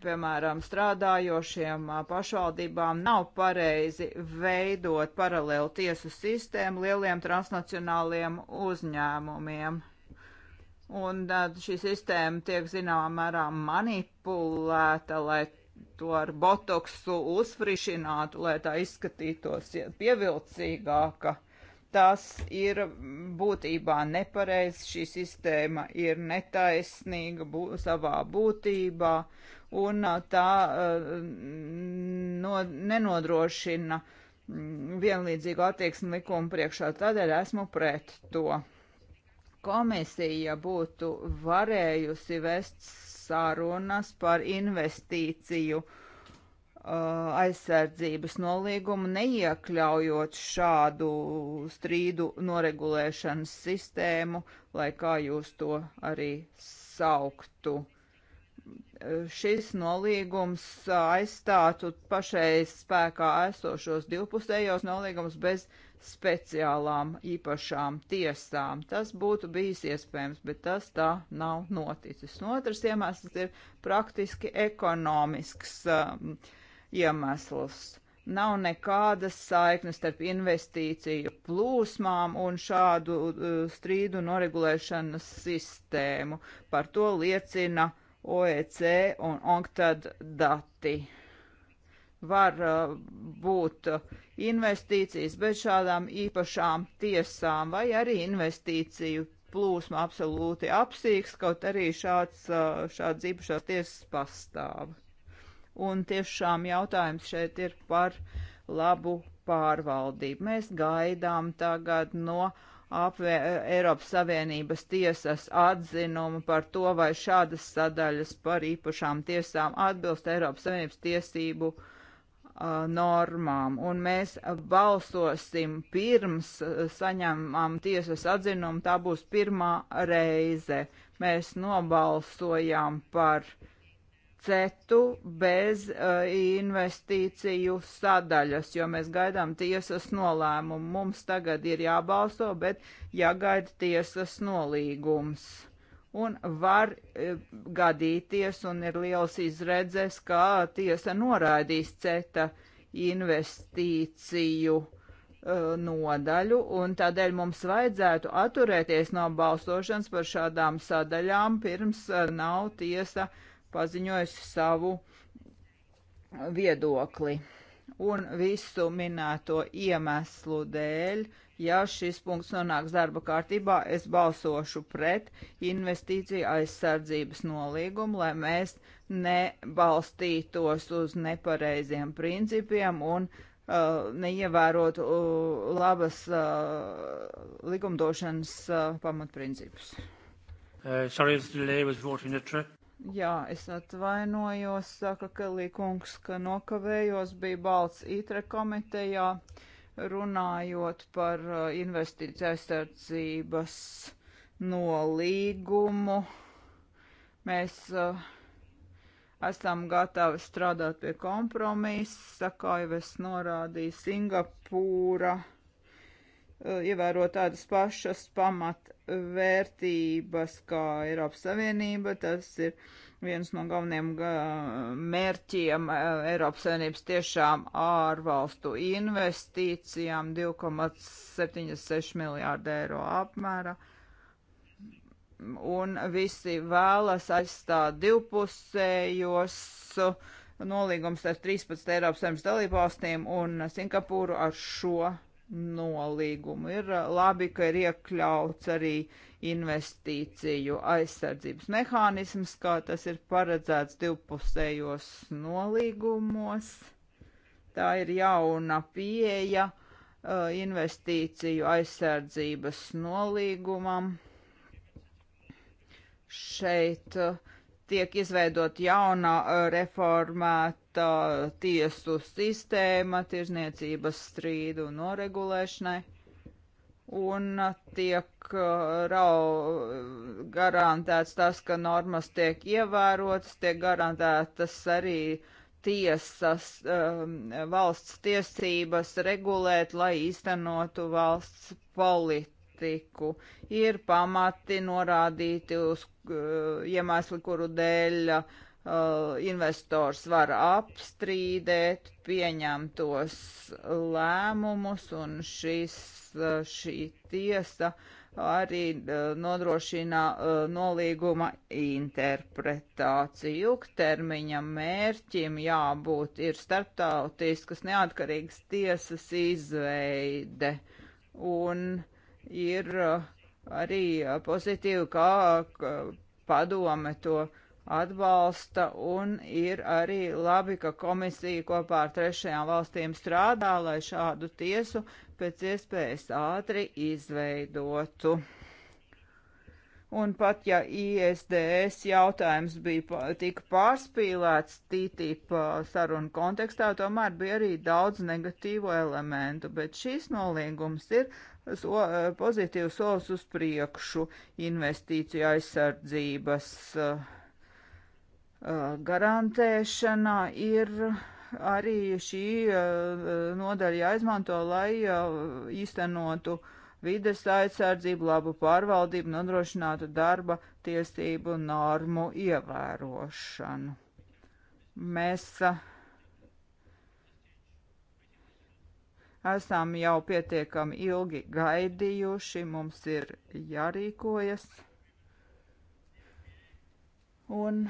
piemēram, strādājošiem pašvaldībām nav pareizi veidot paralēlu tiesu sistēmu lieliem transnacionāliem uzņēmumiem. Un šī sistēma tiek zināmā mērā manipulēta, lai to ar botoksu uzfrišinātu, lai tā izskatītos pievilcīgāka tas ir būtībā nepareizs, šī sistēma ir netaisnīga bū, savā būtībā, un uh, tā uh, no, nenodrošina mm, vienlīdzīgu attieksmi likuma priekšā. Tādēļ esmu pret to. Komisija būtu varējusi vest sarunas par investīciju uh, Uh, aizsardzības nolīgumu, neiekļaujot šādu strīdu noregulēšanas sistēmu, lai kā jūs to arī sauktu. Šis nolīgums aizstātu pašreiz spēkā esošos divpusējos nolīgumus bez speciālām īpašām tiesām. Tas būtu bijis iespējams, bet tas tā nav noticis. Un otrs iemesls ir praktiski ekonomisks. Uh, iemeslus. Nav nekādas saiknes starp investīciju plūsmām un šādu uh, strīdu noregulēšanas sistēmu. Par to liecina OEC un ONCTAD dati. Var uh, būt investīcijas bez šādām īpašām tiesām vai arī investīciju plūsma absolūti apsīgs, kaut arī šāds, uh, šāds īpašās tiesas pastāv un tiešām jautājums šeit ir par labu pārvaldību. Mēs gaidām tagad no apvē, Eiropas Savienības tiesas atzinumu par to, vai šādas sadaļas par īpašām tiesām atbilst Eiropas Savienības tiesību uh, normām. Un mēs balsosim pirms saņemam tiesas atzinumu, tā būs pirmā reize. Mēs nobalsojām par uh, cetu bez uh, investīciju sadaļas, jo mēs gaidām tiesas nolēmumu. Mums tagad ir jābalso, bet jāgaida tiesas nolīgums. Un var uh, gadīties, un ir liels izredzes, ka tiesa noraidīs ceta investīciju uh, nodaļu, un tādēļ mums vajadzētu atturēties no balsošanas par šādām sadaļām, pirms nav tiesa uh, paziņojusi savu viedokli. Un visu minēto iemeslu dēļ, ja šis punkts nonāks darba kārtībā, es balsošu pret investīciju aizsardzības nolīgumu, lai mēs nebalstītos uz nepareiziem principiem un uh, neievērotu uh, labas uh, likumdošanas uh, pamatprincipus. Uh, sorry, Jā, es atvainojos, saka Kalīkungs, ka nokavējos bija balts ITRE komitejā runājot par uh, investīciju aizsardzības nolīgumu. Mēs uh, esam gatavi strādāt pie kompromisa, kā jau es norādīju, Singapūra Eh, ievēro tādas pašas pamatvērtības kā Eiropas Savienība. Tas ir viens no galvenajiem eh, mērķiem eh, Eiropas Savienības tiešām ārvalstu investīcijām 2,76 miljārdu eiro apmērā. Un visi vēlas aizstāt divpusējos nolīgums ar 13 Eiropas Savienības dalībvalstīm un Singapūru ar šo nolīgumu. Ir labi, ka ir iekļauts arī investīciju aizsardzības mehānisms, kā tas ir paredzēts divpusējos nolīgumos. Tā ir jauna pieeja investīciju aizsardzības nolīgumam. Šeit tiek izveidot jauna reformēta domāta tiesu sistēma tirzniecības strīdu noregulēšanai un uh, tiek uh, rau, garantēts tas, ka normas tiek ievērotas, tiek garantētas arī tiesas, um, valsts tiesības regulēt, lai īstenotu valsts politiku statistiku, ir pamati norādīti uz uh, iemesli, kuru dēļ uh, Uh, investors var apstrīdēt pieņemtos lēmumus, un šis, uh, šī tiesa arī uh, nodrošina nolīguma interpretāciju. Ilgtermiņa mērķim jābūt ir starptautiskas neatkarīgas tiesas izveide, un ir arī pozitīvi, kā padome to uh, atbalsta un ir arī labi, ka komisija kopā ar trešajām valstīm strādā, lai šādu tiesu pēc iespējas ātri izveidotu. Un pat ja ISDS jautājums bija tika pārspīlēts TTIP sarunu kontekstā, tomēr bija arī daudz negatīvu elementu, bet šīs nolīgums ir so, pozitīvs solis uz priekšu investīciju aizsardzības uh, Uh, garantēšana ir arī šī uh, nodaļa jāizmanto, lai uh, īstenotu vides aizsardzību, labu pārvaldību, nodrošinātu darba tiesību normu ievērošanu. Mēs esam jau pietiekami ilgi gaidījuši, mums ir jārīkojas. Un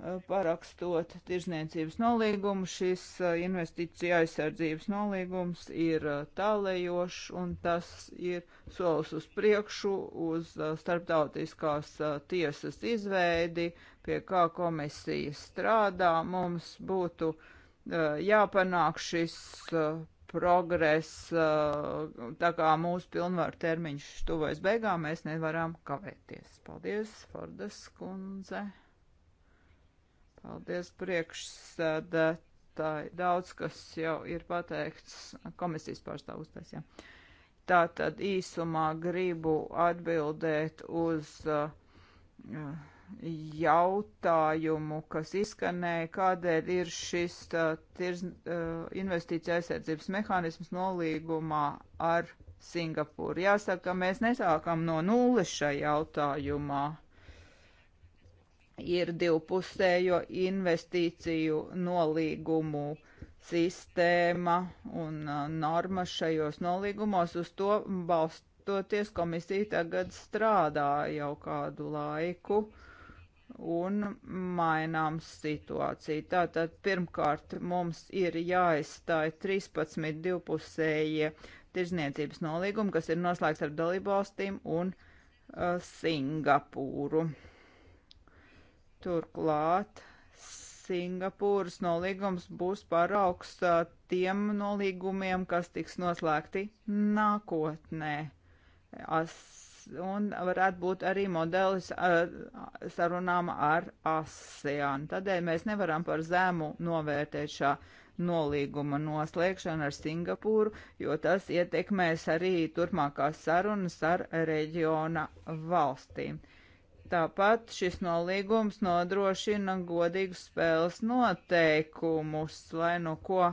Uh, parakstot tirzniecības nolīgumu. Šis uh, investīcija aizsardzības nolīgums ir uh, tālējošs un tas ir solis uz priekšu uz starptautiskās tiesas izveidi, pie kā komisija strādā. Mums būtu jāpanāk šis progress, tā kā mūsu pilnvaru termiņš tuvojas beigām, mēs nevaram kavēties. Paldies, Fordas kundze! Paldies priekšsēdētāji. Daudz, kas jau ir pateikts komisijas pārstāvustais, jā. Ja. Tātad īsumā gribu atbildēt uz uh, jautājumu, kas izskanēja, kādēļ ir šis uh, tirz, uh, investīcija aizsardzības mehānisms nolīgumā ar Singapūru. Jāsaka, mēs nesākam no nulles šajā jautājumā. Uh, ir divpusējo investīciju nolīgumu sistēma un norma šajos nolīgumos. Uz to balstoties komisija tagad strādā jau kādu laiku un mainām situāciju. Tātad pirmkārt mums ir jāizstāj 13 divpusējie tirzniecības nolīgumi, kas ir noslēgts ar dalībvalstīm un uh, Singapūru. Turklāt Singapūras nolīgums būs paraugs tiem nolīgumiem, kas tiks noslēgti nākotnē. As, un varētu būt arī modelis ar, sarunām ar ASEAN. Tādēļ mēs nevaram par zēmu novērtēt šā nolīguma noslēgšanu ar Singapūru, jo tas ietekmēs arī turpmākās sarunas ar reģiona valstīm. Uh, Tāpat šis nolīgums nodrošina godīgus spēles noteikumus, lai nu ko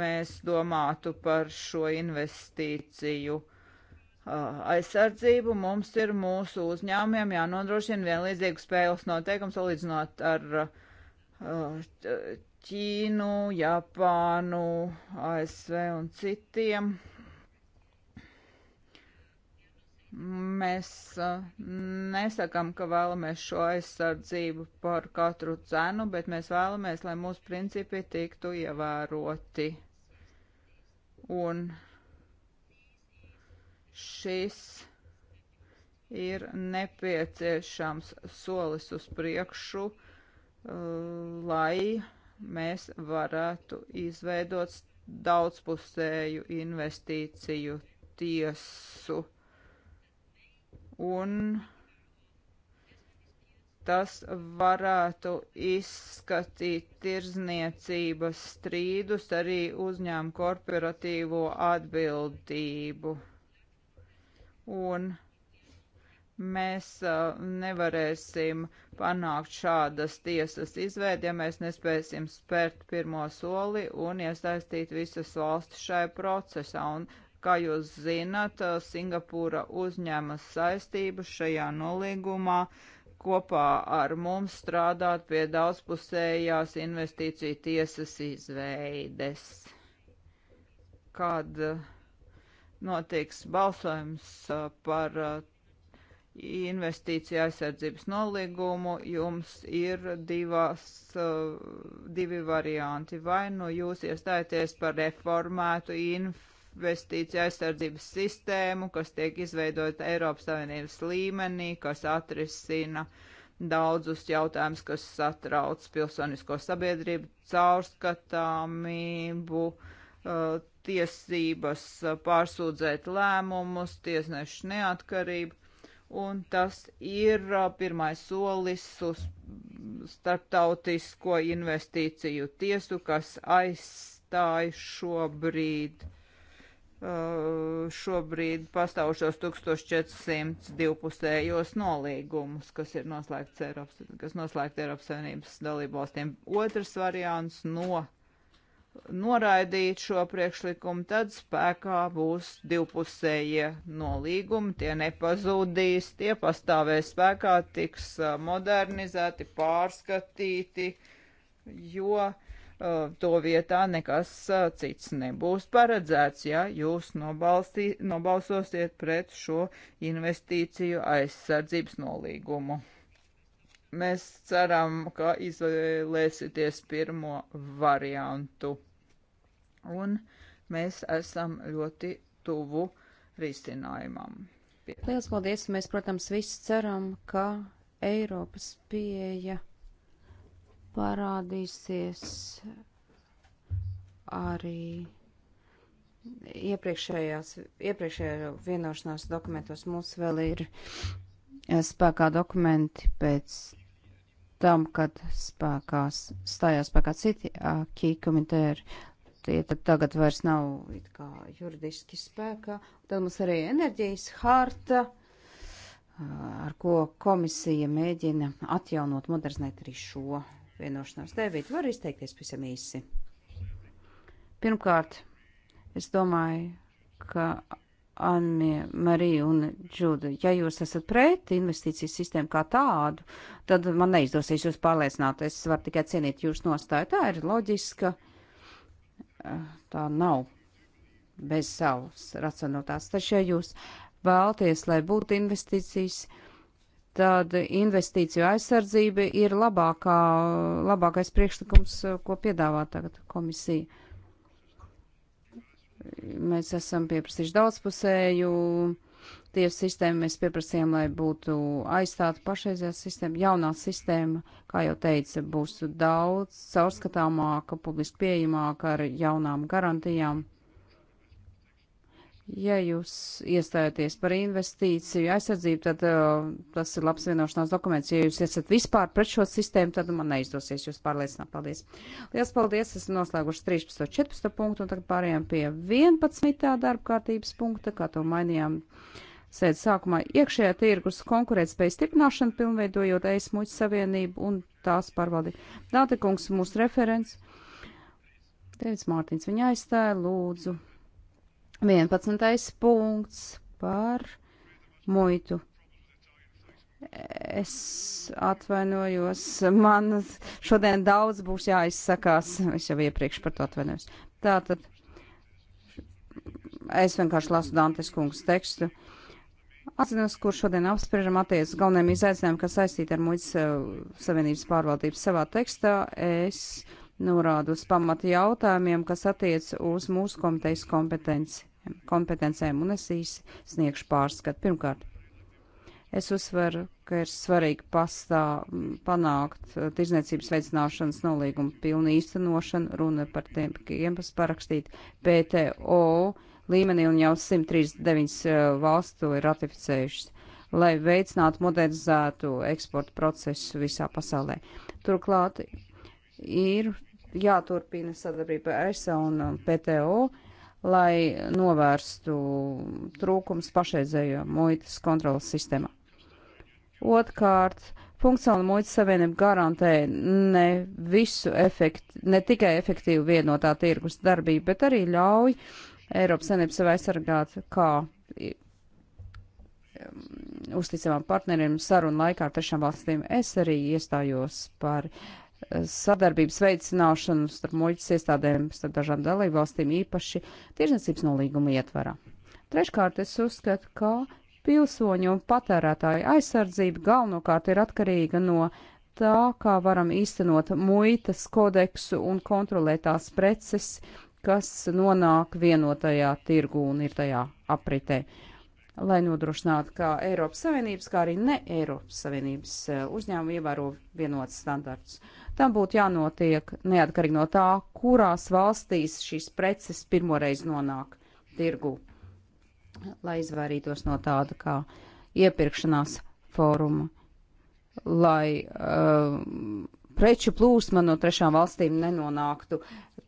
mēs domātu par šo investīciju uh, aizsardzību. Mums ir mūsu uzņēmumiem jānodrošina vienlīdzīgu spēles noteikumu salīdzinot ar uh, Ķīnu, Japānu, ASV un citiem. Mēs eh, nesakam, ka vēlamies šo aizsardzību par katru cenu, bet mēs vēlamies, lai mūsu principi tiktu ievēroti. Un šis ir nepieciešams solis uz priekšu, eh, lai mēs varētu izveidot daudzpusēju investīciju tiesu un tas varētu izskatīt tirzniecības strīdus arī uzņēmu korporatīvo atbildību. Un mēs uh, nevarēsim panākt šādas tiesas izveidi, ja mēs nespēsim spērt pirmo soli un iesaistīt visas valstis šai procesā. Un Kā jūs zināt, Singapūra uzņēmas saistību šajā nolīgumā kopā ar mums strādāt pie daudzpusējās investīciju tiesas izveides. Kad notiks balsojums par investīcija aizsardzības nolīgumu, jums ir divas, divi varianti. Vai nu jūs iestājaties par reformētu inf investīcija aizsardzības sistēmu, kas tiek izveidota Eiropas Savienības līmenī, kas atrisina daudzus jautājumus, kas satrauc pilsonisko sabiedrību, caurskatāmību, uh, tiesības pārsūdzēt lēmumus, tiesnešu neatkarību un tas ir uh, pirmais solis uz starptautisko investīciju tiesu, kas aizstāj šobrīd Eh, šobrīd pastāvošos 1400 divpusējos nolīgumus, kas ir noslēgts Eiropas, kas noslēgts Eiropas Savienības dalībvalstiem. Otrs variants no noraidīt šo priekšlikumu, tad spēkā būs divpusējie nolīgumi, tie nepazūdīs, tie pastāvēs spēkā, tiks eh, modernizēti, pārskatīti, jo uh, Eh, to vietā nekas eh, cits nebūs paredzēts, ja jūs nobalstī, nobalsosiet pret šo investīciju aizsardzības nolīgumu. Mēs ceram, ka izvēlēsieties pirmo variantu. Un mēs esam ļoti tuvu risinājumam. Lielas paldies! Mēs, protams, visi ceram, ka Eiropas pieeja parādīsies arī iepriekšējās, iepriekšējā vienošanās dokumentos. Mums vēl ir eh, spēkā dokumenti pēc tam, kad spēkās stājās spēkā citi akī komitēri. Tie tad tagad vairs nav it kā juridiski spēkā. Tad mums arī enerģijas harta, ar ko komisija mēģina atjaunot, modernizēt arī šo vienošanās. David, var izteikties pavisam īsi. Pirmkārt, es domāju, ka Anne, Marija un Džuda, ja jūs esat pret investīciju sistēmu kā tādu, tad man neizdosies jūs pārliecināt. Es varu tikai cienīt jūsu nostāju. Tā ir loģiska. Tā nav bez savas racionotās. Taču, ja jūs vēlties, lai būtu investīcijas, uh, tad investīciju aizsardzība ir labākā, labākais priekšlikums, ko piedāvā tagad komisija. Mēs esam pieprasījuši daudzpusēju tiesu sistēmu, mēs pieprasījām, lai būtu aizstāta pašreizējā sistēma, jaunā sistēma, kā jau teica, būs daudz caurskatāmāka, publiski pieejamāka ar jaunām garantijām Ja jūs iestājaties par investīciju aizsardzību, tad uh, tas ir labs vienošanās dokuments. Ja jūs esat vispār pret šo sistēmu, tad man neizdosies jūs pārliecināt. Paldies! Lielas paldies! Esmu noslēguši 13. un 14. punktu, un tagad pārējām pie 11. darba kārtības punkta, kā to mainījām. Sēd sākumā iekšējā tirgus konkurētspējas stiprināšana, pilnveidojot eismuļu savienību un tās pārvaldi. Dātekungs mūsu referents. Tevits Mārtiņš viņa aizstāja, lūdzu. 11. punkts par muitu. Es atvainojos, man šodien daudz būs jāizsakās, es jau iepriekš par to atvainojos. Tātad es vienkārši lasu Dantes kungas tekstu. Atzinos, kur šodien apspriežam attiecas galveniem izaicinājumiem, kas saistīti ar muitas eh, savienības pārvaldību savā tekstā, es norādu uz pamata jautājumiem, kas attiec uz mūsu komitejas kompetenci kompetencēm, un es īsi sniegšu pārskatu. Pirmkārt, es uzsveru, ka ir svarīgi pastā, panākt uh, tirzniecības veicināšanas nolīgumu pilnu īstenošanu, runa par tiem, kiem kas parakstīt PTO līmenī, un jau 139 uh, valsts to ir ratificējušas lai veicinātu modernizētu eksporta procesu visā pasaulē. Turklāt ir jāturpina sadarbība ar ESA un um, PTO, uh, lai novērstu trūkums pašreizējo muitas kontrolas sistēmā. Otkārt, funkcionāla muitas savienība garantē ne visu efektu, ne tikai efektīvu vienotā tirgus darbību, bet arī ļauj Eiropas savienību sev aizsargāt kā uzticamām partneriem sarunu laikā ar trešām valstīm. Es arī iestājos par uh, sadarbības veicināšanu starp muļķis iestādēm, starp dažām dalībvalstīm īpaši tiešniecības nolīguma ietvarā. Treškārt, es uzskatu, ka pilsoņu un patērētāju aizsardzība galvenokārt ir atkarīga no tā, kā varam īstenot muitas kodeksu un kontrolēt tās preces, kas nonāk vienotajā tirgu un ir tajā apritē. Lai nodrošinātu, ka Eiropas Savienības, kā arī ne Eiropas Savienības eh, uzņēmumi ievēro vienotas standarts. Uh, Tam būtu jānotiek neatkarīgi no tā, kurās valstīs šīs preces pirmoreiz nonāk tirgu, lai izvairītos no tāda kā iepirkšanās fóruma, lai uh, preču plūsma no trešām valstīm nenonāktu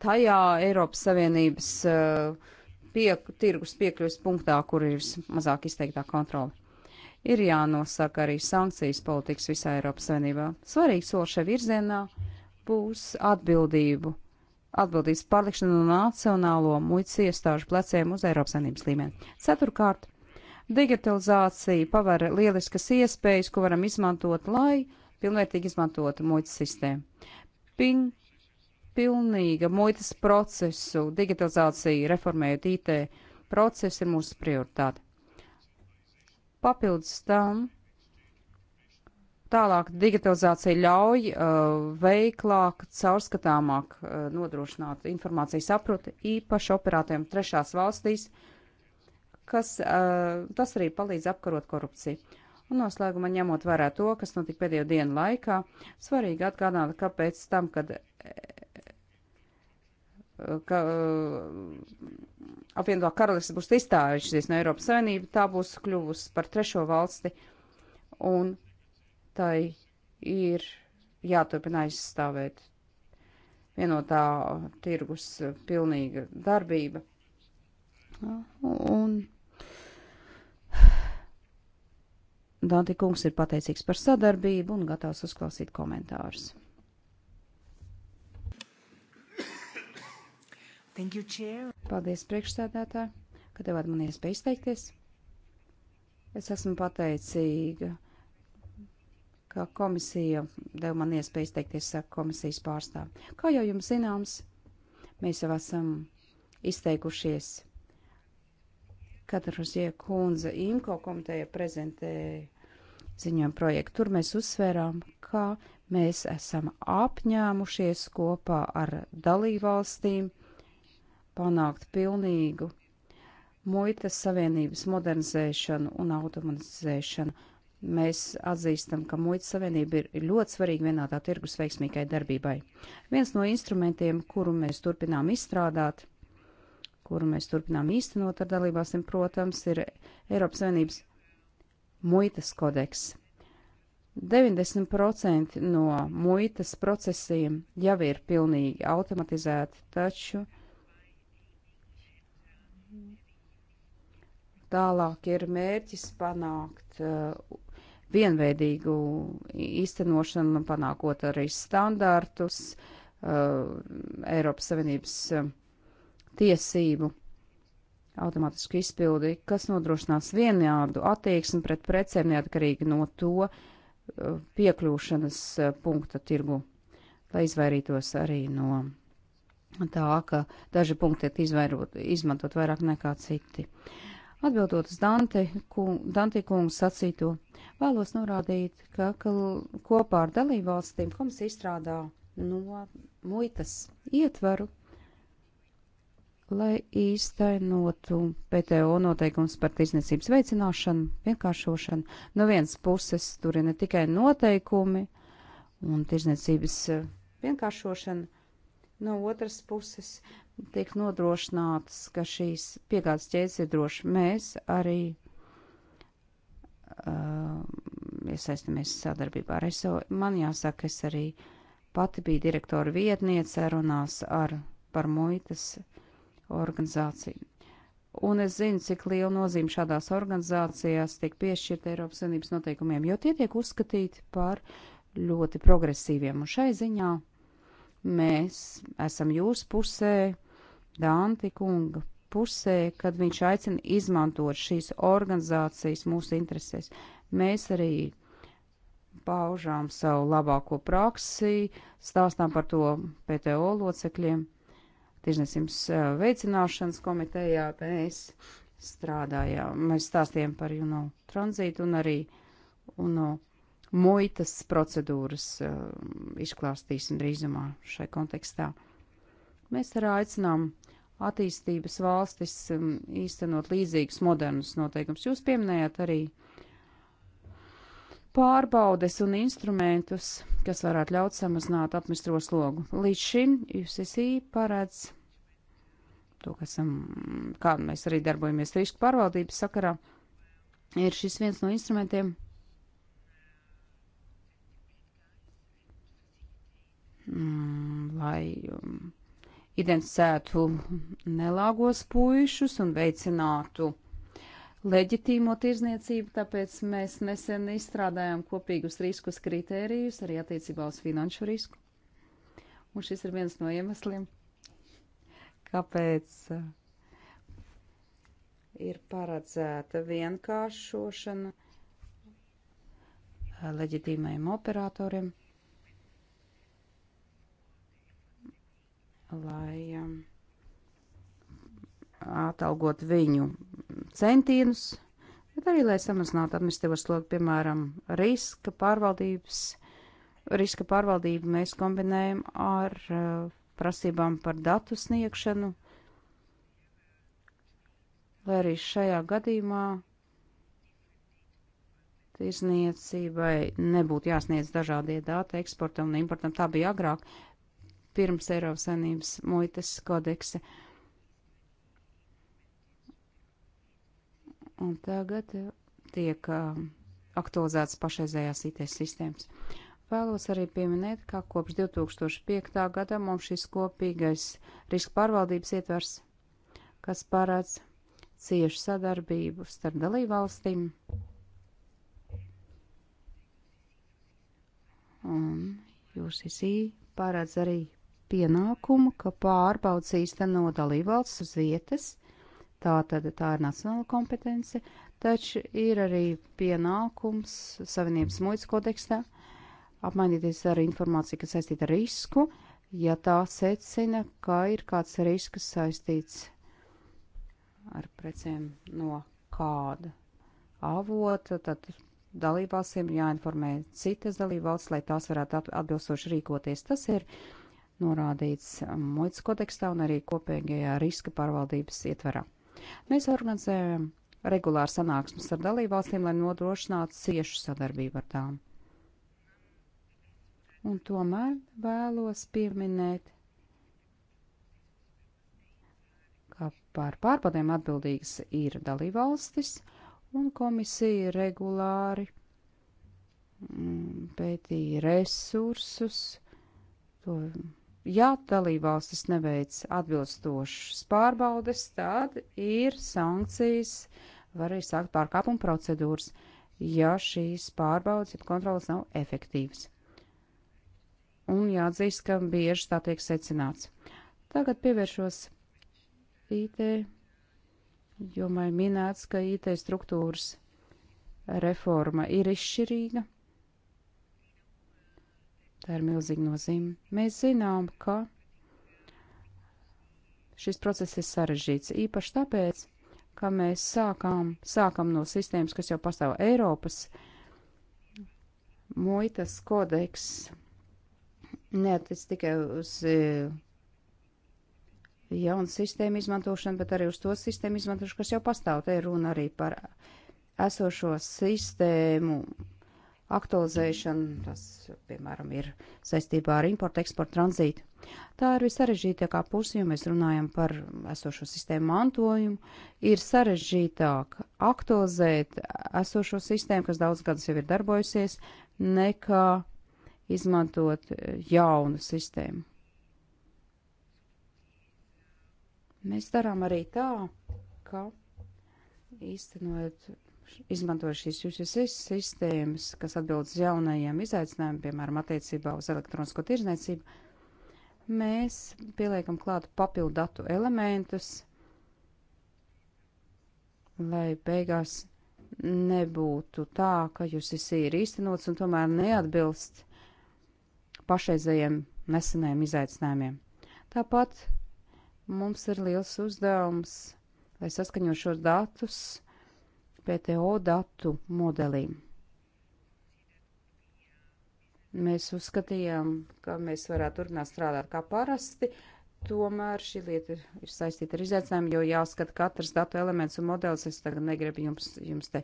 tajā Eiropas Savienības uh, pie, tirgus piekļuves punktā, kur ir vismazāk izteiktā kontrola. Ir jānosaka arī sankcijas politikas visā Eiropas Savienībā. Svarīgs solis šajā virzienā būs atbildību. Atbildības pārlikšana no nacionālo muitas iestāžu pleciem uz Eiropas Savienības līmeni. Ceturkārt, digitalizācija paver lieliskas iespējas, ko varam izmantot, lai pilnvērtīgi izmantotu muitas sistēmu. Pin pilnīga muitas procesu, digitalizācija, reformējot IT procesu ir mūsu prioritāte. Papildus tam tālāk digitalizācija ļauj uh, veiklāk, caurskatāmāk uh, nodrošināt informācijas aproti īpaši operātiem trešās valstīs, kas uh, tas arī palīdz apkarot korupciju. Un noslēgumā ņemot vērā to, kas notika pēdējo dienu laikā, svarīgi atgādināt, ka pēc tam, kad ka apvienotā karaliste būs izstājušies no Eiropas Savienības, tā būs kļuvusi par trešo valsti, un tai ir jāturpina aizstāvēt vienotā tirgus pilnīga darbība. Un Danti kungs ir pateicīgs par sadarbību un gatavs uzklausīt komentārus. Thank you, Chair. Paldies, priekšstādātā, ka devāt man iespēju izteikties. Es esmu pateicīga, ka komisija deva man iespēju izteikties, saka komisijas pārstāv. Kā jau jums zināms, mēs jau esam izteikušies, kad Rozie kundze Imko komiteja prezentēja ziņojumu projektu. Tur mēs uzsvērām, ka mēs esam apņēmušies kopā ar dalībvalstīm panākt pilnīgu muitas savienības modernizēšanu un automatizēšanu. Mēs atzīstam, ka muitas savienība ir ļoti svarīga vienādā tirgus veiksmīgai darbībai. Viens no instrumentiem, kuru mēs turpinām izstrādāt, kuru mēs turpinām īstenot ar dalībāsim, protams, ir Eiropas Savienības muitas kodeks. 90% no muitas procesiem jau ir pilnīgi automatizēti, taču Tālāk ir mērķis panākt uh, vienveidīgu īstenošanu, panākot arī standārtus uh, Eiropas Savienības uh, tiesību automātisku izpildi, kas nodrošinās vienādu attieksmi pret precēm neatkarīgi no to piekļūšanas punkta tirgu, lai izvairītos arī no tā, ka daži punkti tiek izmantot vairāk nekā citi. Uh, Atbildot uz Dante, kung, Dante kungu sacīto, vēlos norādīt, ka, ka kopā ar dalībvalstīm komisija izstrādā no muitas ietvaru, lai īstenotu PTO noteikums par tirsniecības veicināšanu, vienkāršošanu. No vienas puses tur ir ne tikai noteikumi un tirsniecības eh, vienkāršošana, no otras puses tiks nodrošināts, ka šīs piegādes ķēdes ir droši. Mēs arī uh, iesaistamies sadarbībā ar ESO. Man jāsaka, es arī pati biju direktora vietniece runās ar par muitas organizāciju. Un es zinu, cik liela nozīme šādās organizācijās tiek piešķirta Eiropas Savienības noteikumiem, jo tie tiek uzskatīti par ļoti progresīviem. Un šai ziņā mēs esam jūsu pusē, Danti kunga pusē, kad viņš aicina izmantot šīs organizācijas mūsu interesēs. Mēs arī paužām savu labāko praksi, stāstām par to PTO locekļiem, tirzniecības eh, veicināšanas komitejā. Mēs strādājām, mēs stāstījām par UNO you know, tranzītu un arī UNO you know, muitas procedūras uh, izklāstīsim drīzumā šai kontekstā. Mēs arī aicinām attīstības valstis um, īstenot līdzīgus modernus noteikumus. Jūs pieminējāt arī pārbaudes un instrumentus, kas varētu ļaut samazināt apmestro slogu. Līdz šim UCC paredz to, kas esam, kā mēs arī darbojamies risku pārvaldības sakarā, ir šis viens no instrumentiem, mm, lai um, identificētu nelāgos puišus un veicinātu leģitīmo tirzniecību, tāpēc mēs nesen izstrādājām kopīgus riskus kritērijus arī attiecībā uz finanšu risku. Un šis ir viens no iemesliem, kāpēc eh, ir paredzēta vienkāršošana eh, leģitīmajiem operatoriem. lai um, atalgot viņu centienus, bet arī lai samazinātu administratīvo slogu, piemēram, riska pārvaldības. Riska pārvaldību mēs kombinējam ar uh, prasībām par datu sniegšanu, lai arī šajā gadījumā tirzniecībai nebūtu jāsniedz dažādie dati eksportam un importam. Tā bija agrāk, pirms Eiropas Savienības muitas kodeksa. Un tagad eh, tiek uh, aktualizētas pašreizējās IT sistēmas. Vēlos arī pieminēt, ka kopš 2005. gada mums šis kopīgais riska pārvaldības ietvers, kas parāds ciešu sadarbību starp dalībvalstīm. Un UCC parāds arī pienākumu, ka pārbaudas īsteno dalībvalsts uz vietas, tā tad tā ir nacionāla kompetence, taču ir arī pienākums Savienības muitas kodekstā apmainīties ar informāciju, kas saistīta ar risku, ja tā secina, ka ir kāds risks saistīts ar precēm no kāda avota, tad dalībvalstīm jāinformē citas dalībvalsts, lai tās varētu atbilstoši rīkoties. Tas ir norādīts um, muitas kodekstā un arī kopīgajā riska pārvaldības ietverā. Mēs organizējam regulāri sanāksmes ar dalībvalstīm, lai nodrošinātu ciešu sadarbību ar tām. Un tomēr vēlos pieminēt, ka par pārpadēm atbildīgas ir dalībvalstis, un komisija regulāri mm, pētīja resursus, to Ja dalībvalstis neveic atbilstošas pārbaudes, tad ir sankcijas, var arī sākt pārkāpuma procedūras, ja šīs pārbaudes, ja kontrolas nav efektīvas. Un jāatzīst, ka bieži tā tiek secināts. Tagad pievēršos IT, jo man minēts, ka IT struktūras reforma ir izšķirīga Tā ir milzīga nozīme. Mēs zinām, ka šis process ir sarežģīts īpaši tāpēc, ka mēs sākām, sākam no sistēmas, kas jau pastāv Eiropas muitas kodeks. Neatic tikai uz e, jaunu sistēmu izmantošanu, bet arī uz to sistēmu izmantošanu, kas jau pastāv. Te ir runa arī par esošo sistēmu aktualizēšana, tas, piemēram, ir saistībā ar importu, eksportu, tranzītu. Tā ir visarežģītākā puse, jo mēs runājam par esošo sistēmu mantojumu. Ir sarežģītāk aktualizēt esošo sistēmu, kas daudz gadus jau ir darbojusies, nekā izmantot jaunu sistēmu. Mēs darām arī tā, ka īstenojot izmantoja šīs UCS sistēmas, kas atbild uz jaunajiem izaicinājumiem, piemēram, attiecībā uz elektronisko tirzniecību, mēs pieliekam klāt papildu datu elementus, lai beigās nebūtu tā, ka UCS ir īstenots un tomēr neatbilst pašreizējiem nesenajiem izaicinājumiem. Tāpat mums ir liels uzdevums, lai saskaņo šos datus PTO datu modelim. Mēs uzskatījām, ka mēs varētu turpināt strādāt kā parasti, tomēr šī lieta ir, ir saistīta ar izaicinājumu, jo jāskata katrs datu elements un modelis. Es tagad negribu jums, jums te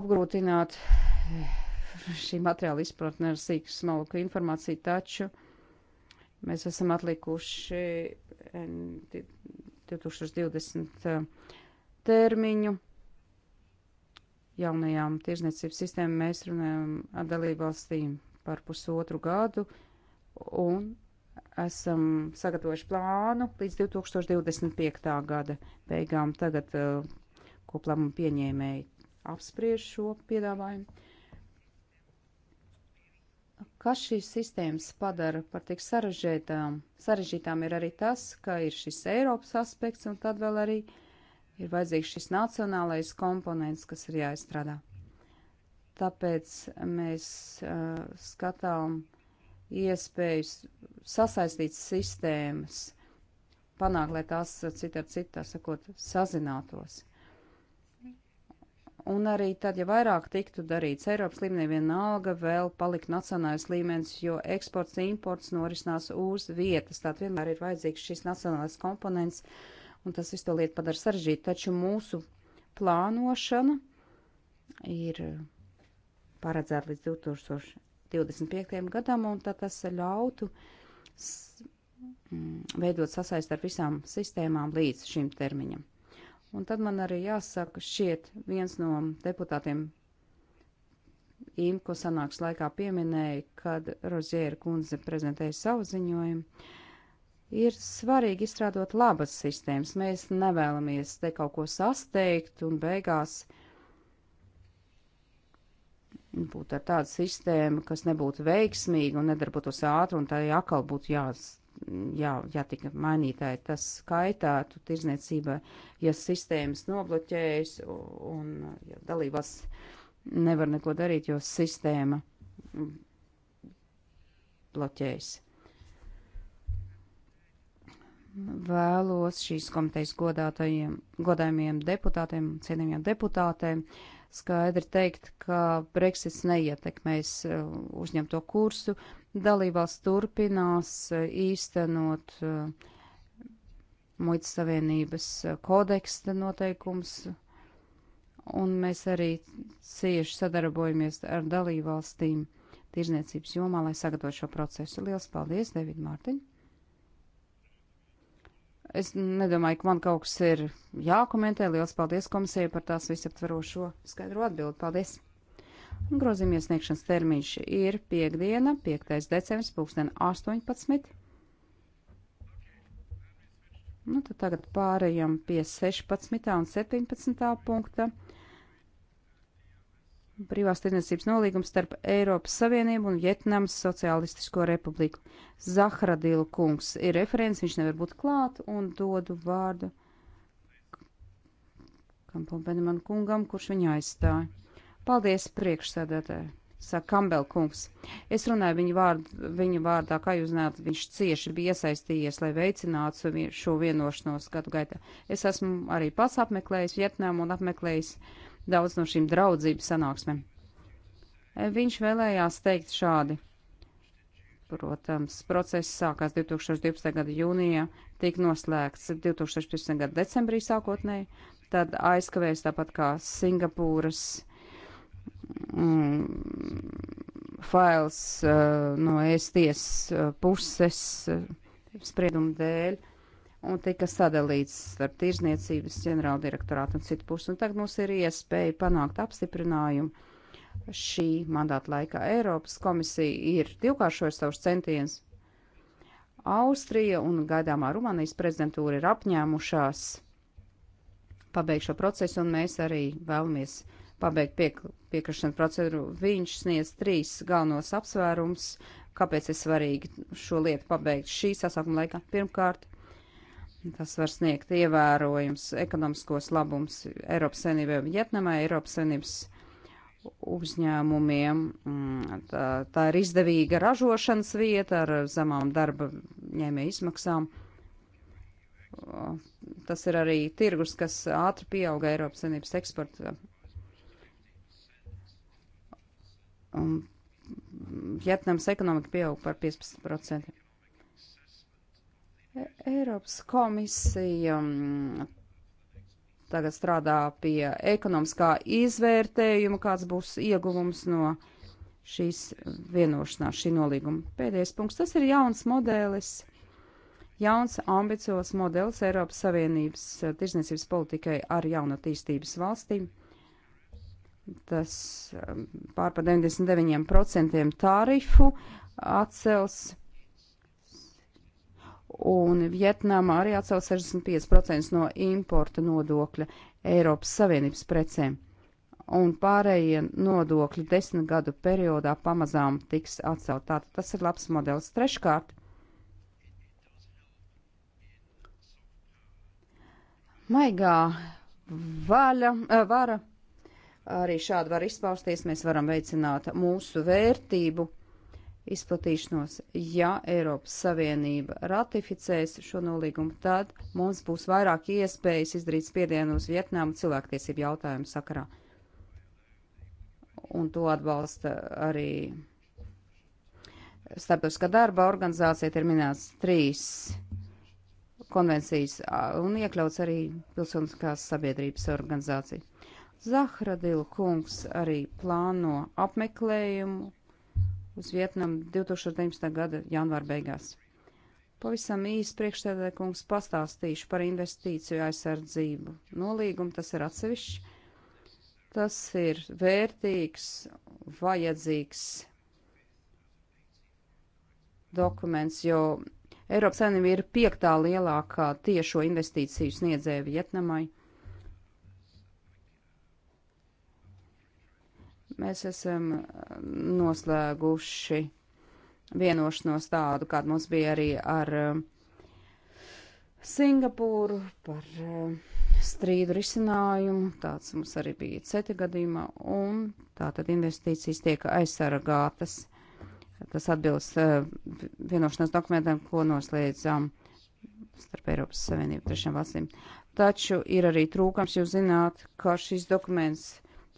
apgrūtināt eh, šī materiāla izpratne ar sīku smalku informāciju, taču mēs esam atlikuši 2020 eh, termiņu. Jaunajām tirzniecības sistēmām mēs runājam ar dalībvalstīm par pusotru gadu un esam sagatavojuši plānu līdz 2025. gada beigām. Tagad uh, koplēmumu pieņēmēji apspriež šo piedāvājumu. Kas šīs sistēmas padara par tik sarežģītām? Sarežģītām ir arī tas, ka ir šis Eiropas aspekts un tad vēl arī uh, ir vajadzīgs šis nacionālais komponents, kas ir jāizstrādā. Tāpēc mēs uh, skatām iespējas sasaistīt sistēmas, panākt, lai tās uh, cita ar citu, tā sakot, sazinātos. Un arī tad, ja vairāk tiktu darīts Eiropas līmenī, vienalga vēl palikt nacionālais līmenis, jo eksports, imports norisinās uz vietas. Tātad vienmēr ir vajadzīgs šis nacionālais komponents, uh, un tas visu to lietu padara sarežģītu, taču mūsu plānošana ir paredzēta līdz 2025. gadam, un tad tas ļautu mm, veidot sasaist ar visām sistēmām līdz šim termiņam. Un tad man arī jāsaka, šiet viens no deputātiem Imko sanāks laikā pieminēja, kad Rozēra kundze prezentēja savu ziņojumu. Ir svarīgi izstrādot labas sistēmas. Mēs nevēlamies te kaut ko sasteigt un beigās būtu ar tādu sistēmu, kas nebūtu veiksmīga un nedarbotos ātri, un tai atkal būtu jā, jā, jātika mainītāji. Tas kaitētu tirzniecībai, ja sistēmas nobloķējas un ja dalībās nevar neko darīt, jo sistēma bloķējas vēlos šīs komitejas godājumiem deputātiem, cienījumiem deputātēm skaidri teikt, ka Brexits neietekmēs uh, uzņemto kursu. Dalībās turpinās uh, īstenot uh, muitas savienības kodeksta noteikums, un mēs arī cieši sadarbojamies ar dalībvalstīm tirzniecības jomā, lai sagatavotu šo procesu. Lielas paldies, David Mārtiņ! Es nedomāju, ka man kaut kas ir jākomentē. Lielas paldies komisijai par tās visaptverošo skaidro atbildi. Paldies! Grozījuma iesniegšanas termiņš ir piekdiena, 5. decembris, 2018. Nu, tad tagad pārējām pie 16. un 17. punkta brīvās tirdzniecības nolīgums starp Eiropas Savienību un Vietnamas Socialistisko republiku. Zahradilu kungs ir referents, viņš nevar būt klāt, un dodu vārdu Kampelbeneman kungam, kurš viņu aizstāja. Paldies priekšsēdētāji, saka Kambel kungs. Es runāju viņu, vārdu, viņu vārdā, kā jūs zināt, viņš cieši bija iesaistījies, lai veicinātu šo vienošanos gadu gaitā. Es esmu arī pats apmeklējis Vietnamu un apmeklējis. Uh, daudz no šīm draudzības sanāksmēm. E, viņš vēlējās teikt šādi. Protams, process sākās 2012. gada jūnijā, tika noslēgts 2015. gada decembrī sākotnēji, tad aizkavējas tāpat kā Singapūras mm, fails uh, no ēsties uh, puses uh, sprieduma dēļ. Uh, un tika sadalīts starp tirzniecības ģenerāldirektorātu un citu pusi. Un tagad mums ir iespēja panākt apstiprinājumu šī mandāta laikā. Eiropas komisija ir divkāršojusi savus centienus. Austrija un gaidāmā Rumānijas prezidentūra ir apņēmušās pabeigt šo procesu, un mēs arī vēlamies pabeigt piek piekrišanu procedūru. Viņš sniedz trīs galvenos apsvērums, kāpēc ir svarīgi šo lietu pabeigt šī sasaukuma laikā. Pirmkārt, Tas var sniegt ievērojums ekonomiskos labums Eiropas Savienībai un Vietnamai, Eiropas Savienības uzņēmumiem. Mm, tā, tā ir izdevīga ražošanas vieta ar zemām darba ņēmē izmaksām. Tas ir arī tirgus, kas ātri pieauga Eiropas Savienības eksporta. Vietnams ekonomika pieauga par 15%. Eiropas komisija mm, tagad strādā pie ekonomiskā izvērtējuma, kāds būs ieguvums no šīs vienošanās, šī nolīguma. Pēdējais punkts. Tas ir jauns modelis, jauns ambiciozs modelis Eiropas Savienības eh, tirzniecības politikai ar jaunatīstības valstīm. Tas eh, pār pa 99% tarifu atcels un Vietnama arī atcēla 65% no importa nodokļa Eiropas Savienības precēm, un pārējie nodokļi desmit gadu periodā pamazām tiks atcelt. Tātad tas ir labs modelis. Treškārt, maigā vaļa, eh, vara, arī šādi var izpausties, mēs varam veicināt mūsu vērtību izplatīšanos. Ja Eiropas Savienība ratificēs šo nolīgumu, tad mums būs vairāk iespējas izdarīt spiedienu uz Vietnamu cilvēktiesību jautājumu sakarā. Un to atbalsta arī starptautiskā darba organizācija, ir minēts trīs konvencijas un iekļauts arī pilsoniskās sabiedrības organizācija. Zahradilu kungs arī plāno apmeklējumu uz Vietnamu 2019. gada janvāra beigās. Pavisam īsi priekšstādē kungs pastāstīšu par investīciju aizsardzību. Nolīgumu tas ir atsevišķi. Tas ir vērtīgs, vajadzīgs dokuments, jo Eiropas Savienība ir piektā lielākā tiešo investīciju sniedzēja Vietnamai. Mēs esam eh, noslēguši vienošanos tādu, kāda mums bija arī ar eh, Singapūru par eh, strīdu risinājumu. Tāds mums arī bija ceti gadījumā, un tātad investīcijas tiek aizsargātas. Tas atbilst vienošanās dokumentam, ko noslēdzām starp Eiropas Savienību trešām valstīm. Taču ir arī trūkums, jūs zināt, ka šis dokuments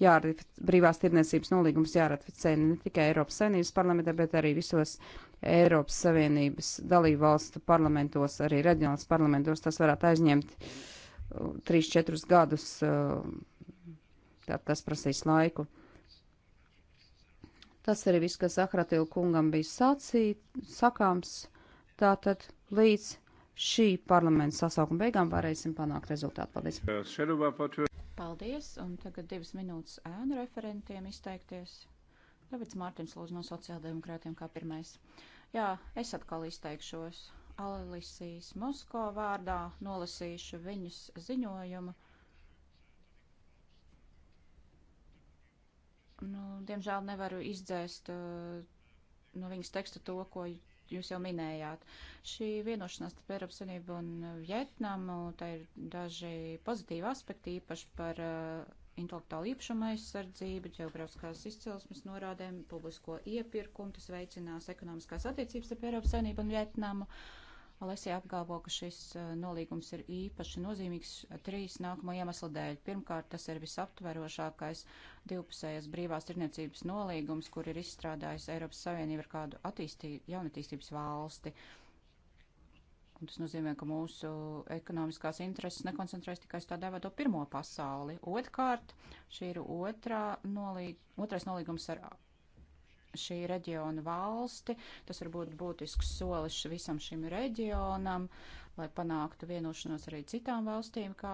jāratificē, brīvās tirdzniecības nolīgums jāratificē ne tikai Eiropas Savienības parlamentā, bet arī visos Eiropas Savienības dalību valstu parlamentos, arī reģionāls parlamentos. Tas varētu aizņemt 3-4 uh, gadus, uh, tad tas prasīs laiku. Tas arī viss, kas Ahratila kungam bija sacīt, sakāms. Tātad līdz šī parlamenta sasaukuma beigām varēsim panākt rezultātu. Paldies! Paldies, un tagad divas minūtes ēnu referentiem izteikties. Tāpēc Mārtiņš lūdzu no sociāldemokrātiem kā pirmais. Jā, es atkal izteikšos. Alisijas Mosko vārdā nolasīšu viņas ziņojumu. Nu, diemžēl nevaru izdzēst uh, no viņas teksta to, ko jūs jau minējāt. Šī vienošanās starp Eiropas Savienību un Vietnamu, tā ir daži pozitīvi aspekti, īpaši par uh, intelektuālu īpašumu aizsardzību, ģeogrāfiskās izcelsmes norādēm, publisko iepirkumu, tas veicinās ekonomiskās attiecības starp Eiropas Savienību un Vietnamu. Uh, Malesija apgalvo, ka šis eh, nolīgums ir īpaši nozīmīgs trīs nākamo iemeslu dēļ. Pirmkārt, tas ir visaptverošākais divpusējais brīvās tirniecības nolīgums, kur ir izstrādājis Eiropas Savienība ar kādu attīstī, jaunatīstības valsti. Un tas nozīmē, ka mūsu ekonomiskās intereses nekoncentrēs tikai uz tā dēvēto pirmo pasauli. Otrkārt, šī ir otrā nolīg, otrais nolīgums ar šī reģiona valsti. Tas var būt būtisks solis visam šim reģionam, lai panāktu vienošanos arī citām valstīm, kā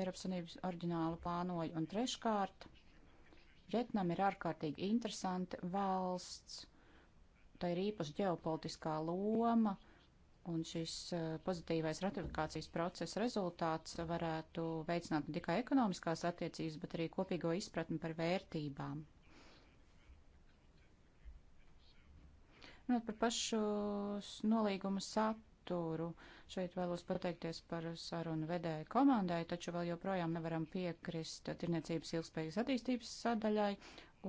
Eiropas Unības orģināli plānoja. Un treškārt, Vietnam ir ārkārtīgi interesanta valsts. Tā ir īpaši ģeopolitiskā loma. Un šis eh, pozitīvais ratifikācijas procesa rezultāts varētu veicināt ne tikai ekonomiskās attiecības, bet arī kopīgo izpratni par vērtībām. Runāt nu, par pašu nolīgumu saturu. Šeit vēlos pateikties par sarunu vedēju komandai, taču vēl joprojām nevaram piekrist tirniecības ilgspējīgas attīstības sadaļai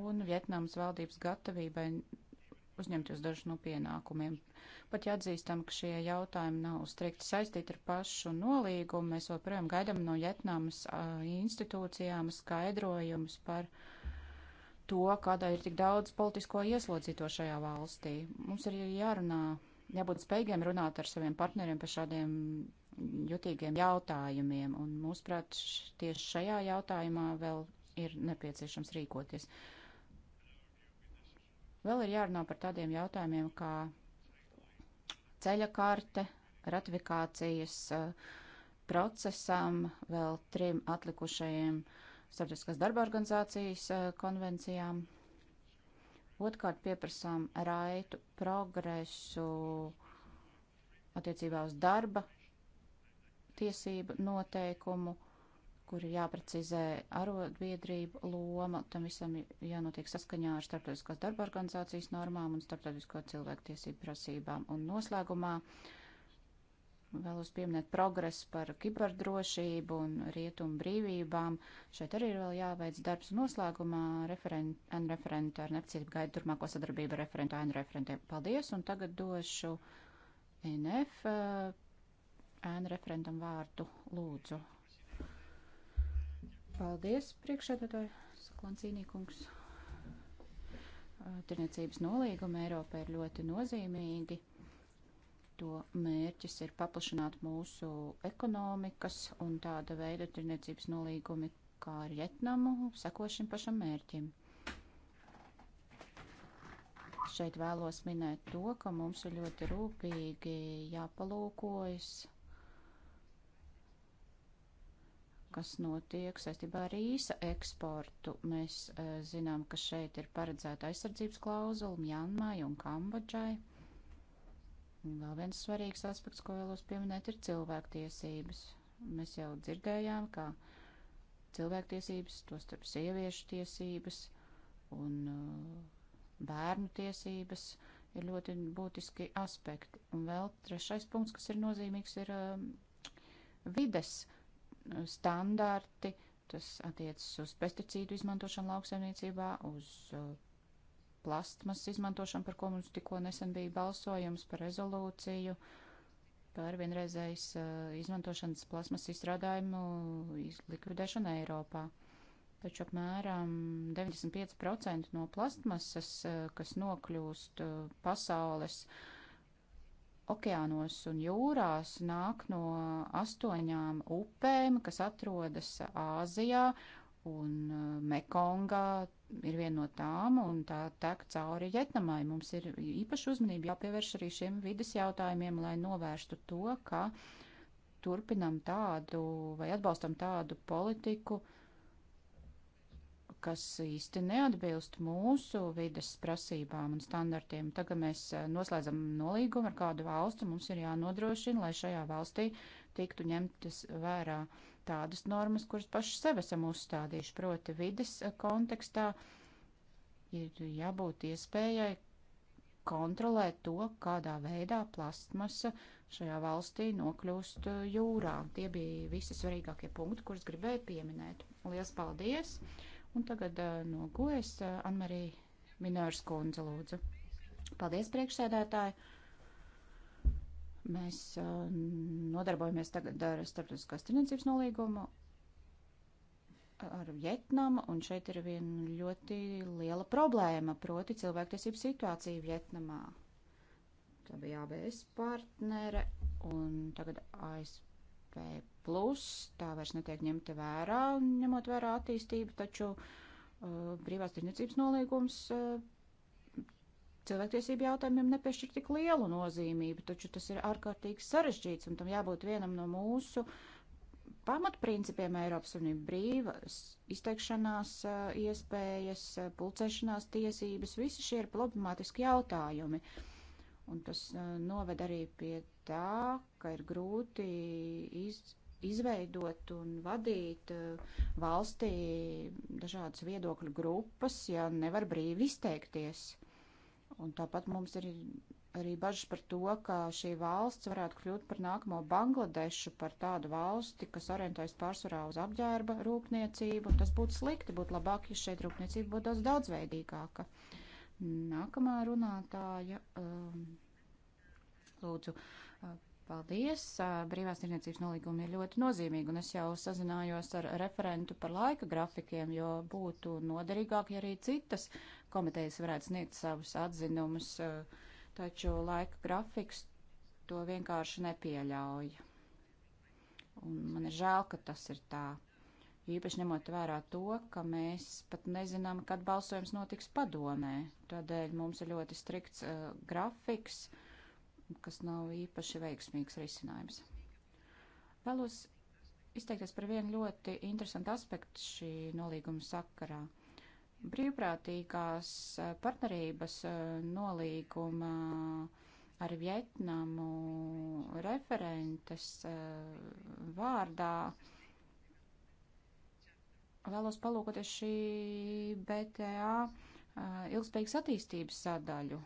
un Vietnams valdības gatavībai uzņemties dažus no pienākumiem. Pat ja atzīstam, ka šie jautājumi nav strikti saistīti ar pašu nolīgumu, mēs joprojām gaidām no Vietnamas institūcijām skaidrojumus par uh, to, kādēļ ir tik daudz politisko ieslodzīto šajā valstī. Mums ir jārunā, jābūt spējīgiem runāt ar saviem partneriem par šādiem jutīgiem jautājumiem, un mūsuprāt, tieši šajā jautājumā vēl ir nepieciešams rīkoties. Vēl ir jārunā par tādiem jautājumiem kā ceļa karte, ratifikācijas eh, procesam, vēl trim atlikušajiem uh, starptautiskās darba organizācijas eh, konvencijām. Otkārt pieprasām raitu progresu attiecībā uz darba tiesību noteikumu, kur ir jāprecizē arotbiedrību loma, tam visam jānotiek saskaņā ar starptautiskās darba organizācijas normām un starptautisko cilvēku tiesību prasībām. Un noslēgumā uh, Vēlos pieminēt progresu par kiberdrošību un rietumu brīvībām. Šeit arī ir vēl jāveic darbs noslēgumā referent, referentu ar nepacietību gaidu turmāko sadarbību ar referentu ēnu referentiem. Paldies, un tagad došu NF ēnu eh, referentam vārdu lūdzu. Paldies, priekšētātāji, Saklancīnī kungs. Eh, tirniecības nolīguma Eiropā ir ļoti nozīmīgi to mērķis ir paplašināt mūsu ekonomikas un tāda veida tirniecības nolīgumi kā ar Vietnamu seko šim pašam mērķim. Šeit vēlos minēt to, ka mums ir ļoti rūpīgi jāpalūkojas, kas notiek saistībā ar īsa eksportu. Mēs eh, zinām, ka šeit ir paredzēta aizsardzības klauzula Mjanmai un Kambodžai. Vēl viens svarīgs aspekts, ko vēlos pieminēt, ir cilvēktiesības. Mēs jau dzirdējām, ka cilvēktiesības, to starp sieviešu tiesības un uh, bērnu tiesības ir ļoti būtiski aspekti. Un vēl trešais punkts, kas ir nozīmīgs, ir um, vides uh, standarti, tas attiecas uz pesticīdu izmantošanu lauksaimniecībā, uz uh, plastmas izmantošanu, par ko mums tikko nesen bija balsojums, par rezolūciju, par vienreizējas eh, izmantošanas plasmas izstrādājumu likvidēšanu Eiropā. Taču apmēram 95% no plastmasas, eh, kas nokļūst eh, pasaules okeānos un jūrās, nāk no astoņām upēm, kas atrodas Āzijā un Mekongā, ir viena no tām, un tā tek cauri Vietnamai. Mums ir īpaši uzmanība jāpievērš arī šiem vidas jautājumiem, lai novērstu to, ka turpinam tādu vai atbalstam tādu politiku, kas īsti neatbilst mūsu vidas prasībām un standartiem. Tagad mēs eh, noslēdzam nolīgumu ar kādu valstu, mums ir jānodrošina, lai šajā valstī tiktu ņemtas vērā uh, tādas normas, kuras paši sev esam uzstādījuši. Proti, vides eh, kontekstā ir jābūt iespējai kontrolēt to, kādā veidā plastmasa šajā valstī nokļūst eh, jūrā. Tie bija visi svarīgākie punkti, kurus gribēju pieminēt. Lielas paldies! Un tagad eh, no gojas Anmarī Minērs kundze lūdzu. Paldies, priekšsēdētāji! Mēs nodarbojamies tagad ar starptautiskās tirdzniecības nolīgumu ar Vietnamu, un šeit ir viena ļoti liela problēma, proti cilvēktiesību situācija Vietnamā. Tā bija ABS partnere, un tagad ASV plus, tā vairs netiek ņemta vērā, ņemot vērā attīstību, taču uh, brīvās tirdzniecības nolīgums uh, cilvēktiesību jautājumiem nepiešķir tik lielu nozīmību, taču tas ir ārkārtīgi sarežģīts un tam jābūt vienam no mūsu pamatprincipiem Eiropas Savienība brīvas izteikšanās iespējas, pulcēšanās tiesības, visi šie ir problemātiski jautājumi. Un tas noved arī pie tā, ka ir grūti iz, izveidot un vadīt valstī dažādas viedokļu grupas, ja nevar brīvi izteikties. Un tāpat mums ir arī bažas par to, ka šī valsts varētu kļūt par nākamo Bangladešu, par tādu valsti, kas orientējas pārsvarā uz apģērba rūpniecību. Tas būtu slikti, būtu labāk, ja šeit rūpniecība būtu daudz daudzveidīgāka. Nākamā runātāja, um, lūdzu, uh, paldies. Uh, brīvās tirniecības nolīgumi ir ļoti nozīmīgi, un es jau sazinājos ar referentu par laika grafikiem, jo būtu noderīgāk, ja arī citas komitejas varētu sniegt savus atzinumus, eh, taču laika grafiks to vienkārši nepieļauj. Un man ir žēl, ka tas ir tā. Īpaši ņemot vērā to, ka mēs pat nezinām, kad balsojums notiks padomē. Tādēļ mums ir ļoti strikts uh, grafiks, kas nav īpaši veiksmīgs risinājums. Vēlos izteikties par vienu ļoti interesantu aspektu šī nolīguma sakarā. Uh, Brīvprātīgās eh, partnerības eh, nolīguma ar Vietnamu referentes eh, vārdā vēlos palūkoties šī BTA ilgspējīgas attīstības sadaļu,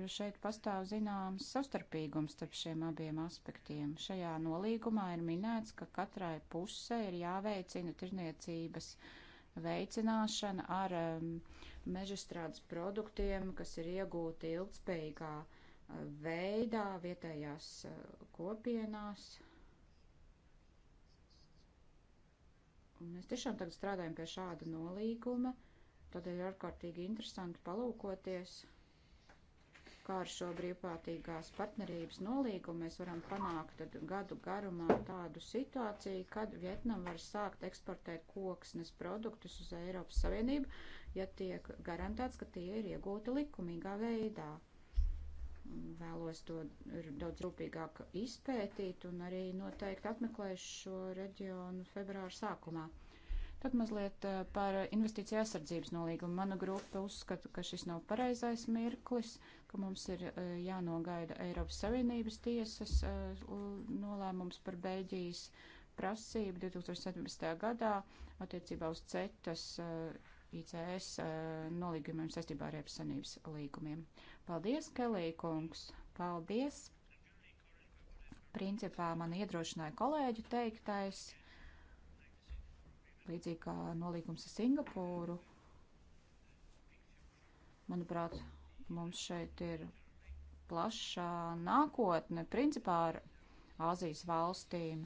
jo šeit pastāv zināms savstarpīgums starp šiem abiem aspektiem. Šajā nolīgumā ir minēts, ka katrai pusē ir jāveicina tirniecības uh, veicināšana ar um, mežastrādes produktiem, kas ir iegūti ilgspējīgā uh, veidā vietējās uh, kopienās. Un mēs tiešām tagad strādājam pie šāda nolīguma, tādēļ ārkārtīgi interesanti palūkoties kā ar šo brīvprātīgās partnerības nolīgumu mēs varam panākt gadu garumā tādu situāciju, kad Vietnam var sākt eksportēt koksnes produktus uz Eiropas Savienību, ja tiek garantēts, ka tie ir iegūti likumīgā veidā. Vēlos to daudz rūpīgāk izpētīt un arī noteikti apmeklēšu šo reģionu februāra sākumā. Tad mazliet eh, par investīciju aizsardzības nolīgumu. Mana grupa uzskata, ka šis nav pareizais mirklis. Uh, ka mums ir e, jānogaida Eiropas Savienības tiesas e, nolēmums par Beļģijas prasību 2017. gadā attiecībā uz CETAS e, ICS nolīgumiem saistībā ar Eiropas Savienības līgumiem. Paldies, Kelija kungs! Paldies! Principā man iedrošināja kolēģi teiktais, līdzīgi kā nolīgums ar Singapūru. Manuprāt, Mums šeit ir plaša nākotne, principā ar Āzijas valstīm.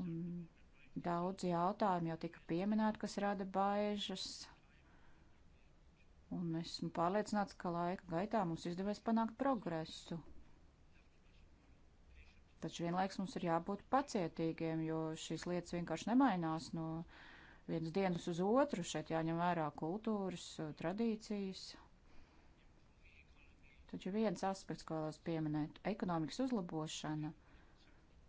Un daudz jautājumu jau tika pieminēti, kas rada baižas. Un esmu pārliecināts, ka laika gaitā mums izdevies panākt progresu. Taču vienlaiks mums ir jābūt pacietīgiem, jo šīs lietas vienkārši nemainās no. Uh, vienas dienas uz otru. Šeit jāņem vērā kultūras, eh, tradīcijas. Taču viens aspekts, ko vēlos pieminēt - ekonomikas uzlabošana.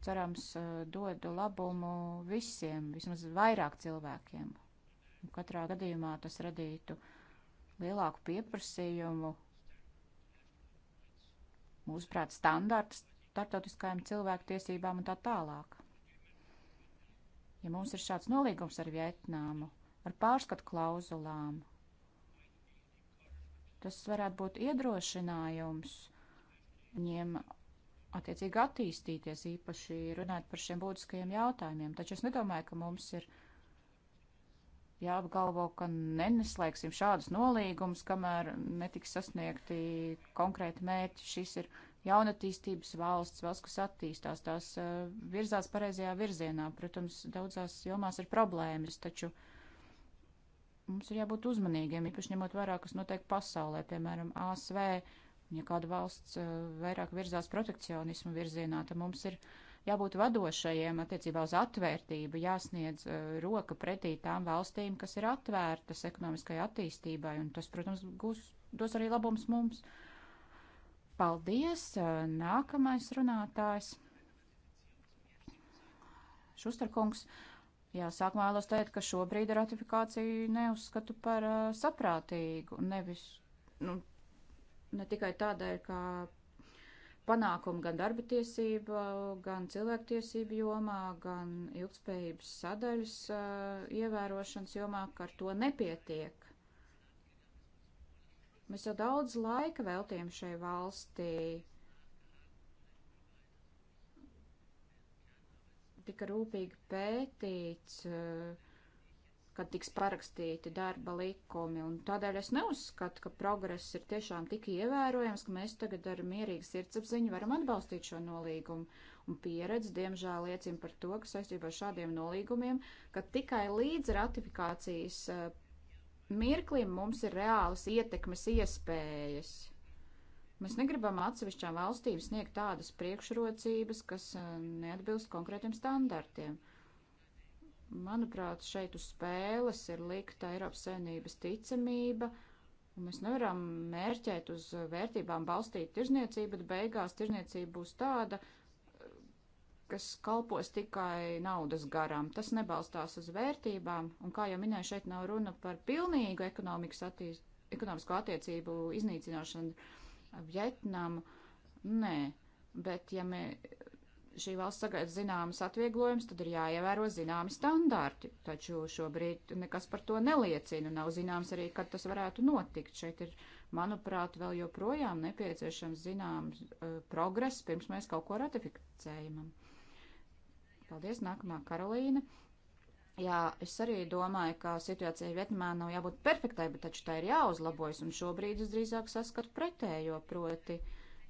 Cerams, eh, dod labumu visiem, vismaz vairāk cilvēkiem. Katrā gadījumā tas radītu lielāku pieprasījumu, mūsuprāt, standarts starptautiskajām cilvēktiesībām un tā tālāk ja mums ir šāds nolīgums ar Vietnāmu, ar pārskatu klauzulām, tas varētu būt iedrošinājums viņiem attiecīgi attīstīties, īpaši runāt par šiem būtiskajiem jautājumiem. Taču es nedomāju, ka mums ir jāapgalvo, ka neneslēgsim šādus nolīgumus, kamēr netiks sasniegti konkrēti mērķi. Šis ir jaunatīstības valsts, valsts, kas attīstās, tās eh, virzās pareizajā virzienā. Protams, daudzās jomās ir problēmas, taču mums ir jābūt uzmanīgiem, īpaši ņemot vērā, kas notiek pasaulē, piemēram, ASV. Ja kāda valsts eh, vairāk virzās protekcionismu virzienā, tad mums ir jābūt vadošajiem attiecībā uz atvērtību, jāsniedz eh, roka pretī tām valstīm, kas ir atvērtas ekonomiskai attīstībai, un tas, protams, gūs, dos arī labums mums. Uh, Paldies! Nākamais runātājs. Šusterkungs. Jā, sākumā vēlos teikt, ka šobrīd ratifikāciju neuzskatu par uh, saprātīgu. Nevis, nu, ne tikai tādēļ, ka panākumi gan darba tiesība, gan cilvēktiesība jomā, gan ilgspējības sadaļas uh, ievērošanas jomā, ka ar to nepietiek. Mēs jau daudz laika veltījām šai valstī. Tika rūpīgi pētīts, kad tiks parakstīti darba likumi, un tādēļ es neuzskatu, ka progress ir tiešām tik ievērojams, ka mēs tagad ar mierīgu sirdsapziņu varam atbalstīt šo nolīgumu. Un pieredze, diemžēl, liecina par to, ka saistībā ar šādiem nolīgumiem, ka tikai līdz ratifikācijas eh, mirklim mums ir reālas ietekmes iespējas. Mēs negribam atsevišķām valstīm sniegt tādas priekšrocības, kas eh, neatbilst konkrētiem standartiem. Manuprāt, šeit uz spēles ir likta Eiropas saimnības ticamība, un mēs nevaram mērķēt uz vērtībām balstīt tirzniecību, bet beigās tirzniecība būs tāda, uh, kas kalpos tikai naudas garam. Tas nebalstās uz vērtībām, un kā jau minēju, šeit nav runa par pilnīgu attīst, ekonomisko attiecību iznīcināšanu Vietnamu. Nē, bet ja mē, šī valsts sagaida zināmas atvieglojumus, tad ir jāievēro zināmi standarti. Taču šobrīd nekas par to neliecina. Nav zināms arī, kad tas varētu notikt. Šeit ir, manuprāt, vēl joprojām nepieciešams zināms uh, progress, pirms mēs kaut ko ratificējam. Paldies, nākamā Karolīna. Jā, es arī domāju, ka situācija Vietnamā nav jābūt perfektai, bet taču tā ir jāuzlabojas, un šobrīd es drīzāk saskatu pretējo, proti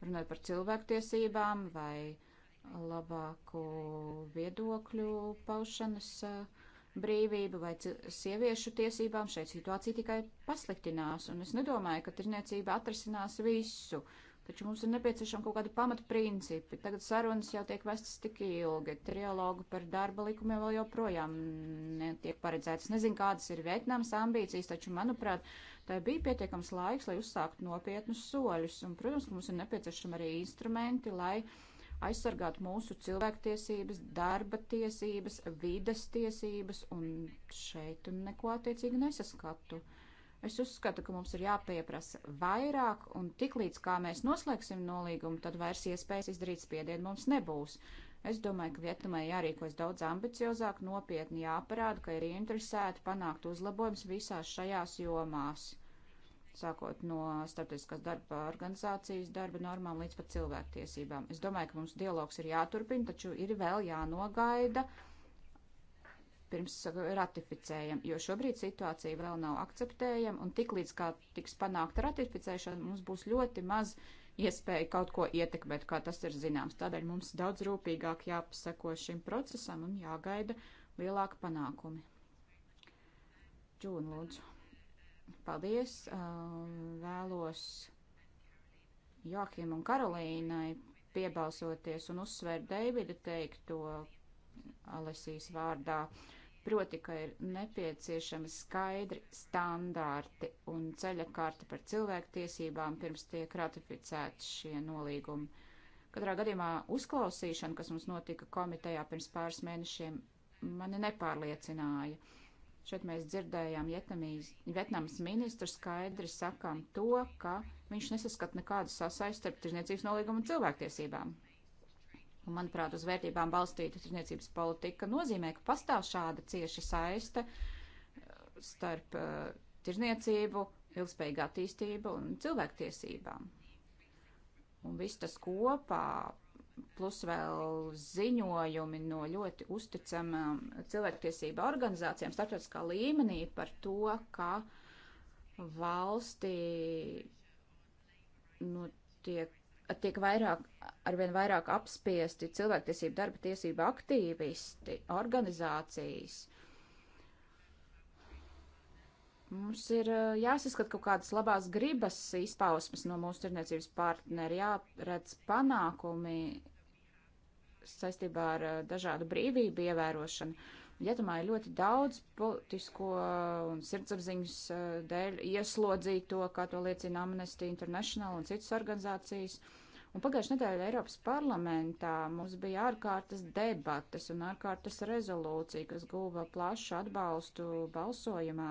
runāju par cilvēktiesībām vai labāku viedokļu paušanas eh, brīvību vai sieviešu tiesībām. Šeit situācija tikai pasliktinās, un es nedomāju, ka tirniecība atrasinās visu. Uh, Taču mums ir nepieciešama kaut kāda pamatprincipi. Tagad sarunas jau tiek vestas tik ilgi, trialogu par darba likumiem vēl joprojām netiek paredzēts. Nezinu, kādas ir Vietnams ambīcijas, taču, manuprāt, tā bija pietiekams laiks, lai uzsākt nopietnus soļus. Un, protams, ka mums ir nepieciešama arī instrumenti, lai aizsargātu mūsu cilvēktiesības, darba tiesības, vides tiesības, un šeit neko attiecīgi nesaskatu. Es uzskatu, ka mums ir jāpieprasa vairāk, un tiklīdz kā mēs noslēgsim nolīgumu, tad vairs iespējas izdarīt spiedienu mums nebūs. Es domāju, ka Vietnamai jārīkojas daudz ambiciozāk, nopietni jāparāda, ka ir interesēti panākt uzlabojums visās šajās jomās, sākot no starptautiskās darba organizācijas darba normām līdz pat cilvēktiesībām. Es domāju, ka mums dialogs ir jāturpina, taču ir vēl jānogaida. Uh, pirms ratificējam, jo šobrīd situācija vēl nav akceptējama, un tiklīdz kā tiks panākta ratificēšana, mums būs ļoti maz iespēja kaut ko ietekmēt, kā tas ir zināms. Tādēļ mums daudz rūpīgāk jāpaseko šim procesam un jāgaida lielāka panākumi. Džūna, lūdzu. Paldies. Um, vēlos Joakim un Karolīnai piebalsoties un uzsvērt Deivida teikto Alesijas vārdā. Uh, Proti, ka ir nepieciešami skaidri standārti un ceļa karta par cilvēktiesībām pirms tiek ratificēti šie nolīgumi. Katrā gadījumā uzklausīšana, kas mums notika komitejā pirms pāris mēnešiem, mani nepārliecināja. Šeit mēs dzirdējām Vietnamas ministru skaidri sakām to, ka viņš nesaskat nekādu sasaisti starp tirzniecības nolīgumu un cilvēktiesībām. Un, nu, manuprāt, uz vērtībām balstīta tirniecības politika nozīmē, ka pastāv šāda cieša saiste eh, starp uh, eh, tirniecību, ilgspējīgu attīstību un cilvēktiesībām. Un viss tas kopā, plus vēl ziņojumi no ļoti uzticamām cilvēktiesība organizācijām starptautiskā līmenī par to, ka valstī notiek nu, tiek vairāk, arvien vairāk apspiesti cilvēktiesību darba tiesību aktīvisti, organizācijas. Mums ir eh, jāsaskat kaut kādas labās gribas izpausmes no mūsu tirniecības partneri, jāredz panākumi saistībā ar eh, dažādu brīvību ievērošanu. Lietumā ir ļoti daudz politisko eh, un sirdsapziņas dēļ ieslodzīto, kā to liecina Amnesty International un citas organizācijas. Uh, Un pagājušajā nedēļā Eiropas parlamentā mums bija ārkārtas debates un ārkārtas rezolūcija, kas guva plašu atbalstu balsojumā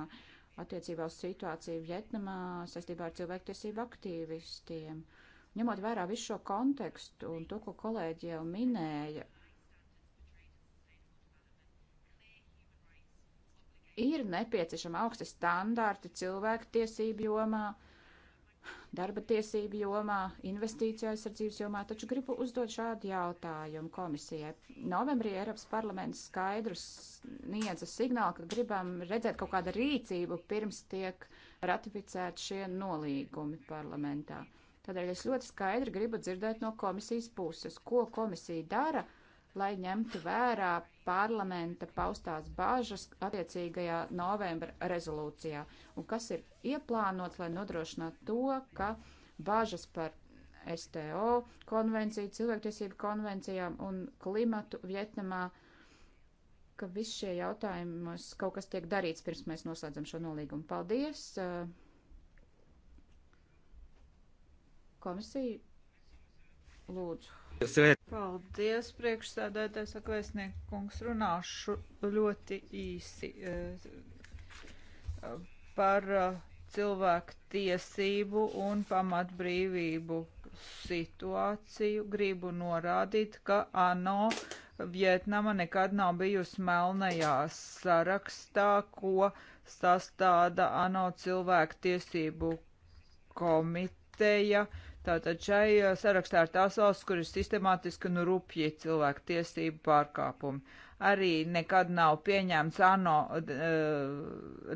attiecībā uz situāciju Vietnamā saistībā ar cilvēktiesību aktīvistiem. Ņemot vērā visu šo kontekstu un to, ko kolēģi jau minēja, ir nepieciešama augsti standarti cilvēku tiesību jomā, darba tiesību jomā, investīciju aizsardzības jomā, taču gribu uzdot šādu jautājumu komisijai. Novembrī Eiropas parlaments skaidrus niedza signālu, ka gribam redzēt kaut kādu rīcību pirms tiek ratificēt šie nolīgumi parlamentā. Tādēļ es ļoti skaidri gribu dzirdēt no komisijas puses, ko komisija dara, uh, lai ņemtu vērā parlamenta paustās bāžas attiecīgajā novembra rezolūcijā, un kas ir ieplānots, lai nodrošinātu to, ka bāžas par STO konvenciju, cilvēktiesību konvencijām un klimatu Vietnamā, ka viss šie jautājumus kaut kas tiek darīts, pirms mēs noslēdzam šo nolīgumu. Paldies! Uh, komisija, lūdzu. Paldies, priekšsēdētājs Akvēsnieku kungs. Runāšu ļoti īsi eh, par eh, cilvēku tiesību un pamatbrīvību situāciju. Gribu norādīt, ka ANO Vietnama nekad nav bijusi melnajā sarakstā, ko sastāda ANO cilvēku tiesību komiteja. Uh, Tātad šai sarakstā ir tās valsts, kur ir sistemātiski un rupji cilvēku tiesību pārkāpumi. Arī nekad nav pieņēmts ANO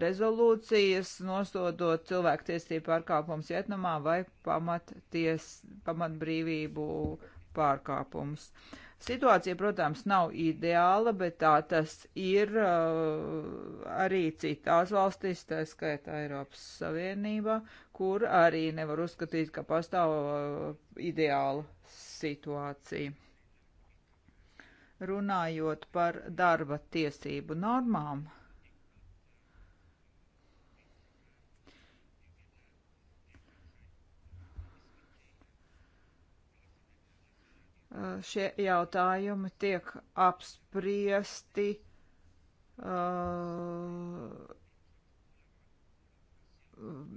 rezolūcijas nosodot cilvēku tiesību pārkāpumus Vietnamā vai pamat, ties, pamat brīvību pārkāpumus. Uh, Situācija, protams, nav ideāla, bet tā tas ir uh, arī citās valstīs, tā skaitā Eiropas Savienībā, kur arī nevar uzskatīt, ka pastāv uh, ideāla situācija. Runājot par darba tiesību normām, uh, šie jautājumi tiek apspriesti uh,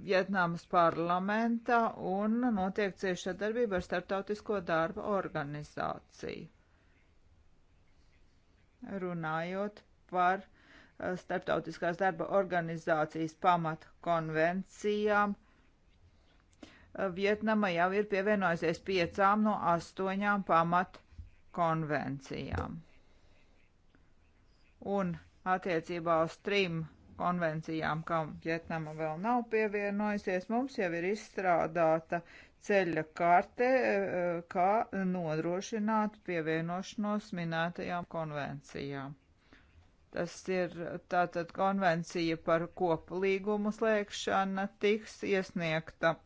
Vietnamas parlamentā un notiek cieša sadarbība ar Startautisko darba organizāciju. Runājot par uh, Startautiskās darba organizācijas pamata konvencijām, uh, Vietnama jau ir pievienojusies piecām no astoņām pamat konvencijām. Un attiecībā uz trim konvencijām, kam Vietnama vēl nav pievienojusies, mums jau ir izstrādāta ceļa karte, eh, kā nodrošināt pievienošanos minētajām konvencijām. Tas ir tātad konvencija par koplīgumu slēgšana tiks iesniegta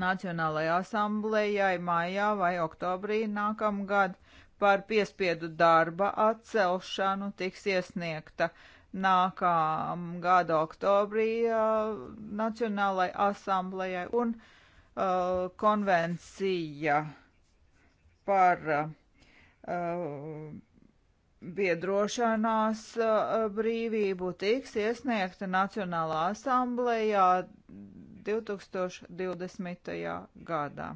Nacionālajai asamblējai maijā vai oktobrī nākamgad par piespiedu darba atcelšanu tiks iesniegta nākamā gada oktobrī uh, Nacionālajai asamblējai un uh, konvencija par uh, biedrošanās brīvību tiks iesniegta Nacionālā asamblējā 2020. gadā.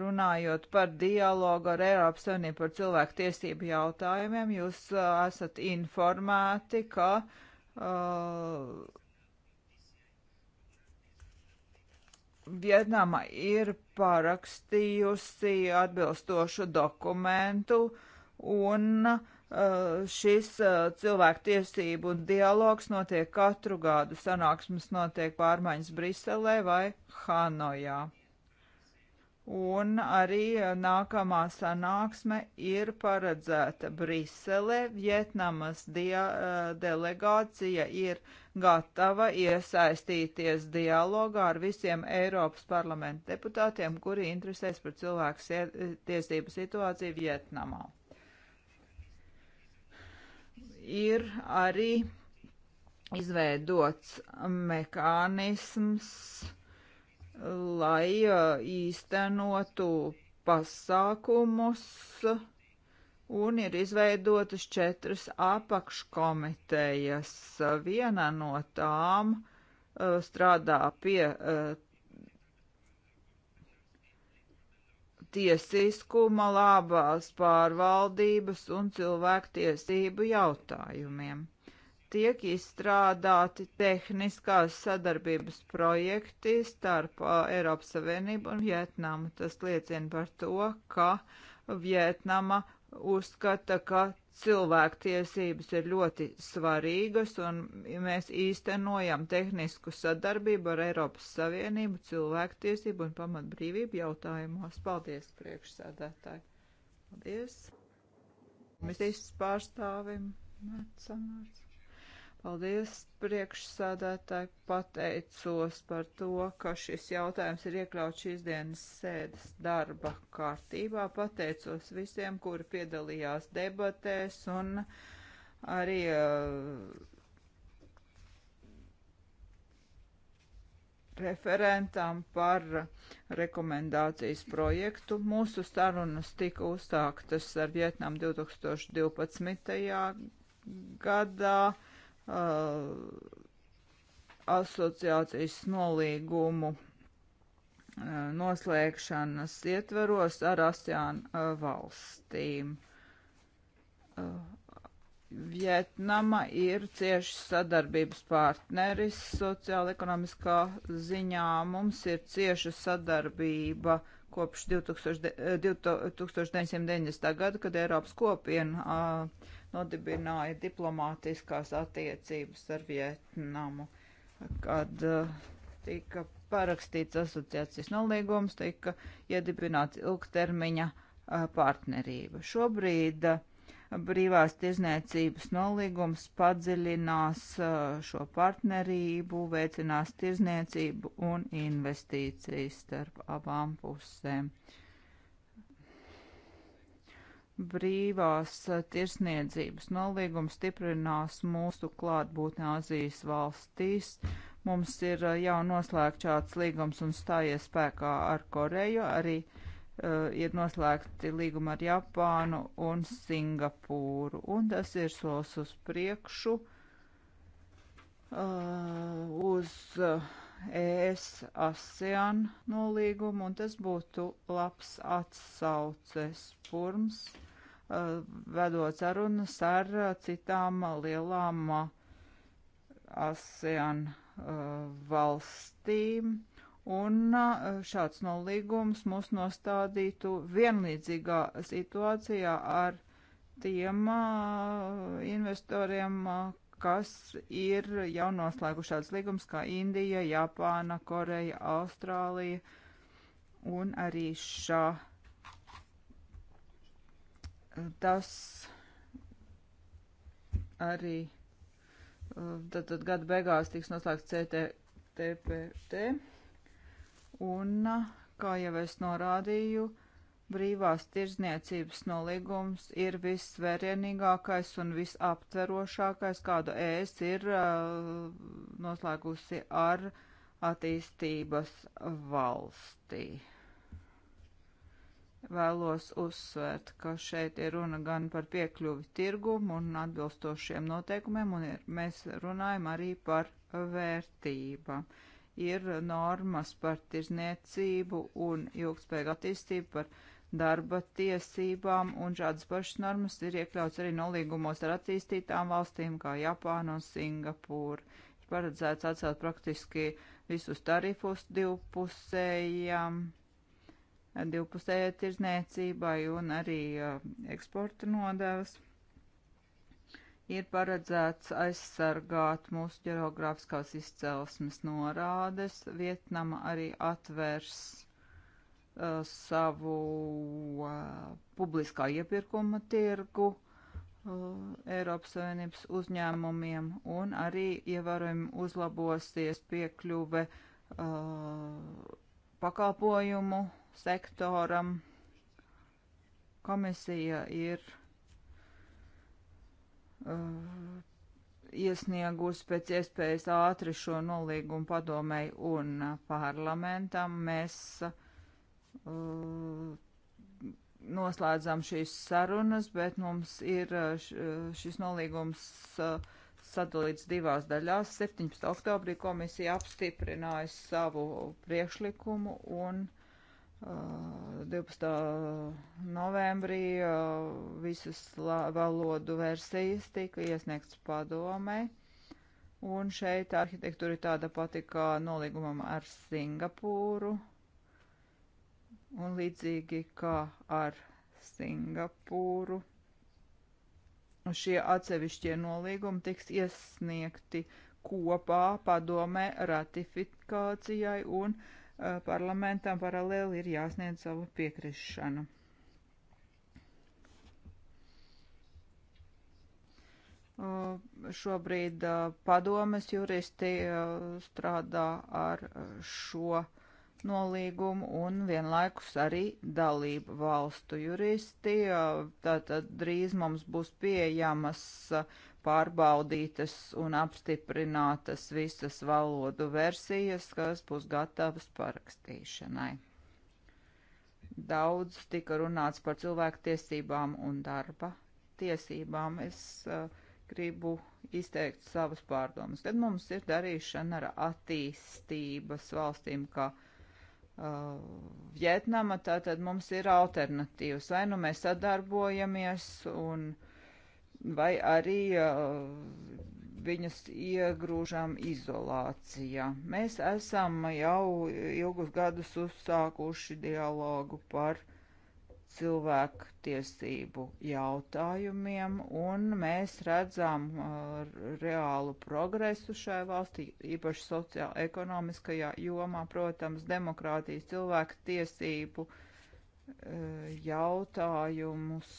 Runājot par dialogu ar Eiropas Savienību par cilvēku tiesību jautājumiem, jūs uh, esat informēti, ka uh, Vietnama ir parakstījusi atbilstošu dokumentu un uh, Eh, šis eh, cilvēku tiesību dialogs notiek katru gadu. Sanāksmes notiek pārmaiņas Briselē vai Hanojā. Un arī eh, nākamā sanāksme ir paredzēta Brisele. Vietnamas dia, delegācija ir gatava iesaistīties dialogā ar visiem Eiropas parlamenta deputātiem, kuri interesēs par cilvēku tiesību situāciju Vietnamā ir arī izveidots mekānisms, lai uh, īstenotu pasākumus, un ir izveidotas četras apakškomitejas. Viena no tām uh, strādā pie uh, tiesiskuma, labās pārvaldības un cilvēktiesību jautājumiem. Tiek izstrādāti tehniskās sadarbības projekti starp Eiropas Savienību un Vietnamu. Tas liecina par to, ka Vietnama uzskata, ka cilvēktiesības ir ļoti svarīgas, un mēs īstenojam tehnisku sadarbību ar Eiropas Savienību cilvēktiesību un pamatbrīvību jautājumos. Paldies, priekšsēdētāji! Paldies! Mēs īsti pārstāvim. Nāc, sanāc. Paldies, priekšsādātāji, pateicos par to, ka šis jautājums ir iekļauts šīs dienas sēdes darba kārtībā. Pateicos visiem, kuri piedalījās debatēs un arī uh, referentam par rekomendācijas projektu. Mūsu sarunas tika uzsāktas ar Vietnam 2012. gadā uh, asociācijas nolīgumu uh, noslēgšanas ietveros ar ASEAN uh, valstīm. Uh, Vietnama ir cieši sadarbības partneris sociāla-ekonomiskā ziņā. Mums ir cieša sadarbība kopš 2000, 2990. gada, kad Eiropas kopiena uh, nodibināja diplomātiskās attiecības ar Vietnamu, kad eh, tika parakstīts asociācijas nolīgums, tika iedibināts ilgtermiņa eh, partnerība. Šobrīd eh, brīvās tirzniecības nolīgums padziļinās šo partnerību, veicinās tirzniecību un investīcijas starp abām pusēm. Uh, Brīvās eh, tirsniedzības nolīgums stiprinās mūsu klātbūtni Azijas valstīs. Mums ir eh, jau noslēgts šāds līgums un stājies spēkā ar Koreju. Arī uh, ir noslēgti līgumi ar Japānu un Singapūru. Un tas ir solis uz priekšu uh, uz. Uh, ES ASEAN nolīgumu, un tas būtu labs atsauces pirms uh, e, vedot sarunas ar e, citām lielām e, ASEAN uh, valstīm un šāds nolīgums mūs nostādītu vienlīdzīgā situācijā ar tiem investoriem, kas ir jau noslēguši šāds līgums kā Indija, Japāna, Koreja, Austrālija un arī šā. Tas arī tad, tad gada beigās tiks noslēgts CTPT un, kā jau es norādīju, uh, Brīvās tirzniecības nolīgums ir vissvērienīgākais un visaptverošākais, kādu ēs ir uh, noslēgusi ar attīstības valstī vēlos uzsvērt, ka šeit ir runa gan par piekļuvi tirgumu un atbilstošiem noteikumiem, un ir, mēs runājam arī par vērtību. Ir normas par tirzniecību un ilgspējīgu attīstību, par darba tiesībām, un šādas pašas normas ir iekļauts arī nolīgumos ar attīstītām valstīm, kā Japāna un Singapūra. Ir paredzēts atcelt praktiski visus tarifus divpusējām, divpusējai tirzniecībai un arī uh, eksporta nodevas. Ir paredzēts aizsargāt mūsu ģeogrāfiskās izcelsmes norādes. Vietnama arī atvērs Uh, savu uh, publiskā iepirkuma tirgu uh, Eiropas Savienības uzņēmumiem un arī ievērojami uzlabosies piekļuve pakalpojumu sektoram. Komisija ir iesniegus pēc iespējas ātri šo nolīgumu padomēji un parlamentam. Mēs uh, Mm, noslēdzam šīs sarunas, bet mums ir uh, uh, šis nolīgums uh, sadalīts divās daļās. 17. oktobrī komisija apstiprināja savu priekšlikumu un 12. novembrī visas valodu versijas tika iesniegts padomē. Un šeit arhitektūra ir tāda pati kā nolīgumam ar Singapūru. Uh, Un līdzīgi kā ar Singapūru, šie atsevišķie nolīgumi tiks iesniegti kopā padomē ratifikācijai un uh, parlamentam paralēli ir jāsniedz savu piekrišanu. Uh, šobrīd uh, padomes juristi strādā ar šo nolīgumu un vienlaikus arī dalību valstu juristi. Tātad drīz mums būs pieejamas pārbaudītas un apstiprinātas visas valodu versijas, kas būs gatavas parakstīšanai. Daudz tika runāts par cilvēktiesībām un darba tiesībām. Es uh, gribu izteikt savas pārdomas. Tad mums ir darīšana ar attīstības valstīm, kā Uh, Vietnama, tātad mums ir alternatīvas. Vai nu mēs sadarbojamies un vai arī uh, viņus iegrūžam izolācijā. Mēs esam jau ilgus gadus uzsākuši dialogu par uh, cilvēku tiesību jautājumiem, un mēs redzam uh, reālu progresu šai valstī, īpaši sociāla-ekonomiskajā jomā, protams, demokrātijas cilvēku tiesību uh, jautājumus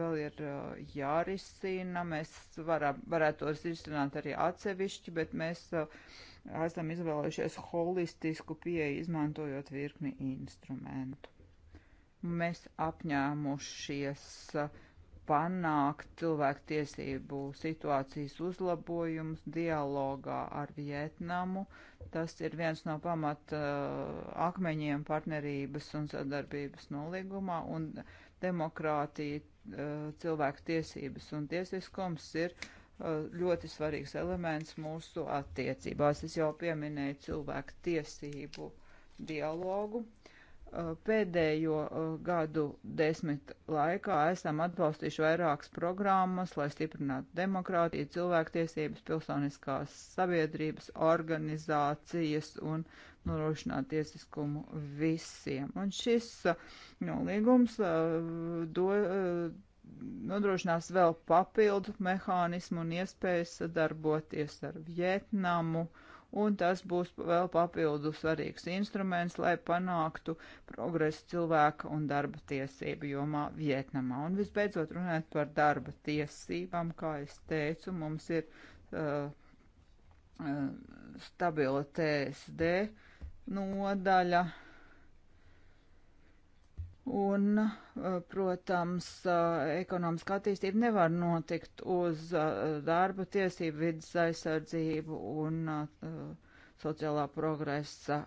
vēl ir uh, jārisina. Mēs varam, varētu tos risināt arī atsevišķi, bet mēs uh, esam izvēlējušies holistisku pieeju, izmantojot virkni instrumentu. Mēs apņēmušies panākt cilvēktiesību situācijas uzlabojumus dialogā ar Vietnamu. Tas ir viens no pamata uh, akmeņiem partnerības un sadarbības nolīgumā, un demokrātija, uh, cilvēku tiesības un tiesiskums ir uh, ļoti svarīgs elements mūsu attiecībās. Es jau pieminēju cilvēku tiesību dialogu Uh, pēdējo uh, gadu desmit laikā esam atbalstījuši vairākas programmas, lai stiprinātu demokrātiju, cilvēktiesības, pilsoniskās sabiedrības, organizācijas un norošināt tiesiskumu visiem. Un šis uh, nolīgums do, nodrošinās vēl papildu mehānismu un iespējas sadarboties ar Vietnamu un tas būs vēl papildu svarīgs instruments, lai panāktu progresu cilvēka un darba tiesību jomā Vietnamā. Un visbeidzot, runājot par darba tiesībām, kā es teicu, mums ir uh, uh stabila TSD nodaļa. Un, eh, protams, eh, ekonomiska attīstība nevar notikt uz eh, darba tiesību, vidas aizsardzību un sociālā progresa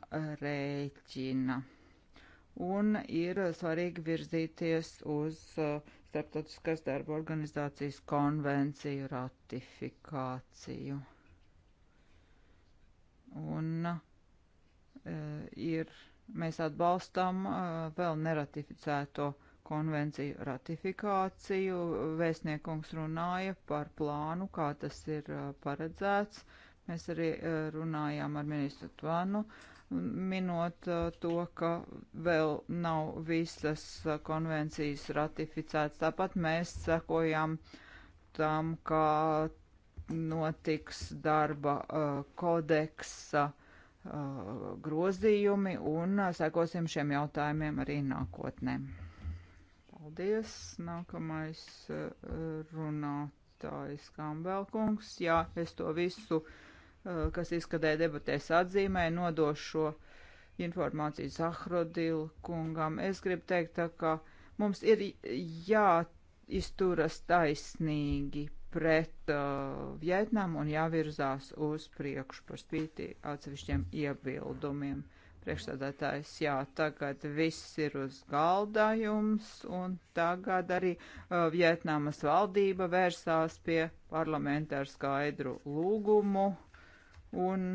rēķina. Un ir svarīgi virzīties uz starptautiskās darba organizācijas konvenciju ratifikāciju. Un ir Mēs atbalstam uh, vēl neratificēto konvenciju ratifikāciju. Vēstniekums runāja par plānu, kā tas ir uh, paredzēts. Mēs arī uh, runājām ar ministru Tvanu, minot to, ka vēl nav visas konvencijas ratificētas. Tāpat mēs sekojam tam, kā notiks darba kodeksa uh, Uh, grozījumi un uh, sekosim šiem jautājumiem arī nākotnē. Paldies. Nākamais uh, runātājs Kambelkungs. Jā, es to visu, kas izskatēja debatēs atzīmē, nodošo informāciju Zahrodilu kungam. Es gribu teikt, tā, ka mums ir jāizturas taisnīgi pret uh, Vietnamu un jāvirzās uz priekšu par spīti atsevišķiem iebildumiem. Priekšstādātājs, jā, tagad viss ir uz galda jums, un tagad arī uh, Vietnamas valdība vērsās pie parlamenta ar skaidru lūgumu, un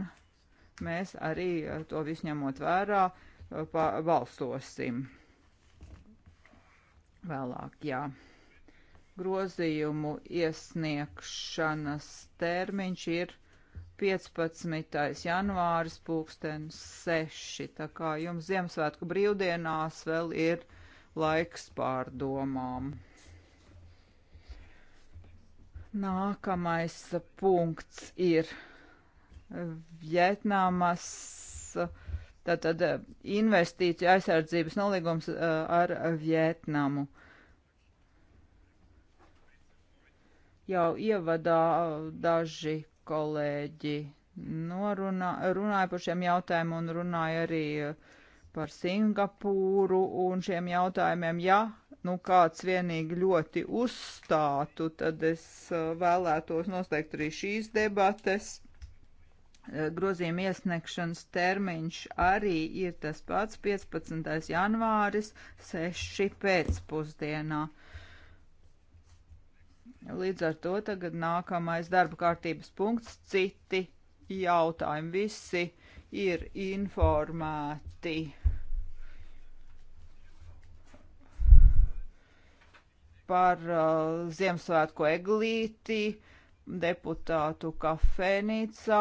mēs arī uh, to visu ņemot vērā uh, balsosim vēlāk, jā. Grozījumu iesniegšanas termiņš ir 15. janvāris pulkstens 6. Tā kā jums Ziemassvētku brīvdienās vēl ir laiks pārdomām. Nākamais punkts ir Vietnamas tātad investīciju aizsardzības nolīgums uh, ar Vietnamu. jau ievadā uh, daži kolēģi norunā, runāja par šiem jautājumiem un runāja arī uh, par Singapūru un šiem jautājumiem. Ja nu kāds vienīgi ļoti uzstātu, tad es uh, vēlētos noslēgt arī šīs debates. Grozījuma iesniegšanas termiņš arī ir tas pats - 15. janvāris, 6. pēcpusdienā. Līdz ar to tagad nākamais darba kārtības punkts, citi jautājumi. Visi ir informēti. par uh, Ziemassvētku eglīti, deputātu kafēnīcā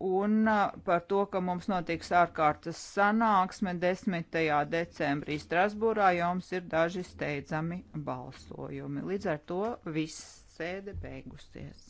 un par to, ka mums notiks ārkārtas sanāksme 10. decembrī Strasbūrā, jums ir daži steidzami balsojumi. Līdz ar to viss sēde beigusies.